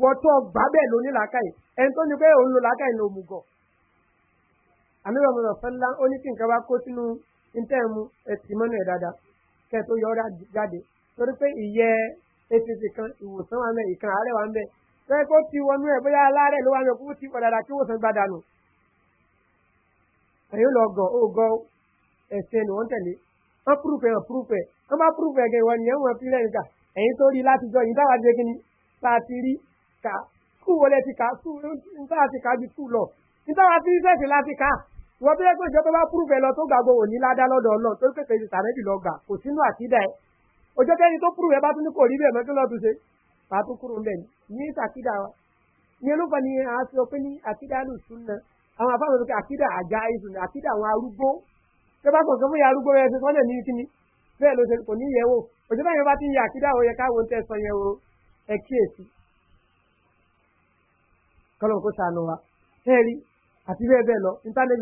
wọ́tọ̀ bá bẹ́ẹ̀ ló ní làákàyè ẹni tó ní pé òun lo làákàyè ní òmùgọ̀ àmìlọ́mọ̀lọ́ fẹ́lá ó ní kí nǹkan bá kó sínú ntẹ́ẹ̀mú ẹtì mọ́nà ẹ̀ dáadáa kẹ́ tó yọ ọ́ jáde torí pé ìyẹ́ ètìtì kan ìwòsàn wa mẹ́ ìkan àárẹ̀ wa mẹ́ bẹ́ẹ̀ kó ti wọnú ẹ̀ bóyá alárẹ̀ ló wà mẹ́ kó ti pọ̀ dáadáa kí wòsàn gbá dànù ẹ̀yin lọ gàn ó gàn ẹ̀sìn ni wọ́n tẹ̀lé wọ́n púrúfẹ̀ hàn púrúfẹ̀ wọ́n bá púrúfẹ̀ gẹ̀ wọ́n nìyẹn wọ́n fílẹ̀ nìkà ẹ̀yin tó rí látijọ́ yìí táwa jẹ́ kíni láti rí ká kú wọlé ti ká kú nítawa ti ká ju kú lọ nítawa fi fẹ̀sẹ̀ láti ká wọ́n bí ẹgbẹ́ ìjọba bá púrúfẹ̀ lọ tó gbàgbọ́ òní ládá lọ́dọ̀ ọlọ́ tó kékeré ti sàrẹ́jì lọ gbà kò sínú àtidá ẹ̀ ọjọ́ kẹ́ni tó púrúfẹ̀ bá tún ní kò rí bẹ́ẹ̀ mọ́tò lọ́dún ṣe pàtó kúrò ń bẹ̀ ní ìsàkídà wa ní olúfọ ni a sọ pé ní àkídà lù sún náà àwọn afáàmù ní àkídà àjà ìsìn àkídà àwọn arúgbó tó bá kọ̀ọ̀kan fún ya arúgbó rẹ̀ ṣe sọ́nà ní kíni bẹ́ẹ̀ ló ṣe kò ní yẹ̀wò òṣèlú àyẹ̀wò bá ti ń yẹ àkídà àwọn yẹ káwọn tẹ̀ sọ yẹ̀wò ẹ kíyèsí kọ́lọ̀ kó sànù wa ẹ̀rí àti bẹ́ẹ̀ bẹ́ẹ̀ lọ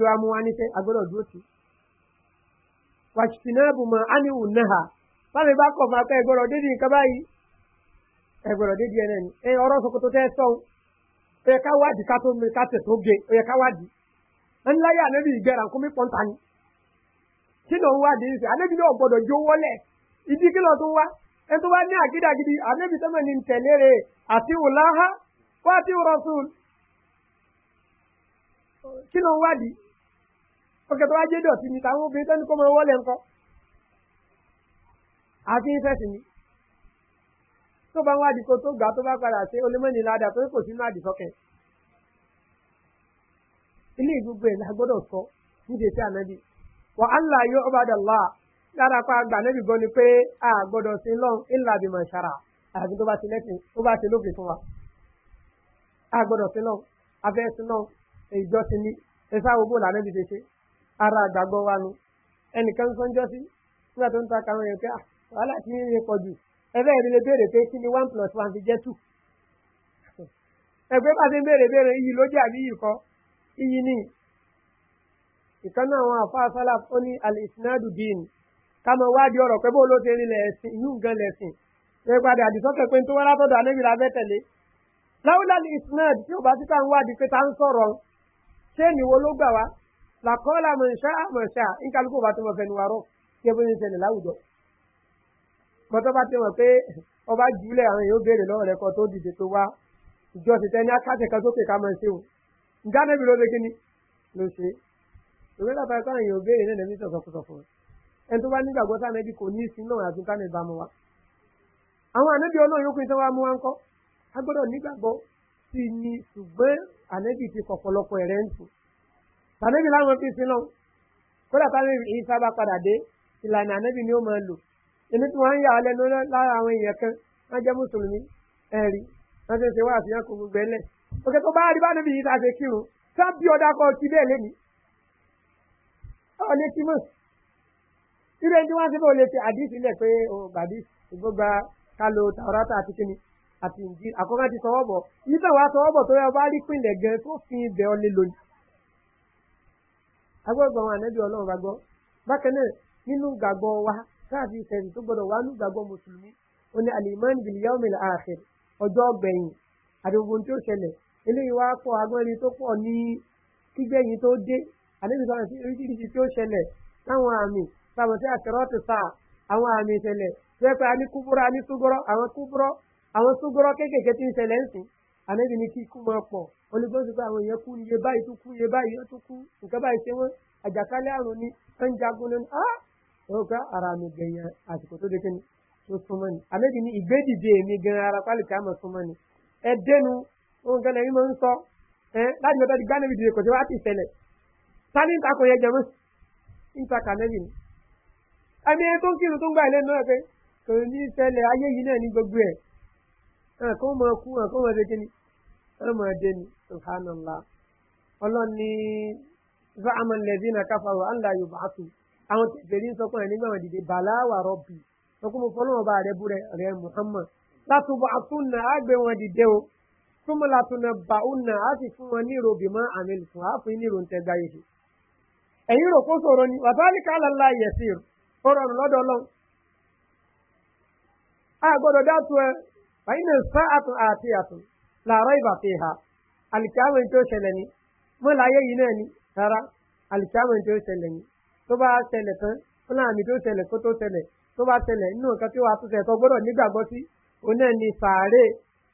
wa mú wa níṣẹ́ agbọ́dọ̀ dúró sí. wàṣìṣìnàbù mọ ánìwù náà báwo bá kọ̀ máa kọ́ ẹgbọ́dọ̀ ó yẹ ká wádìí ká tó mi ká tẹ̀ tó ge ó ká wádìí ńláyà ànábì ìgbẹ́ra nkúmi pọ́ńtà ni kí ló ń wádìí ṣe ànábì náà gbọ́dọ̀ jó wọlé ìdí kí ló tó wá ẹni tó bá ní àgídàgídí ànábì sọ́mọ̀ ní tẹ̀lére àti wùláhá wá àti rọ́sùl kí ló ń wádìí ókè tó wá jẹ́ dọ̀tí ni táwọn obìnrin tó ní kó wọlé ńkọ́ àti ìfẹ́ sí ni. tó bá wá dìkọ tó gbà tó bá padà ṣe ko ládàá tó kò sínú àdìsọ́kẹ́. ilé ẹ̀ sọ níbi ètò ànábì wà á là yọ ọbàdà là lára pa àgbà níbi gbọ́ ni pé a gbọ́dọ̀ sí lọ́n ńlá bí mọ̀ ṣara àbí tó bá ti lẹ́sìn tó bá ti fún wa. a gbọ́dọ̀ sí ara àgbàgbọ́ wa nu ẹnìkan sọ́njọ́sí nígbà tó ń ta yẹn pé ah, wàhálà ẹfẹ́ ìdí lè béèrè pé kí one plus one fi jẹ́ two ẹgbẹ́ bá ti ń béèrè béèrè iyì ló jẹ́ àbí iyì kọ́ iyì ni ìkànnì àwọn àfáàsálà ó ní alìsínádù dín kámọ wádìí ọ̀rọ̀ pé bó ló ti rin lẹ̀sìn inú gan lẹ̀sìn ẹ padà àdìsọ́kẹ́ pé tó wá látọ̀dọ̀ àlébi la fẹ́ tẹ̀lé láwùlá ní ìsínádù tí ò bá síta ń wádìí pé ta ń sọ̀rọ̀ ṣé ìníwó ló gbà wá làkọ́ọ́lá mọ̀ṣá mọ̀ṣá ń kálukú bá tó mọ̀ fẹ́ nu wa rọ̀ kí ẹ bó ń ṣẹlẹ̀ láwùjọ kọ́tọ́ bá ti mọ̀ pé ọba jùlẹ̀ àwọn èèyàn béèrè lọ́wọ́ rẹ̀ kọ́ tó dìde tó wá ìjọ ti tẹ́ ní akáṣẹ kan sókè ká máa ṣe o ǹjẹ́ níbi ló dé kí ni ló ṣe ìwé lápá ẹ̀kọ́ àwọn èèyàn béèrè náà ní sọ̀sọ̀kùsọ̀kù ẹni tó bá nígbàgbọ́ sánẹ́bí kò ní ìsìn náà àti tánẹ́ bá mu wa àwọn ànábì ọlọ́run yókùn tó wá mú wa ń kọ́ a gbọ́dọ̀ nígbàgbọ́ sí ni ṣùgbọ́n ànábì ti kọ̀pọ̀lọpọ̀ ẹ̀rẹ́ ń tù tànẹ́bì láwọn fi sí náà kódà tánẹ́bì yìí sábà padà dé ìlànà ànábì ni ó máa lò èmi tí wọ́n ń yà á lẹ́nu lára àwọn èèyàn kan wọ́n jẹ́ mùsùlùmí ẹ̀rí wa ti ṣe wá àfihàn kò gbogbo ẹlẹ́ òkè tó bá rí bá níbi yìí tá a ṣe kírun tá bí ti bẹ́ẹ̀ lẹ́nu ọ̀lẹ́ kí mọ̀ irú tí wọ́n ti bọ̀ lè ṣe àdìsí lẹ̀ pé o bàbí àti kíni àti ìjì àkọ́kọ́ ti sọ wọ́bọ̀ yìí tàn sọ wọ́bọ̀ tó yẹ bá rí gan tó fi wa sáàfì ìsẹ̀rì tó gbọdọ̀ wà nígbàgbọ́ mùsùlùmí ó ní alimani biliyamil ahir ọjọ́ ọgbẹ̀yìn àti ogun tí ó ṣẹlẹ̀ eléyìí wá pọ̀ agbẹ́rin tó pọ̀ ní kígbẹ̀yìn tó dé àlébìsọ àti oríṣiríṣi tí ó ṣẹlẹ̀ láwọn àmì táwọn sí àṣẹrọ́ọ̀tì sáà àwọn àmì ìṣẹ̀lẹ̀ jẹ́ pé a ní kúbúrọ́ a ní súgọ́rọ́ àwọn kúbúrọ́ àwọn súgọ́rọ́ kéékèèké tí ń ṣẹlẹ̀ ń sìn àlébì ní kí ikú máa pọ̀ olùgbọ́sọ̀ àwọn èèyàn kú iye báyìí tó kú iye báyìí tó kú nǹkan báyìí ṣe wọ́n àjàkálẹ̀ àrùn ni ẹ̀ ń jagun lónìí ah! wọn kọ ara mi gan yan àsìkò tó dékè ni tó súnmọ́ ni àmẹ́bí ni ìgbédìde mi gan ara pálí kí a mọ̀ súnmọ́ ni ẹ dẹnu ohun kan lẹ́yìn máa ń sọ ẹ láti bẹ́tẹ̀ di gbánẹ́bí dìde kò tó wá ti sẹlẹ̀ sani ń takò yẹ jẹmọ́ ń takà nẹ́bí ni ẹni tó ń kírun tó ń gbà ilé náà pé kò ní sẹlẹ̀ ayé yìí náà ní gbogbo ẹ̀ hàn kó mọ̀ kú hàn kó mọ̀ dékè ni hàn mọ̀ dé ni subhanallah ọlọ́ni fún amọ̀ lẹ́dínà káfà wà àwọn tẹ̀lé ń sọkàn nígbà wọn dìde bàlá wà rọ́bì lọ́kùn mo fọlọ́wọ́n bá rẹ búrẹ́ rẹ muhammad látùbọ̀ àtúnà àgbẹ̀ wọn dìde o túmọ̀ látùnà bàúnà á sì fún wọn nírò bímọ àmì fún àfin nírò ń tẹ́gbà yìí. ẹ̀yin rò kó sòro ni wàtálì kálá ńlá yẹ̀sì ó rọrùn lọ́dọ̀ lọ́n. a gbọ́dọ̀ dátú ẹ báyìí náà sá àtún àti àtún làárọ̀ ìbàfẹ́ ha àlìkàmọ̀ tó ṣẹlẹ̀ ni mọ́láyé yìí náà ni rárá àlìkàmọ̀ tó ṣẹlẹ̀ ni tó bá ṣẹlẹ̀ tán ó náà mi tó ṣẹlẹ̀ kó tó ṣẹlẹ̀ tó bá ṣẹlẹ̀ nínú nǹkan tí wàá tún ṣẹlẹ̀ tó gbọ́dọ̀ nígbàgbọ́ sí òun náà ni sàárè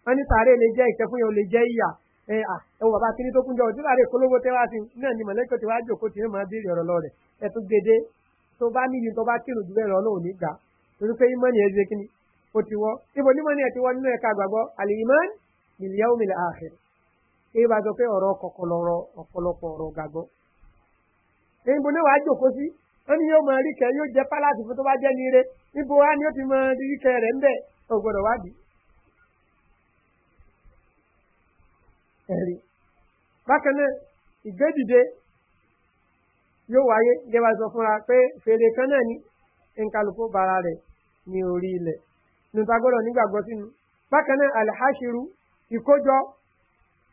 wọ́n ní sàárè lè jẹ́ ìkẹ́ fún yẹn ò lè jẹ́ ìyà ẹ ẹ wọ bá kí ni tó kúnjọ òtún sàárè kólógbó tẹ́ wá sí náà ni mọ̀lẹ́kọ̀ tí wàá jòkó tí yóò máa béèrè rẹ̀ ẹ tún gèdè tó bá níyì tó bá kírun dúró ẹ̀rọ ọlọ́run nígbà torí pé ìmọ̀ni ẹ̀ ṣe kí ó ti wọ́ ibo ní mọ̀ni ẹ̀ ti wọ́ nínú ẹ̀ka àgbàgbọ́ àlìyímọ́n ìlíyàwó mi àṣẹ. ìbá pé ọ̀rọ̀ kọ̀kọ̀ ọ̀pọ̀lọpọ̀ ọ̀rọ̀ gbàgbọ́ níbo ni wàá jòkó sí wọn ni yóò mọ ríkẹ yóò jẹ pálásì fún tó bá jẹ nire níbo wá ni ó ti mọ ríkẹ rẹ ń bẹ ò gbọdọ wádìí. ẹ̀rí bákan náà ìgbédìde yóò wáyé gẹ́gẹ́ sọ fúnra pé fèrè kan náà ni nkàlùkù bara rẹ̀ ní orí ilẹ̀ nùtàgọ́dọ̀ nígbàgbọ́ sínú bákan náà alhashiru ìkójọ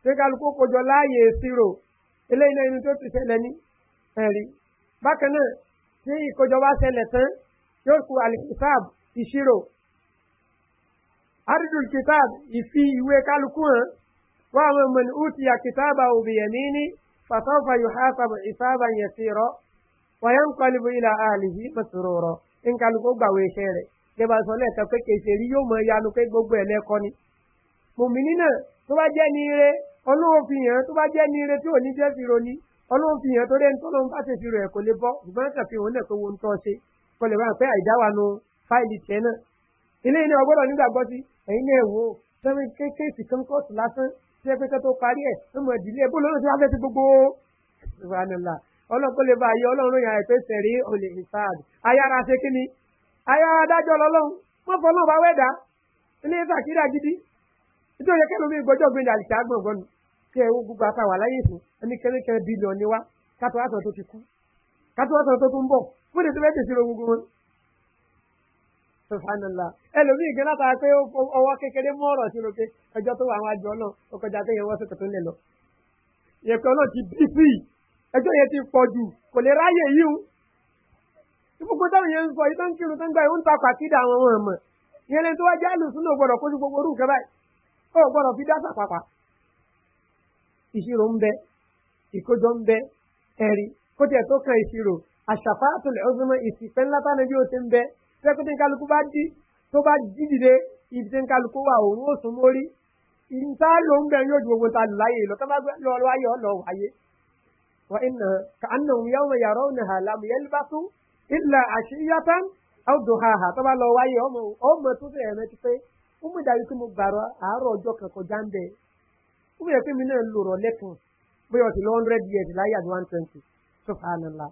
pé kálukú kójọ láàyè ìṣirò eléyìí náà inú tó ti ṣẹlẹ̀ ní ẹ̀rí bákan náà tí ìkójọ bá ṣẹlẹ̀ tán yóò ku alikitab ìṣirò aridul kitab ìfi ìwé kálukú hàn wọ́n àwọn ọmọ ní utiya kitaba òbíyẹ̀mí ní fasọ́fà yóò hásábà ìsábà yẹn sí rọ wọ́n yẹn ń kọ́lé bu ilà àlìyí mọ̀sùrù rọ nkálukú gbàwé iṣẹ́ rẹ̀ jẹba sọ lẹ́ẹ̀kan pé kèsèrí yóò mọ ìyanu pé gbogbo ẹ̀ lẹ́kọ́ ni mòmìnì tó bá jẹ́ ní ire ọlọ́wọ́ fi hàn tó bá jẹ́ ní ire tí ò ní jẹ́ fi roni ọlọ́run fi hàn torí ẹni tó lóun bá ṣe fi rẹ̀ kò lè bọ́ ṣùgbọ́n kàn fi hàn lẹ̀ pé wo ń tọ́ ṣe kò lè máa pẹ́ àìdáwà nu fáìlì tiẹ̀ náà ilé ilé ọgbọ́dọ̀ nígbàgbọ́ sí ẹ̀yin náà wò ó sẹ́mi kéékèèsì kan kóòtù lásán tí ẹ pé kẹ́ tó parí ẹ̀ ló mọ̀ ìdílé bó lóun ti wá fẹ́ ti gbogbo ọlọ́run kó lè bá ayé ọlọ́run yàn àìpé sẹ̀rí olè ni ayára dájọ́ lọ́lọ́run wọ́n fọ́ lóun bá wẹ̀dá ilé kí ẹ gbogbo apá wà láyé fún ẹni kẹrẹkẹrẹ bílíọ̀nù ni wá kátó wá sọ tó ti kú kátó wá sọ tó tún bọ̀ fún ètò bẹ́ẹ̀ tẹ̀sí gbogbo wọn. sọfànàlà ẹlòmíì gan láta pé ọwọ́ kékeré mú ọ̀rọ̀ sí roke ẹjọ́ tó wà àwọn àjọ náà ó kọjá pé yẹn wọ́n sọ̀tọ̀ tó ń lẹ̀ lọ. yẹ̀pẹ̀ náà ti bí sí ẹjọ́ yẹn ti pọ̀ jù kò lè ráyè yìí o. gbogbo tó ìṣirò ń bẹ ìkójọ ń bẹ ẹ̀rí kó tiẹ̀ tó kan ìṣirò àṣàfà àtúnlẹ̀ ọ̀gbìnmọ̀ ìsìnkẹ́ ńlá tánà bí ó ti ń bẹ pẹ́pẹ́ tí kálukú bá dí tó bá jí dìde ibi tí kálukú wà òun ó sùn mórí ìta ló ń bẹ yóò ju gbogbo ta lù láyé lọ kábà lọ lọ ayé ọlọ ayé wà iná kàánà òun yàwọn yàrá òun hà lámù yẹn bá tún ilà àṣeyàtà àwùjọ ha hà tó bá lọ wáyé ọmọ ọmọ tó fẹ̀yẹ̀ mẹ́tí pé ó mú ìdájú pé mo gbàrọ̀ àárọ̀ ọjọ́ kan kọjá ń bẹ́ẹ̀ ó bẹ̀rẹ̀ pé mi náà lò rọ̀ lẹ́kùn bóyá ọtí lọ hundred years láyé àti one twenty tó fa ànàlá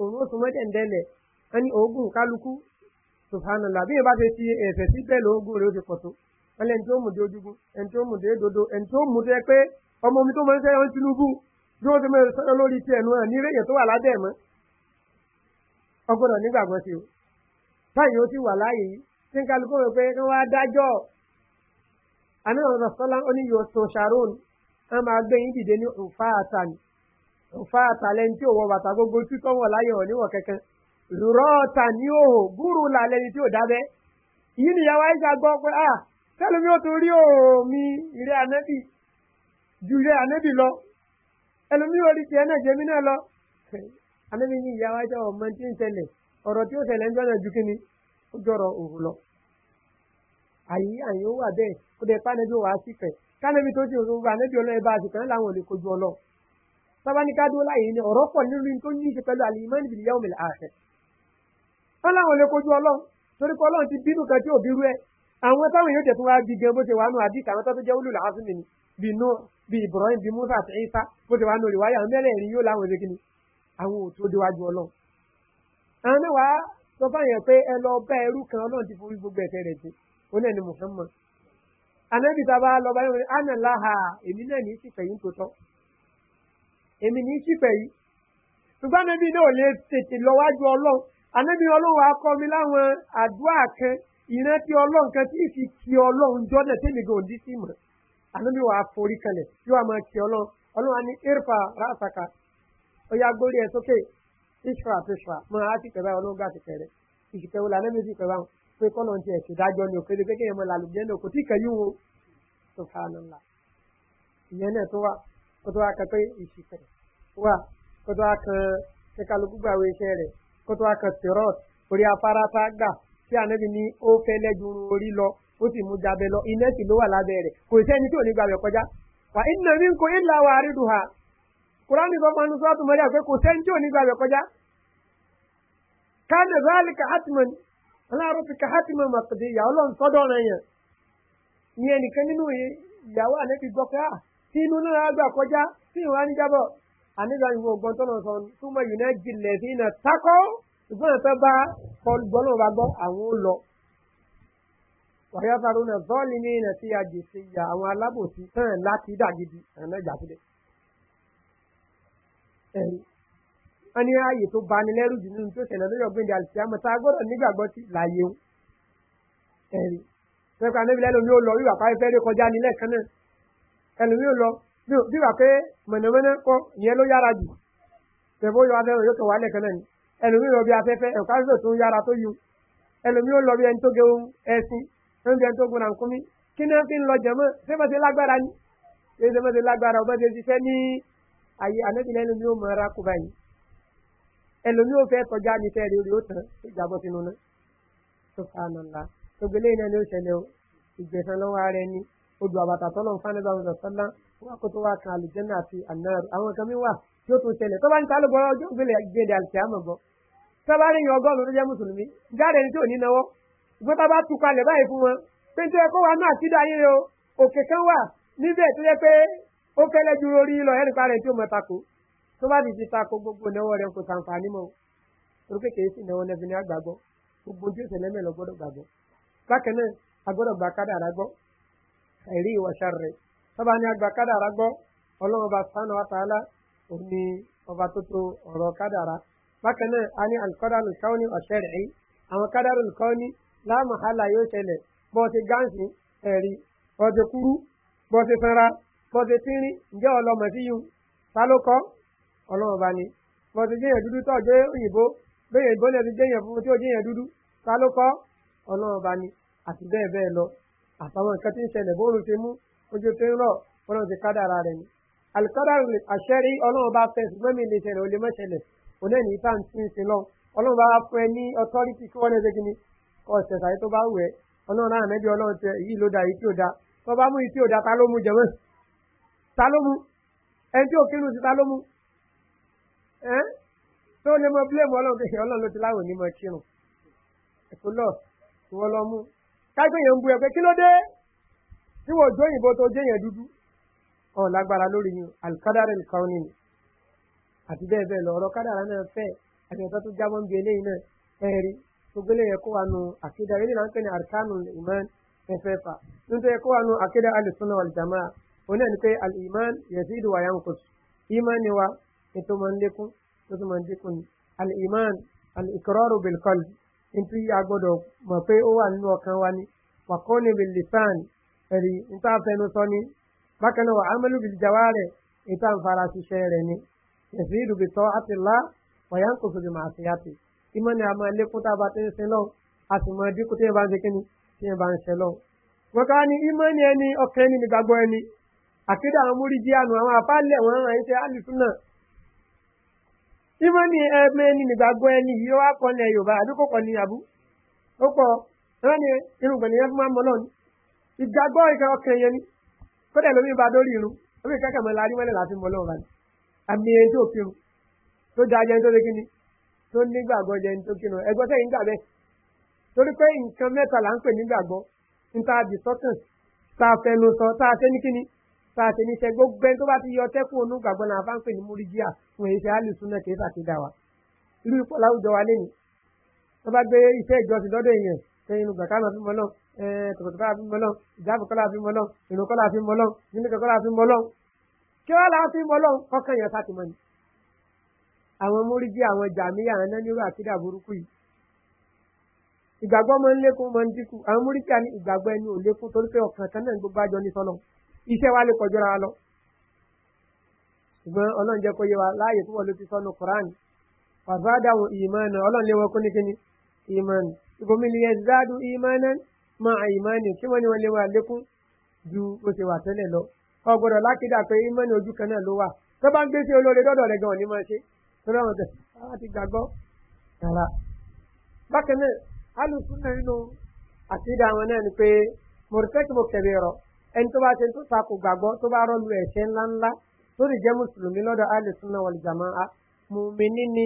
òun ó sùn mọ́tẹ̀ ń dẹ́lẹ̀ ẹni oògùn kálukú tó fa ànàlá bí yẹn bá ṣe ti ẹ̀fẹ̀ sí bẹ́ẹ̀ lọ oògùn rẹ̀ ó ti pọ̀ tó ẹni ẹni tó mú dé ojúgun ẹni tó mú dé dodo ẹni tó mú dé pé ọmọ mi tó máa ń sẹ́yọ́ ń tinubu bí wọ́n ti máa ń sọ́yọ́ lórí tiẹ̀ nù ní rẹ̀yẹ̀ tó wà lábẹ́ mọ́ ọgbọ́dọ̀ nígbàgbọ́ sí o báyìí ó ti wà láàyè yìí tí ń kálukú rẹ̀ pé kí wọ́n á dájọ́ anáwọn rọ̀sọ́lá ó ní yóò tó ṣàrún a máa gbé yín dìde ní òfà àtà ní òfà àtà lẹni tí òwò bàtà gbogbo tí tọ́wọ́ láyé wọn níwọ̀n kankan rúrọ́ ọ̀tà ní òhò gúrú là lẹni tí ò dábẹ́ yín ni yàwá ìjà gbọ́ pé a ah, tẹ́lu mi ò tún rí òmi ìrẹ́ ànẹ́bì ju ìrẹ́ ànẹ́bì lọ ẹlu mi ò rí tiẹ̀ náà jẹ́mi náà lọ ànẹ́bì ní ìyàwá ìjà ọ̀mọ́ tí ń tẹ̀lẹ̀ ọ̀rọ̀ tí ó ṣẹlẹ̀ ń jọ́ àyè àyè ó wà bẹ́ẹ̀ ó dẹ̀ pánẹ́bí ó wà á sì fẹ̀ kánẹ́bí tó ti òṣù gbogbo ànẹ́bí ọlọ́run bá a sì kàn án láwọn ò lè kojú ọlọ́run sábàáníkà dúró láyé ni ọ̀rọ̀ pọ̀ nínú tó ní í ṣe pẹ̀lú àlìmọ́nì bìlì yẹ́wò mìlẹ̀ àṣẹ. wọ́n láwọn ò lè kojú ọlọ́run torí pé ọlọ́run ti bínú kan tí ò bírú ẹ̀ àwọn táwọn yóò tẹ̀tún ni bí nù bí ibrahim bí musa àti isa bó ṣe wà nù olùwáyà àwọn mẹ́rẹ̀ẹ̀rin yóò láwọn ṣe òun náà ni muhammad anabi tá a bá lọ báyìí wọn ana laha èmi náà ní í sípè yìí tó tọ́ èmi ní í sípè yìí ṣùgbọ́n anabi náà ò lè tètè lọ́wájú ọlọ́run anabi ọlọ́run akọ mi láwọn àdúrà kan ìrántí ọlọ́run kan tí ìfi kí ọlọ́run jọ́dẹ̀ tèmi gan òdì sí mọ̀ anabi wàá forí kalẹ̀ yóò wá máa kí ọlọ́run ọlọ́run á ní irfa rásaka ó yá gbórí ẹ sókè ìṣúra àti ìṣúra mọ àti kẹfà ọlọ́run gà pé kọ́nà ti ẹ̀sìn dájọ́ ni òkèdè pé kéèyàn mọ làlùjẹ́ náà kò tí kẹ́yìn wo tó fa àná ńlá ìyẹn náà tó wà kó tó wá kan pé ìṣìkẹ̀ wà kó tó wá kan pé kálukú gbàwé iṣẹ́ rẹ̀ kó tó wá kan tẹ̀rọ̀t orí afárá tá a gbà tí ànábi ní ó fẹ́ lẹ́dùnrún orí lọ ó sì mú jabẹ lọ iná sì ló wà lábẹ́ rẹ̀ kò sẹ́ni tí ò ní gbàgbẹ́ kọjá wà iná mi ń kó ìlà wà àrídùn ha kúránì sọ fún anusọ́tù mọ́lẹ́ àgbẹ̀ kò sẹ́ni tí ò ní gbàgbẹ́ kọjá káàdì rálì ká hàtìmọ́ni aláàrú fi káhátì mọ̀ màkàdé ìyàwó lọ́n sọ́dọ̀ rẹ̀ yẹn ní ẹnìkan nínú ìyàwó ànẹ́bí gbọ́ pé à ah, tí inú náà gbà kọjá tí ìwà ní jábọ̀ àníbà ìwọ̀n ọgbọ́n tọ́nà sọ túmọ̀ yìí náà jilẹ̀ sí iná takọ́ ìgbọ́n tó bá gbọ́nà bá gbọ́ àwọn ó lọ. wàyà sáré náà bọ́ọ̀lì ní iná tí a jèsè ìyà àwọn alábòsí tán láti dàgídì àná ìjà wọn ní ààyè tó bani lẹ́rù jù nínú tó ṣẹlẹ̀ lórí ọ̀gbìn ìdàlùsí àmọ́ tá a gbọ́dọ̀ nígbàgbọ́ sí láàyè o ẹ̀rí pẹ̀lú anábìlẹ̀ ẹlòmí ò lọ bí bàbá fẹ́ rí kọjá nílẹ̀ kan náà ẹlòmí ò lọ bí bàbá mọ̀nàmọ́ná kọ ìyẹn ló yára jù pẹ̀lú yọ afẹ́rẹ́ yóò tọ̀ wálẹ̀ kan náà ni ẹlòmí ò lọ bí afẹ́fẹ́ ẹ̀ka tó tó yára tó yù ẹlòmí ò lọ bí ẹni tó ge ẹsìn ẹni bí ẹni tó gun àǹkúmí kí náà fi ń lọ jẹ̀mọ́ sẹ́fẹ̀sẹ̀ lágbára ni sẹ́fẹ̀sẹ̀ lágbára ọba ẹlòmí ò fẹ́ tọ́já ní fẹ́ rere ó tán ìjábọ̀ sínú náà tó fàánà ńlá gbogbo eléyìí náà ni ó ṣẹlẹ̀ o ìgbẹ̀sán lọ́wọ́ ara ẹni odò àbàtà tọ́lọ̀ fáńdé bá wọn sọ́lá wọn kó tó wá kan àlùjẹ́nà àti ànáàrù àwọn kan mi wà tí ó tún ṣẹlẹ̀ tó bá ń ta ló bọ́ ọjọ́ gbélé gbèdé àlùkìyàmọ̀ bọ́ tó bá rí yan ọgọ́rùn-ún tó jẹ́ mùsùlùmí jáde ní tí ò ní náwó ìgbọ́n tá bá tu kalẹ̀ báyìí fún wọn pé tí kó wa náà sídà yín o òkè kan wà níbẹ̀ tó yẹ pé ó fẹ́lẹ́ ju orí lọ ẹnìkan rẹ̀ tí ó mọ̀ tako tó bá di ti ta gbogbo ìnáwó rẹ kò sàǹfààní mọ torí pé sì náwó nẹbi ní àgbàgbọ gbogbo ojú ìṣẹlẹ mẹlọ gbọdọ gbàgbọ bákan náà agbọdọ àìrí ní gbọ ọlọrun ọba sanu àtàlà òní ọba tó to ọrọ kádàrá bákan náà a ní alukọdàlù káwọn ọsẹ rẹ yìí àwọn ní láàmú hàlà yóò gáǹsì ọlọ́run bá ní bọ́n ti jẹ́yàn dúdú tó jẹ́ òyìnbó bẹ́yẹn ìbọn lẹ́nu jẹ́yàn funfun tí ó jẹ́yàn dúdú ta ló kọ́ ọlọ́run bá ní àti bẹ́ẹ̀ bẹ́ẹ̀ lọ àtàwọn nǹkan tí ń ṣẹlẹ̀ bóòrùn ti mú ojú ti ń rọ̀ ọlọ́run ti kádàra rẹ̀ ni alikadaru àṣẹrí ọlọ́run bá fẹ́ ṣùgbọ́n mi lè ṣẹlẹ̀ ò lè mọ́ ṣẹlẹ̀ onẹ́ni ìta ń sin sin lọ ọlọ́run bá fún ẹ ní ọtọ́rìtì kí wọ́n da èyí da tó bá mú da ta ló mú jẹ̀mọ́ ta ló ẹni tí ò kírun ti ta ló mú ẹ́ tó lè mọ bílẹ̀mù ọlọ́run tó ṣe ọlọ́run ló ti láwọn onímọ̀ kírun ẹ̀kọ́ lọ ìwọ lọ mú kájọyẹ̀ ń bu ẹgbẹ́ kí ló dé tí wọ́n jó òyìnbó tó jẹ́yẹ̀ dúdú ọ̀ lágbára lórí yín alikádàrẹ́ nìkan ní ni àti bẹ́ẹ̀ bẹ́ẹ̀ lọ ọ̀rọ̀ kádàrà náà fẹ́ àti ẹ̀ka tó jábọ́ ń bi eléyìí náà ẹ̀rí gbogbo eléyìí ẹ̀kọ́ wa nu àkéda eléyìí náà ń pè ní arkanu iman ẹ̀fẹ̀fà nítorí ẹ̀kọ́ wa nu àkéda alìsúná wàlìjàmá oní Itu máa ń lékún tó tún al-iman al-ikraru bil-qalb ntí agbọ́dọ̀ mọ̀ pé ó wà nínú ọkàn wa ni wàkọ́ni bil-lisan ẹ̀rí níta fẹnu sọ ni bákan náà wàhámẹ́lú bil-jawari níta nfara ṣiṣẹ́ rẹ̀ ni yazidu bi ta'ati Allah wa yanqusu bi ma'siyati ìmọ̀ ni a máa lékún tá a bá ti ń sin lọ́wọ́ a sì máa dínkù tí yẹn bá ń ṣe kíni tí yẹn bá ń ni ẹni ọkàn ẹni nígbàgbọ́ ẹni àkédà àwọn múrídìí àná àwọn àfáàlẹ̀ wọn ràn yín ìmọ̀ ní ẹgbẹ́ ní nígbàgbọ́ ẹni yìí wá kọlẹ̀ yorùbá àdúgbò kọ ní àbú ó pọ̀ ẹ̀rọ ni irùngbọ̀n nìyẹn fún máa ń mọ lọ́nu ìgbàgbọ́ ìkẹ́ ọkàn yẹn ni kódà lómi ba dórí irun lómi kẹ́kẹ́ mọ́ láàrin mọ́lẹ̀ láti mọ́ lọ́wọ́ báyìí àmì ẹni tó kírun tó da jẹun tó lé kíni tó nígbàgbọ́ jẹun tó kírun ẹgbẹ́ sẹ́yìn gbà bẹ́ẹ̀ torí pé nǹkan mẹ́ta là ń pè nígbàgbọ́ ń ní fàṣẹ níṣẹ́ gbogbo ẹni tó bá ti yọ tẹ́kùn onú gbàgbọ́ náà bá ń pè ní múrídíà fún èyí ṣe àlùsùn náà kì í ṣàkídà wa irú ipò láwùjọ wa lẹ́nu tó bá gbé iṣẹ́ ìjọsìn lọ́dọ̀ èèyàn ẹ̀yin ìgbà ká máa fi mọ́ náà tòkòtòkò àfi mọ́ náà ìjáàbù kọ́lá àfi mọ́ náà ìrùn kọ́lá àfi mọ́ náà nílùú kọ́lá àfi mọ́ náà kí wọ́n láti mọ́ náà kọ́kàn ni. àwọn múrídìí àwọn jàmíyà àná nírú ìgbàgbọ́ mọ́ ń lékún mọ́ àwọn múrídìí àní ìgbàgbọ́ ẹni ò lékún torí pé ọ̀kan kan náà gbogbo àjọ ní sọ́nà iṣẹ́ wa lè kọjúra wa lọ ṣùgbọ́n ọlọ́run jẹ́ kó yé wa láàyè tó wọ́n ló ti sọ́nu quran wàzádà wọn ìmọ̀ọ́nà ọlọ́run lé wọn kó ní kíni ìmọ̀ọ́nà ìbomi ni yẹn zádù ìmọ̀ọ́nà mọ àìmọ̀ọ́nà kí wọ́n ní wọn lé wa lékún ju bó ṣe wà tẹ́lẹ̀ lọ ọ gbọ́dọ̀ lákìdá pé ìmọ̀ọ́nà ojú kan náà ló wà tó bá ń gbé sí olóore dọ́dọ̀ rẹ̀ gan-an ní máa ṣe tó lọ́rùn tẹ̀ àwọn ti gbàgbọ́ rárá bákan náà alùpùpù ẹni tó bá ṣe tó takò gbàgbọ́ tó bá rọ́lu ẹ̀ṣẹ́ ńláńlá tó lè jẹ́ mùsùlùmí lọ́dọ̀ alẹ́sùnà wàlìjàmá a mùmíní ni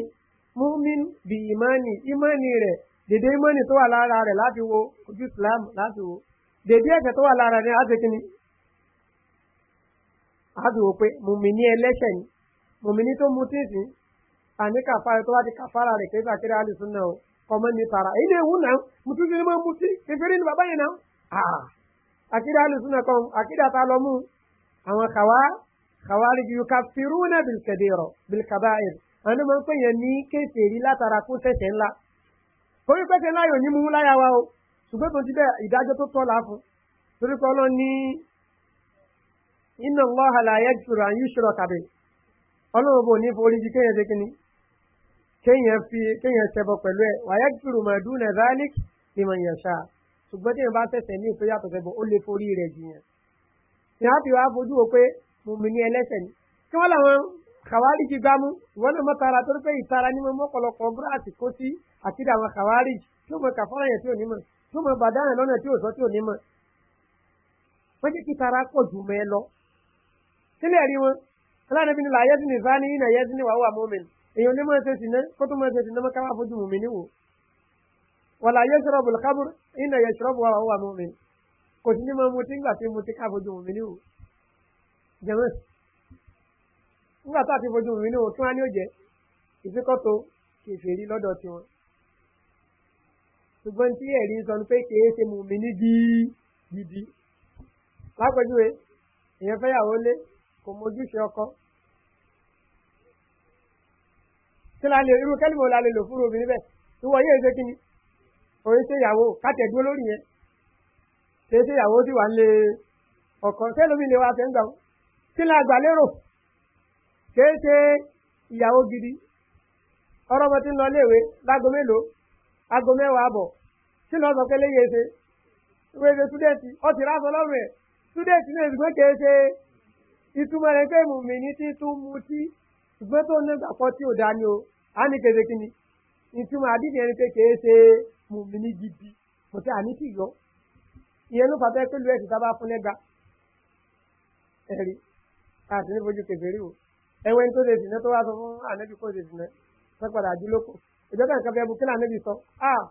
mùmín bí ìmánì ìmánì rẹ̀ dèdè ìmánì tó wà lára rẹ̀ láti wo ojú islam láti wo dèdè ẹ̀ṣẹ̀ tó wà lára rẹ̀ láti kíni láti wo pé mùmíní ẹlẹ́ṣẹ̀ ni mùmíní tó mu tí sí àní kàfàrà tó wá ti kàfàrà rẹ̀ kí sàkéré alẹ́sùnà kọ́mọ́ ní tara èyí ni náà mùtúndínlẹ́mọ́ mutí ìfẹ́rẹ́ ni bàbá yẹn náà ah akida alusuna kan akida ta lọ mú àwọn kàwá kàwárí ju kàfírúnà bilkadero bilkabair àwọn ọmọ pé yẹn ní kéferì látara kó sẹsẹ ńlá torí pẹsẹ ńlá yóò ní mú láyà wa o ṣùgbọ́n tó ti bẹ ìdájọ́ tó tọ́ la fún torí pé ọlọ́ ní iná lọ́hà láyé jùlọ àyè ìṣòro tàbí ọlọ́run bò ní forí ju kéèyàn ṣe kíni kéèyàn fi kéèyàn ṣẹbọ pẹ̀lú ẹ wàyẹ jùlọ màdúnà zálík ni màá yẹ ṣáà ṣùgbọ́n tí èèyàn bá ṣẹ̀ṣẹ̀ ní ìtọ́jà tó fẹ́bọ̀ ó lè forí rẹ̀ jiyàn ní wọ́n fi wá fojú wo pé mo mi ní ẹlẹ́sẹ̀ ni kí wọ́n làwọn kàwárì ti gbámú ìwọ́n náà mọ́ tara torí pé ìtara ní mo mọ́kànlọ́kọ̀ gíláàsì kó sí àkídà àwọn kàwárì tí ó mọ kàfọ́nà yẹn tí ò ní mọ̀ tí ó mọ bàdánà lọ́nà tí ò sọ tí ò ní mọ̀ wọ́n jẹ́ kí tara pọ̀ jù mẹ́ lọ sílẹ̀ rí wọn aláàbí ni làyẹ́sìn ìfáàní ìnàyẹ́sìn ìwà wà mọ́mìn èèyàn ní mọ̀ ṣe sì ná kó tó mọ̀ ṣe sì ná mọ́ ká wá fojú mọ̀mí níwò wàlá yẹsọrọbù kábùrù iná yẹsọrọbù wà wà mú mi kò sí ní ma mu tí ń gbà tí mu ti ká fojú mi ní o jẹmọ ńgbà tá a ti fojú mi ní o tún á ní o jẹ ìfikọ́tò kẹfẹ́rí ṣùgbọ́n tí ẹ̀rí sọ ni pé kìí ṣe mu ní gidi lápẹjúwe èèyàn fẹ́yàwó lé kò mójúṣe ọkọ tí la lè irú kẹ́lìmọ̀ la lè lò fún obìnrin bẹ́ẹ̀ ìwọ yéé ṣe kí ni. òye ṣe ìyàwó kátẹ dúró lórí yẹn ṣe ṣe ìyàwó sì wà wa fẹ ń gbà ó kí ni àgbà lérò ṣe ṣe ìyàwó gidi ọrọ tí ń lọ léèwé lágo mélòó ago mẹwàá bọ tí lọ sọ ṣe ṣe túdẹ̀tì ráṣọ lọ́rùn ẹ̀ túdẹ̀tì náà ṣe ìtumọ̀ rẹ̀ pé mùmí ní tó ní tí ò dání o á ní mo mi ní gidi kò sí àní tí yọ ìyẹn ló fà bẹ́ẹ̀ pé lu ẹ̀sìn tá a bá fún lẹ́gba ẹ̀rí àti ní fojú kékeré o ẹ̀wẹ̀ ní tó lè sìn náà tó wá sọ fún ànẹ́bí kó lè sìn náà wọ́n padà dí lóko ìjọba nǹkan bẹ́ẹ̀ bu kí lànẹ́bí sọ ah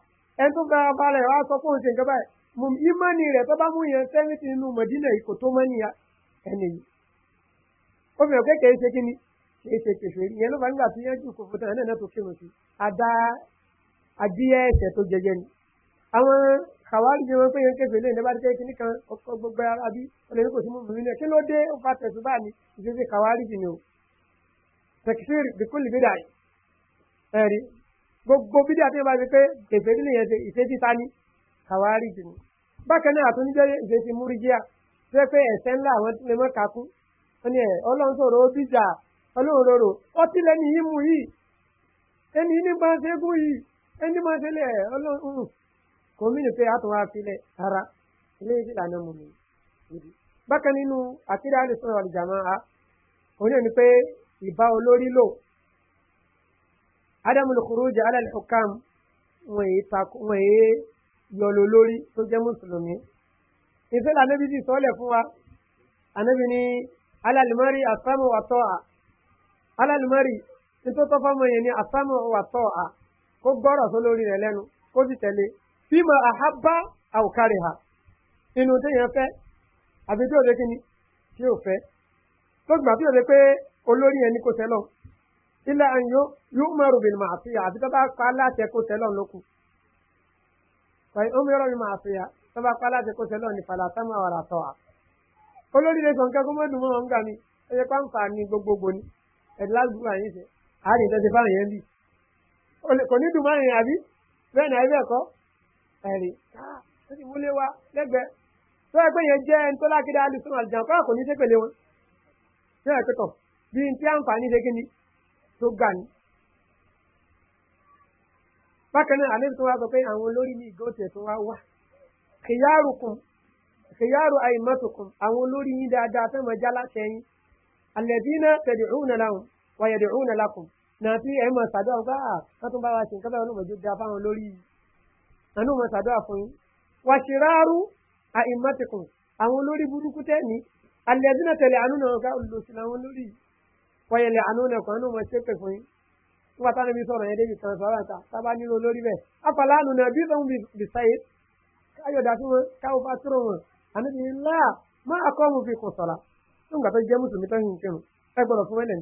ẹni tó bá balẹ̀ wá sọ fún òun ṣe nǹkan báyìí mo ìmọ̀ni rẹ̀ tó bá mú yẹn sẹ́mìtì nínú mọ̀dínà yìí tó mọ́ni ya ẹni yìí ó fi hàn kékeré ṣe kí ni kékeré ṣe kékeré ìyẹn ló fà nígbà tó yẹn jù kò fò tán náà tó kírun àdíyẹ ẹsẹ̀ tó jẹjẹ ni àwọn kàwárí jẹ́ wọn pé yẹn kẹfẹ́ lẹ́yìn lẹ́bàá tẹ́ kínní kan ọkọ̀ gbogbo ara bí ọlọ́ni kò sí mú bùrú náà kí ló dé ó fa tẹ̀sùn bá ìṣesí kàwárí jì ni o tẹ̀kísírì bíkú lè bídà yìí ẹ̀rí gbogbo bídà tó yẹ bá ti pé kẹfẹ́ nínú yẹn ṣe ìṣesí ta ni kàwárí jì ni bákan náà àtúndé ìṣesí múrídíà tó yẹ pé ẹ̀sẹ̀ ńlá àwọn tó lè mọ́ kakú ọlọ́run sọ̀rọ̀ ó bíjà ọlọ́run rọrọ̀ ẹni máa tẹ́lẹ̀ ọlọ́run kò mí ní pé a tún wá sílẹ̀ ara ilé ìlànà mu ni. bákan nínú àkídá àlùsọ̀rọ̀ àlùjàmọ́ a òun ní pé ìbá olórí lò ádámù lùkùrú jẹ́ alẹ́ ọ̀kàm wọ̀nyí yọ̀lọ̀ lórí tó jẹ́ mùsùlùmí. ìfẹ́ lànàbí ti sọ́ọ̀lẹ̀ fún wa ànàbí ni alàlùmọ́rí àsámù wàtọ́ à alàlùmọ́rí nítòtọ́ fọ́mọ yẹn ni àsámù wàtọ́ à kó gbọ́rọ̀ tó lórí rẹ̀ lẹ́nu kó sì tẹ̀lé fíìmù àhábá àwòkárẹ̀ ha inú téèyàn fẹ́ àbí tí ò lé kíni tí ò fẹ́ tó gbà tí ò lé pé olórí yẹn ní kò tẹ́lọ̀ ilẹ̀ àyò yóò mọ rògbìn màá fi àbí tó bá pa láṣẹ kó tẹ́lọ̀ lókù pẹ̀lú omi ọ̀rọ̀ mi màá fi ya tó bá pa láṣẹ kó tẹ́lọ̀ ní fàlàsámà wàrà tọ́ a olórí yẹn sọ̀nkẹ́ kó mọ́ dùnmọ́ wọn gbà mí ẹ̀yẹ pàǹfà gbogbogbò ni ẹ̀dínláàgbọ̀n àyè kò ní dùn márùn-ún àbí bẹ́ẹ̀ ni àbí ẹ̀kọ́ ẹ̀rí ah, ó ti wúlé wa lẹ́gbẹ̀ẹ́ tó yẹ pé yẹn jẹ́ ẹni tó lákìdá alùsùn àlùjàn kọ́ kò ní sépèlé wọn ní ẹ̀kọ́ tán bí n tí àǹfààní ṣe kíni tó ga ni. bákan náà àlejò tó wá sọ pé àwọn olórí ní ìgò tẹ̀ tó wá wà kìyàrùkùn kìyàrù àìmọ́tòkùn àwọn olórí yín dáadáa fẹ́ mọ jálá náà tí ẹ mọ̀ sàdúrà fún káà ah, wọ́n tún bá wa ṣe nǹkan bẹ́ẹ̀ olùmọ̀jú da fáwọn lórí àánú mọ̀ sàdúrà fún yín. wà á ṣe ráàrú àìmọ́tìkùn àwọn olórí burúkú tẹ́ni alẹ́ ẹ̀dínà tẹ̀lé àánú náà ká olùsí làwọn lórí wọ́yẹ̀lẹ̀ àánú náà kan àánú mọ̀ ṣe pè fún yín. nígbà táwọn ibi sọ̀rọ̀ yẹn débi kan sọ̀rọ̀ ta tábà nílò olórí bẹ́ẹ̀ afàlà àánú náà bí sọ́hun bì sáyé káyọ̀dà fún wọn káwọ́ bá tóró wọn àní ti ní láà má mu fi kùn sọ̀rọ̀ nígbà tó jẹ́ mùsùlùmí tó ń kírun ẹ gbọ́dọ̀ fún wẹ́lẹ̀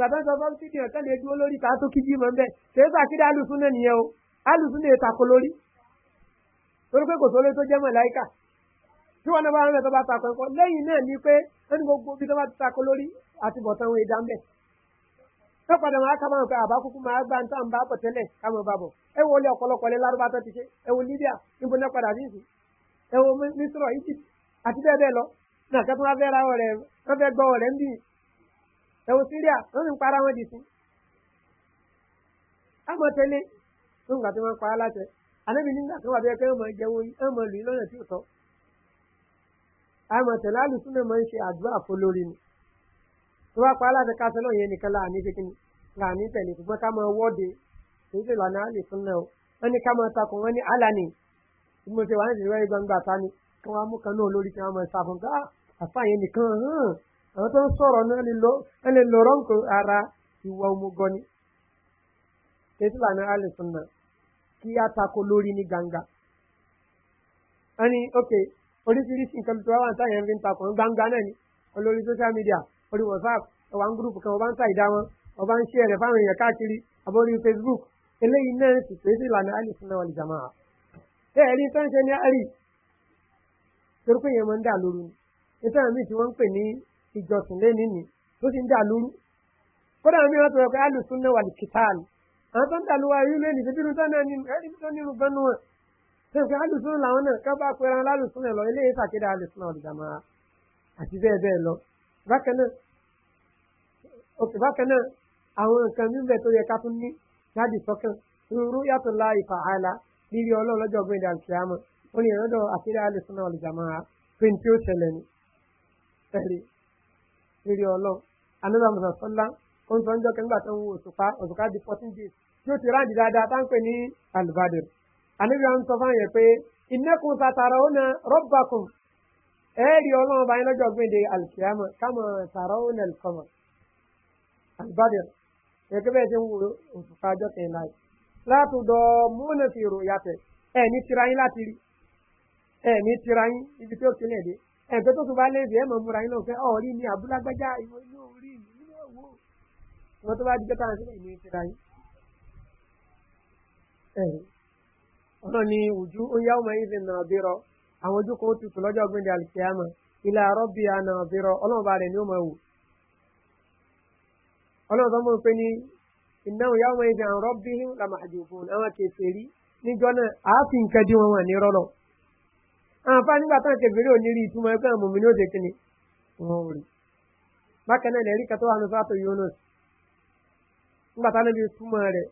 bàbá sọ fọ́n fídíò kan lè dúró lórí ká tó kíjí mọ́ bẹ́ẹ̀ ṣèyí sàkídé alùsùn náà nìyẹn o alùsùn lè takò lórí torí pé kò sóore tó jẹ́ mọ̀láìkà tí wọ́n náà bá ń rẹ̀ tó bá takò ẹ̀kọ́ lẹ́yìn náà ni pé ẹni gbogbo bí tó bá takò lórí àti bọ̀tán wọn ìdá ń bẹ̀. tó padà máa ká máa ń pẹ́ àbá kúkú máa gbá ń tà ń bá bọ̀ tẹ́lẹ̀ káwọn bá bọ̀ ẹ wo ilé ọ̀pọ̀lọpọ̀ lé lárúbá tó ti ṣe ẹ wo libya níbo náà padà níìsí ẹ wo mísírọ̀ egypt àti bẹ́ẹ̀ bẹ́ẹ̀ lọ náà kẹ́tọ́ wá fẹ́ ra ọ̀rẹ́ wọ́n fẹ́ gbọ́ ọ̀rẹ́ ń bì ẹ̀wọ̀n syria wọ́n sì ń para wọn dì sí. àmọ́ tẹ́lẹ̀ tó ń gbà tó máa ń para láṣẹ ànábì nígbà tó wà bẹ́ẹ̀ pé ọmọ ìjẹun ọmọ ìlú lọ́nà tí ò tọ́. àmọ́ tẹ̀lé alùsùn náà máa ń ṣe àdúrà fún lórí ni. tó wá para láṣẹ ká sẹ́lọ̀ yẹn nìkan láàánú ṣe kíni láàánú tẹ̀lé ṣùgbọ́n ká máa wọ́de kì í ṣe lànà alùsùn náà wọ́n ní ká máa takùn wọ́n ní alani mo ṣe wà ní ìṣẹ̀lẹ̀ gbangba ta ni kí wọ́n á mú kan náà lórí kí wọ́n máa ṣàfùn ká àfààyè nìkan àwọn tó ń sọ̀rọ̀ náà lè lo rọ́ǹkù ara ìwà òmùgọ̀ ni ètò ìlànà alison náà kí á tako lórí ní gbangba ẹni ok oríṣiríṣi nǹkan tó wà táyà ń fi ń takò ní gbangba náà ni olórí social media orí whatsapp ọba ń gúrùpù kan ọba ń ṣàìdá wọn ọba ń ṣe ẹ̀rẹ̀ fáwọn èèyàn káàkiri àbórí facebook eléyìí náà sì pé sí ìlànà alison náà wà lè jàmọ́ à ẹ̀rí tó ń ṣe ní àárí torí pé èèyàn máa ń dà lóru ni nítorí ìjọsìn lé nìní tó ti ń dà lóru kódà mi wọn tó yẹ kó alùsùn náà wà ní kìtàlù àwọn tó ń dà lóru ayé lónìí ṣe bínú tán náà ní ẹni tó nínú gbẹnu wọn tó yẹ kó alùsùn làwọn náà ká bá pera alùsùn náà lọ ilé yìí sàkéde alùsùn náà ọ̀dùdà àti bẹ́ẹ̀ bẹ́ẹ̀ lọ bákan náà òkè bákan náà àwọn nǹkan níbẹ̀ tó yẹ ká tún ní jáde sọ́kàn rúurú yàtọ̀ la ìfàhálà líle ọlọ́ọ̀lọ́jọ́ gbẹ̀dẹ̀ àkíyàmọ́ ó ní ìrọ́dọ̀ àkíyà alùsùn nírí ọlọ́run anábà mọ̀sán sọ́lá ó ń sọ ń jọ́kẹ́ nígbà tó ń wo òṣùpá òṣùpá di fourteen days yóò ti ráàdì dáadáa tá ń pè ní alùbádìr anábà ń sọ fáwọn yẹn pé ìnẹ́kùn sàtàrà ó na rọ́bàkùn ẹ̀ẹ́rì ọlọ́run báyìí lọ́jọ́ gbèdé alùkìyàmà kámọ̀ sàrà ó na ẹ̀kọ́mọ̀ alùbádìr gẹ́gẹ́ bẹ́ẹ̀ ṣe ń wo òṣùpá jọ́kẹ́ láì látòdọ̀ múnà fi rò yàtẹ̀ ẹ̀ ní tira yín láti rí ẹ̀ ní ẹgbẹ́ tó tún bá lébi ẹ̀ mọ̀ múra yín lọ́wọ́ pé ọ̀ rí mi àbúlágbájá ìwọ inú orí mi nínú ẹ̀wọ̀ wọn tó bá di jẹ́ta àti ìní ìtura yín. ọ̀nà ni ojú oyá ọmọ yín fi nà bírọ àwọn ojú kan ó tutù lọ́jọ́ ilẹ̀ a nà bírọ ọlọ́ọ̀bá rẹ̀ ni ó mọ̀ wò. ọlọ́run pé ní iná oyá ọmọ yín fi làmàjò fún àǹfààní nígbà táwọn kẹfìrí ò ní rí ìtumọ̀ ẹgbẹ́ àwọn mòmìnir òde kìíní wọn ò rí bákan náà lẹ́rí kẹtọ́ wà ní sọ́tò yunus nígbà táwọn ẹbí túmọ̀ rẹ̀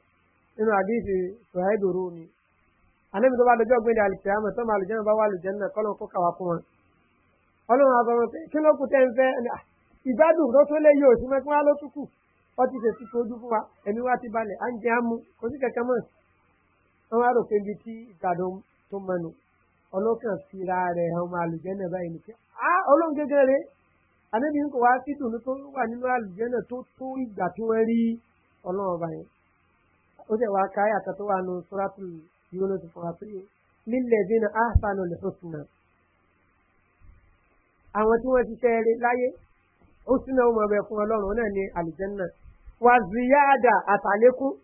nínú àdìsí sọ̀hẹ́dù rú ni ànábi tó bá dọjọ́ gbé dàlùkì àmọ̀ tó máa lùjẹ́ náà bá wà lùjẹ́ náà kọ́lọ́n kó kàwá fún wọn ọlọ́run àgbọ̀n pé kí ló kù tẹ́ ń fẹ́ ah, ìgbádùn tó tó lé yóò sí mẹ́kí wá ló tún wọ́n ti tètè tójú fún wa ẹ̀mí wa ti balẹ̀ à ń jẹ́ àmú kò sí kẹ̀kẹ́ mọ̀ wọ́n wá rò pé ibi tí ìgbàdùn tó mọ́nu ọlọ́kàn fira rẹ̀ ọmọ àlùjẹ́nà báyìí ni pé á ọlọ́run gẹ́gẹ́rẹ́ anábì ń kò wá sí dùnú tó wà nínú àlùjẹ́nà tó tó ìgbà tí wọ́n rí ọlọ́run ọba yẹn ó sì wá ká àyàtọ̀ tó wà nù sọ́ràtù yónú tó fọwọ́ pé lílẹ̀ dínà á sànù lè fòsùn náà àwọn tí wọ́n ti láyé ó sì náà mọ̀ fún ọlọ́run náà ní àlùjẹ́nà wà àtàlékún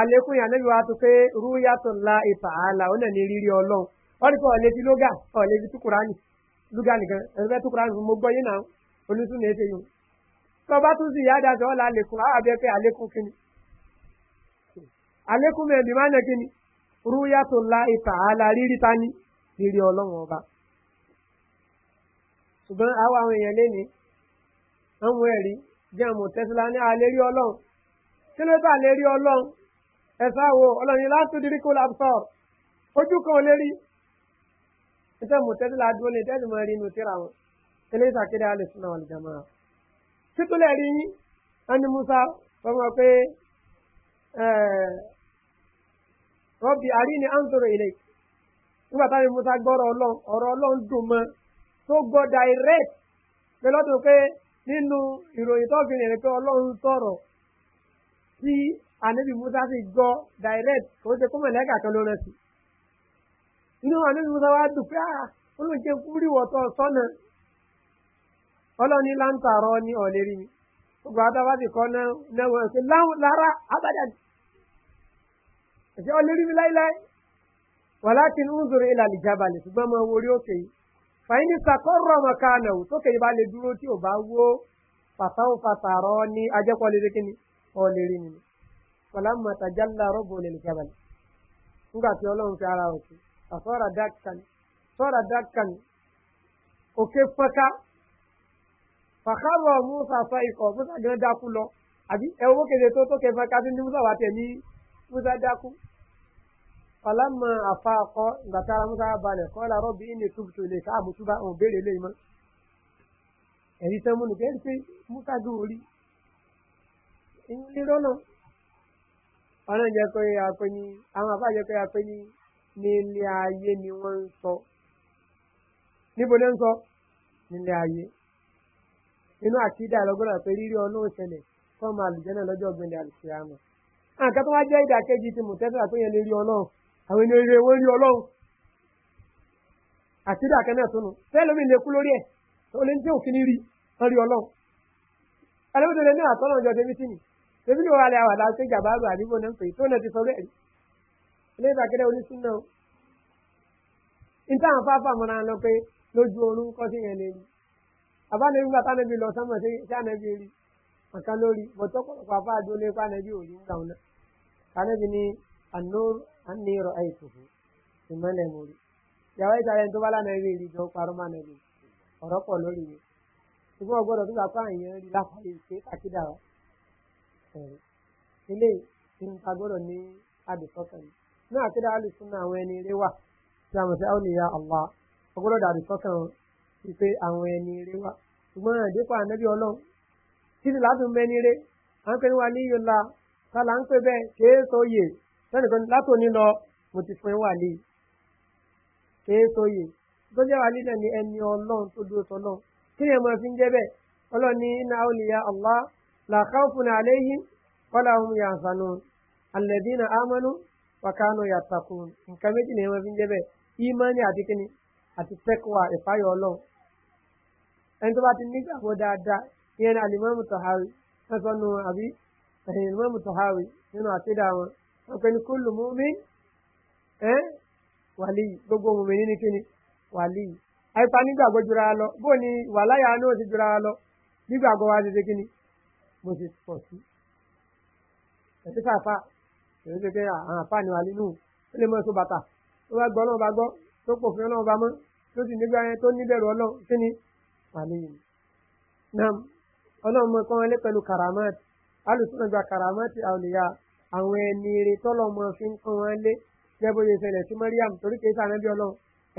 àlékún wọ́n rí pé ọ̀lẹ́ ti lóga ọ̀lẹ́ ti túkúránì lóga nìkan ẹ̀fẹ́ túkúránì fún mo gbọ́ yín náà onísùn ètè yìí tó bá tún sí ìyáda sọ ọ́la àlékún àbẹ́ pé àlékún kíni àlékún mẹ́rin máa ń nà kíni rúyà tó la ìta àlà rírí tání rírí ọlọ́run ọba ṣùgbọ́n àwọn àwọn èèyàn léni wọ́n ẹ̀rí jẹ́ àmọ̀ tẹ́sílá ní àlérí ọlọ́run kí ló bá àlérí ọlọ́run ẹ̀fà wo ọlọ́run yìí látòdìrí kó làbùsọ̀ ojú kan lérí níta mọ̀tẹ́tì la dúró lé tẹ́tì máa rí inú tíra wọn eléyìí sàkéde alẹ́ sùn náà wàlùjá máa. títúlẹ̀ rí ẹni musa fọmọ pé rọ́bì àrí ni à ń sọ̀rọ̀ ilé nígbà táwọn ẹni musa gbọ́ ọ̀rọ̀ ọlọ́run ọ̀rọ̀ ọlọ́run dùn mọ́ tó gbọ́ direct pé lọ́dún pé nínú ìròyìn tó fi rìn pé ọlọ́run sọ̀rọ̀ tí ànábì musa sì gbọ́ direct kò ṣe kó mọ̀lẹ́kà kan ló inú wa ní musa wa dùn pé a ah, olóòjẹ kúrì wọ̀tọ̀ sọ́nà ọlọ́ni láǹtàrọ ní ọ̀lẹ́rì ni gbogbo àtàwọn ti kọ́ náwó ẹ̀sìn lára abájá ẹ̀sìn ọ̀lẹ́rì mi láíláí wà láti ń zòrò ilà àlìjábà lè ṣùgbọ́n mo wo orí òkè yìí fàyín ní sàkọ́rọ̀ ọmọ kanà ò tókè yìí bá lè dúró tí ò bá wó fàtàwọn fàtàrọ ní ajẹ́pọ̀ lérè kíni ọ̀lẹ́rì ni wàlámù àtàjálà rọ́bù lè lè nígbà tí ọlọ́run fi ara òkè. فصار دكا صار دكا وكفك فخر موسى صيقا موسى جل داكو لو àbí ẹwọ́ kéde tó tó kẹfà káfí ní musa wà tẹ̀ ní musa dákú ọlámọ àfàkọ gbàtàrà musa balẹ̀ kọ́lá rọ́bì ní tubutù lè ká àmútúbà òun béèrè lè mọ́ ẹ̀yí sẹ́mu nìkẹ́ ń pé musa dùn orí ìyún lérò náà ọ̀nà ìjẹ́ pé àpè ní nílé ayé ni wọ́n ń sọ níbo ló ń sọ nílé ayé nínú àkídà ìlọgbọ́dọ̀ pé rírí ọlọ́run ṣẹlẹ̀ fọ́ọ̀mù àlùjẹ́nà lọ́jọ́ ọ̀gbìnrin àlùfíàmù àǹkà tó wá jẹ́ ìdàkejì ti mùtẹ́tà pé yẹn lè rí ọlọ́run àwọn ènìyàn rere wọ́n rí ọlọ́run àkídà kan náà tónú fẹ́ẹ́ lómi lè kú lórí ẹ̀ ó lè ń tẹ́ òfin rí wọ́n rí ọlọ́run ẹlẹ́gbẹ̀dẹ̀ ní àtọ́nà ọjọ́ débítì ni débítì wà lẹ́ àwàdà pé jàbá àgbà àdìgbò náà ń pè tó náà ti sọ bẹ́ẹ̀ rí ilé ìtàkìlẹ̀ oníṣúná níta àwọn fáfà mọ́ra lọ pé lójú oorun kọ́ sí yẹn lẹ́nu àbánabi gbà tánabi lọ sọ́mọ̀ sí ànábi rí àkàn lórí bọ̀tọ́ pọ̀lọpọ̀ afá àdúlé fánabi òní ń gbàùn náà tánabi ni anor aniro àìsùfù ìmọ̀lẹ̀ mórí yàrá ìtàlẹ̀ tó bá lánàbí rí jọ parọ́ mánàbí ọ̀rọ̀ pọ̀ lórí mi ṣùgbọ́n ọgbọ́dọ̀ tó gbàgbọ́ àyàn rí lápáyé ṣe kàkídà wa ilé ìta gbọ́dọ̀ ní àdìsọ́kàn ni. náà kí dáhà lè súnà àwọn ẹni eré wà tí a mọ̀ sí àwọn ìyá Allah ọgbọ́dọ̀ dàbí sọ́kàn wípé àwọn ẹni eré wà ṣùgbọ́n àdínkù ànábì ọlọ́run kí ni látún bẹ́ẹ̀ ní eré à ń wa ní yọlá tálà ń pè bẹ́ẹ̀ kéé sóye sẹ́nìkan látòní lọ mo ti fún wà lé kéé sóye tó jẹ́ wà lé ni ẹni ọlọ́run tó dúró tọ́lọ́run kí ni fi ń jẹ́ bẹ́ẹ̀ ọlọ́run ní wakano yatakun nǹkan méjì na wọ́n fi ń jẹ́ bẹ́ẹ̀ ìmọ̀ni àti kíni àti ẹni ti nígbàgbọ́ dáadáa ìyẹn ní alimọ́mù nù àbí ẹ̀yìn alimọ́mù nínú àtidá wọn pe ní kúlù mú mi ẹ́ wàlí gbogbo ni wàláyà náà ti jura lọ nígbàgbọ́ wa ti ṣe kíni mo ti pọ̀ èyí ṣe pé àwọn àfáàní wa nínú ó lè mọ èso bàtà ó bá gbọ́ ọlọ́run bá gbọ́ tó pò fún ọlọ́run bá mọ́ tó sì nígbà yẹn tó níbẹ̀rù ọlọ́run kí ni àlejò nam ọlọ́run mọ kọ́ wọn pẹ̀lú karamat alùsùn gba karamat àwòlíyà àwọn ẹni eré tọ́lọ́mọ fi ń kọ́ wọn lé jẹ́bó yẹn ṣẹlẹ̀ sí mariam torí kì í sànà bí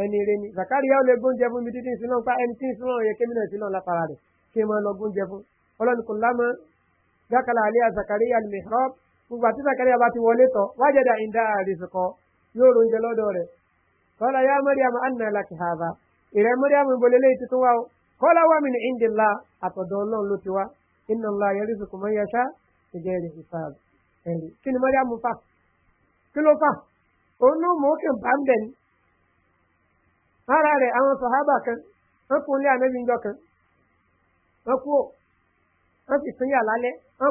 ẹni eré ni zakaria ó lè gbóúnjẹ fún mi títí ìsinú pa ẹni tí ìsinú yẹ kémi náà ìsinú lápara rẹ̀ kí n máa lọ gbóúnjẹ fún ọlọ́run kò lámọ́ dákàlà gbogbo àti sàkẹ́rẹ́ abati ti tọ ìdá yóò yá àná hàbà tuntun wa o wà mí ní ìndìlá àtọ̀dọ̀ ọlọ́run ló ti wá iná ńlá yẹrí sùkùn mọ́ yẹsà ìjẹ́ rẹ̀ ìfààbù ẹ̀rí kí ni mọ́ríàmù fà kí ló fà òun ló mọ̀ ni ara rẹ̀ àwọn sọ̀hábà kan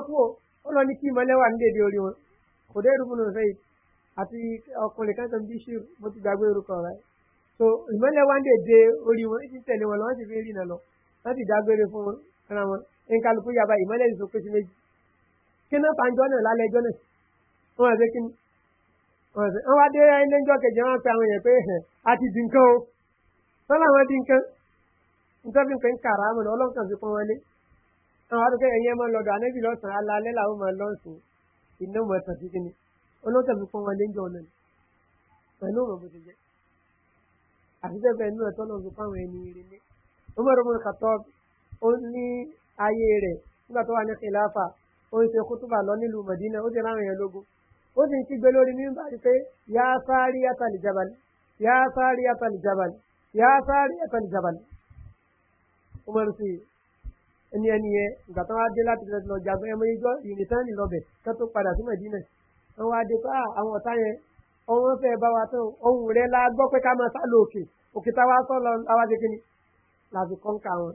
kún ó lọ ní kí ìmọ̀lẹ́ wà nídèédé orí wọn kò dé irúgbìn ọ̀sẹ̀ yìí àti ọkùnrin kan tó ń bíṣù mo ti gbàgbé orúkọ rẹ so ìmọ̀lẹ́ wà nídèédé orí wọn ti tẹ̀lé wọn lọ wọ́n sì fi rìnà lọ wọ́n ti dágbére fún ara wọn nkálukú yaba ìmọ̀lẹ́ yìí sọpé sí méjì kí náà fanjọ́ náà lálẹ́ ẹjọ́ náà wọ́n ṣe kí wọ́n wá dé ẹlẹ́jọ́ kejì wọn pe àwọn yẹn pé a ti di o wọ́n làwọn di nítorí nǹkan kàrà àmọ́ ọlọ́nkàn fi pọ́n wọlé àwọn àdúgbò ẹ̀yẹ máa ń lọ́dọ̀ ànẹ́bí lọ́sàn-án alalẹ́ làwọn máa lọ́ sùn iná mọ̀ ẹ̀sán títí ni olóòtú mi fún wọn léńjọ náà ni pẹ̀lú òmò bó ti jẹ́ àtijọ́ bẹ́ẹ̀ nínú ẹ̀tọ́ náà fi fáwọn ẹni rí ni ó mọ̀ ẹ̀rọ kàtọ́ ó ní ayé rẹ̀ nígbà tó wà ní kìláfà ó ń ṣe kútùbà lọ nílùú mọ̀dínà ó ti ráwọn èèyàn lógún ó sì ń kígbe lórí mímbà rí pé yá sáré yàtàlì jabali yá sáré yàtàlì jabali yá sáré yàtàlì jabali ó mọ̀ sí i ẹni ẹni yẹn ìgbà tó wá dé láti lọ lọ jagun ẹmọ ijọ ìrìn tán ní lọbẹ tó tó padà sí mẹdínà wọn wá dé pa ah, àwọn ọ̀tá yẹn ọwọ́n fẹ́ bá wa tán ohun rẹ la gbọ́ pé ká máa sálọ òkè òkè táwa sọ lọ àwa ṣe kíni láti kọ́ńkà wọn.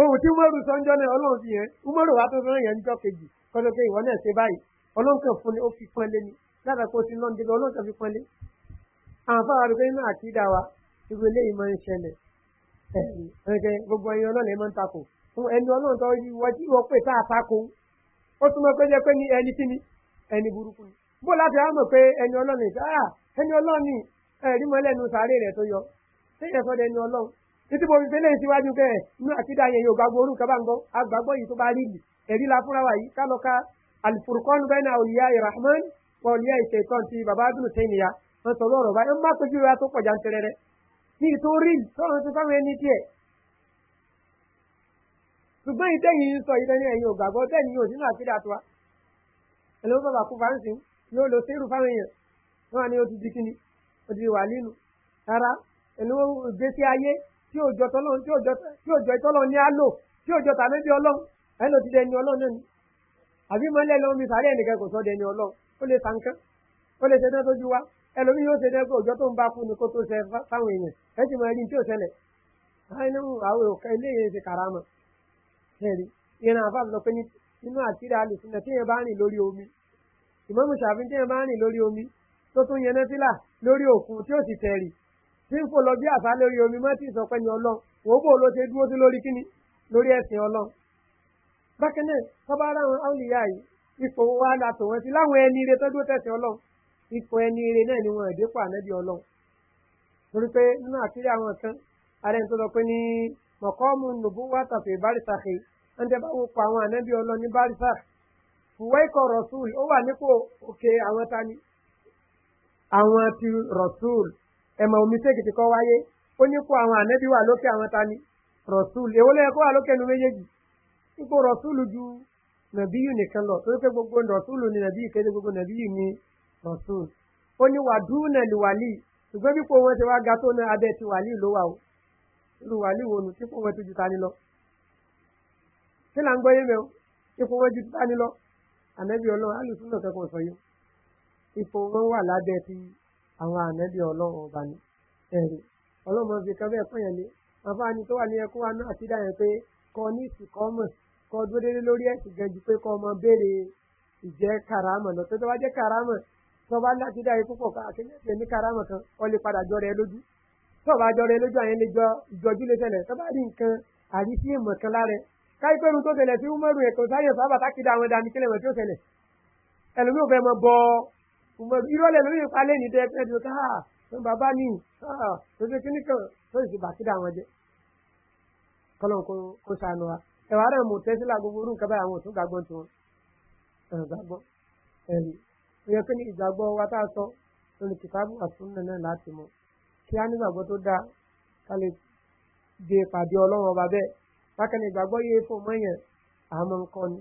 ohun tí umaru sọ́njọ́ náà ọlọ́run fi yẹn umaru wa tó fẹ́ràn yẹn níjọ́ kejì kọ́lọ́ pé ìwọ náà ṣe báyìí ọlọ́run fún ni ó fi pọ́n lé ni lábàá kó ti lọ́n débi ọlọ́run fún ẹni ọlọ́run tó rí wọ́n tí wọ́n pè tá a tako ó tún mọ́ pé ni pé ní ẹni kíni ẹni burúkú ni bó láti á mọ̀ pé ẹni ọlọ́run ìta ah, à ẹni ọlọ́run ẹ̀rí mọ́ lẹ́nu sàárè rẹ̀ tó yọ séyẹ sọ́dọ̀ ẹni ọlọ́run títí mo fi lẹ́yìn síwájú pé inú àkídá yẹn yóò gbàgbọ́ orúkọ bá ń gbọ́ agbàgbọ́ yìí tó la fúnra yìí ka alifurukọ́nù wọ́n sọ lọ́rọ̀ báyìí má tó ṣùgbọ́n ìtẹ́yìn ń sọ ìtẹ́yìn ẹ̀yìn ògbàgbọ́ tẹ́yìn yóò sínú àkídà tiwa ẹ̀lọ́ bàbá kú fáǹsì yóò lọ sí irú fáwọn èèyàn wọn ni ó ti di kíni ó ti wà nínú rárá ẹ̀lọ́ ìgbésí ayé tí òjò tọ́lọ́run tí òjò tọ́lọ́run ní á tí òjò tàbí bí ẹ̀lọ́ ti dẹni náà ni àbí mọ́lẹ́ lọ́wọ́ mi sàárẹ̀ ẹnìkan kò sọ dẹni ọlọ́run ó lè sànkán ẹ̀rí ìran àfa lọ pé nínú àtìrí àlùsùn náà téèyàn bá rìn lórí omi ìmọ̀mù ṣàfihàn téèyàn bá rìn lórí omi tó tún yẹn nẹ́tílà lórí òkun tí ó sì tẹ̀rì tí ń fò lọ bí àfa lórí omi mọ́ tí ìsọpẹ́ ni ọlọ́ wò ó bò ló ṣe dúró sí lórí kíni lórí ẹ̀sìn ọlọ́ bákan náà tọ́ba ara wọn áwùlíyà yìí ipò wa la tò wọn sí láwọn ẹni ire tó tẹ̀sìn ọlọ́ ipò ẹni ire náà ni wọn ẹ̀dẹ́pọ̀ ànábì mọ̀kọ́mù nùbú wà tàfé bárísàkì ń tẹ́ bá wò pa àwọn ànábì ọlọ́ni bárísàkì fùwẹ́ ikọ̀ rọ̀súl ó wà nípò òkè àwọn tani àwọn ti rọ̀súl ẹ̀mọ̀ omi sékìtì kọ́ wáyé ó nípò àwọn ànábì wà lókè àwọn tani rọ̀súl èwo lẹ́yìn kó wà lókè nu méjèèjì nípò rọ̀súl ju nàbíyù nìkan lọ torí pé gbogbo rọ̀súl ni nàbíyù kéde gbogbo nàbíyù ni rọ̀súl ó ní wàdúù nàlì wàlíì ṣùgbọ́n bí kò ti wá ga tó ní abẹ́ ti wàlíì ló wà o irú wàlí wo nu tí kò wọ́n ti ju tani lọ kí là ń gbọ́ yé mi o ipò wọn ju tani lọ ànábì ọlọ́run alùsùn náà kẹ́kọ̀ọ́ sọ yìí ipò wọn wà lábẹ́ ti àwọn ànábì ọlọ́run ọba ni ẹ̀rí ọlọ́run fi kan bẹ́ẹ̀ pọ̀yàn lé àǹfààní tó wà ní ẹkún wa náà ti dá yẹn pé kọ ní ìsìnkọ́mọ̀ kọ dúró délé lórí ẹ̀sìn gan ju pé kọ ọmọ béèrè ìjẹ́ karama lọ tó tó bá jẹ́ karama tó bá láti dá yẹn púpọ̀ káàkiri ẹ̀sìn ní karama kan ọ lè padà jọ rẹ lójú tó bá jọ rẹ lójú àyẹn lè jọ ìjọjú lè ṣẹlẹ̀ tó bá rí nǹkan àrísí èèmọ̀ kan lára káyipẹ́rù tó ṣẹlẹ̀ sí umaru ẹ̀kọ́ sáyẹ̀ sábà tákìdá àwọn ẹ̀dá ní kílẹ̀ mọ̀ tí ó ṣẹlẹ̀ ẹlòmíì ò fẹ́ mọ bọ umaru ìrọ̀lẹ́ lórí ipa lẹ́ni dẹ́ ẹ̀ dùn ká fún bàbá mi tó ṣe kíní kan tó sì bàkìdá àwọn jẹ kọ́lọ́n kó sànù wa ẹ̀wà rẹ̀ mú tẹ́sílà gbogbo orú nǹkan báyìí àwọn òtún gbàgbọ́ tiwọn gbàgbọ́ ẹ̀rí ìyẹn kí a sọ lórí kí á nígbàgbọ́ tó dáa ká lè de pàdé ọlọ́run ọba bẹ́ẹ̀ bákan ní ìgbàgbọ́ yé fún ọmọ yẹn àmọ́ nǹkan ni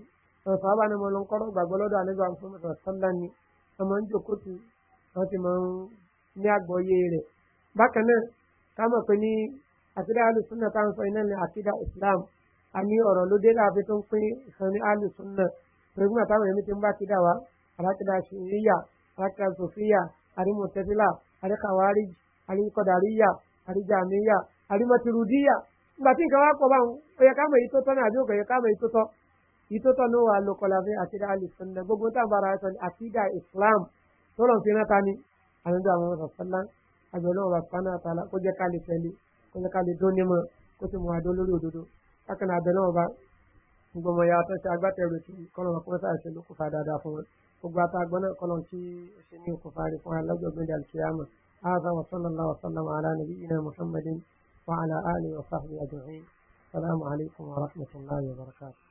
àwọn sábà ní wọn lọ ń kọ́ gbàgbọ́ lọ́dọ̀ àlejò àwọn fún mọ̀tàn sọ́dá ni wọn máa ń jòkó tu wọn ti máa ní àgbọ́yé rẹ̀ bákan náà ká mọ̀ pé ní àtidá alùsùnà táwọn sọ iná ní àtidá islam a ní ọ̀rọ̀ ló dé láàfin tó ń pín ìkan ní alùsùnà pẹ̀lúgbà táwọn èmi ti ń bá kidà wá alákidá ṣìyíyà alákidá sòfíyà àrímọ̀tẹ́bílà àríkàwárí àríkọ̀dàríyà àríjàmíyà àrímọ̀tìrúdíyà ìgbà tí nǹkan wá pọ̀ báwọn ó yẹ káàmù èyí tó tọ́ ní àbí òkè yẹ káàmù èyí tó tọ́ èyí tó tọ́ ní wà ló kọlà fún àtidá alìsọ́nà gbogbo tábàrà ẹ̀sọ́ ní àtidá islam tó lọ́n fi rántá ni àyẹ̀dọ́ àwọn rọ̀fọ́lá àgbẹ̀lọ́ rọ̀fọ́lá àtàlà kó jẹ́ káàlì pẹ̀lú kó jẹ́ káàlì dún nímọ̀ kó sì mú adó lórí òdodo kákan àbẹ̀lọ́ ọba gbogbo ọmọ yàtọ̀ sí agbátẹrù ètò kọlọ̀ ọkọ̀ mẹ́ta àti olókùnfà dáadáa fún wọn gbogbo àtàgbọ́n náà kọlọ̀ tí ó ṣe ní okùnfà rẹ̀ fún alájọ̀gbẹ́ndà alìkíyàmọ̀ هذا وصلى الله وسلم على نبينا محمد وعلى آله وصحبه أجمعين السلام عليكم ورحمة الله وبركاته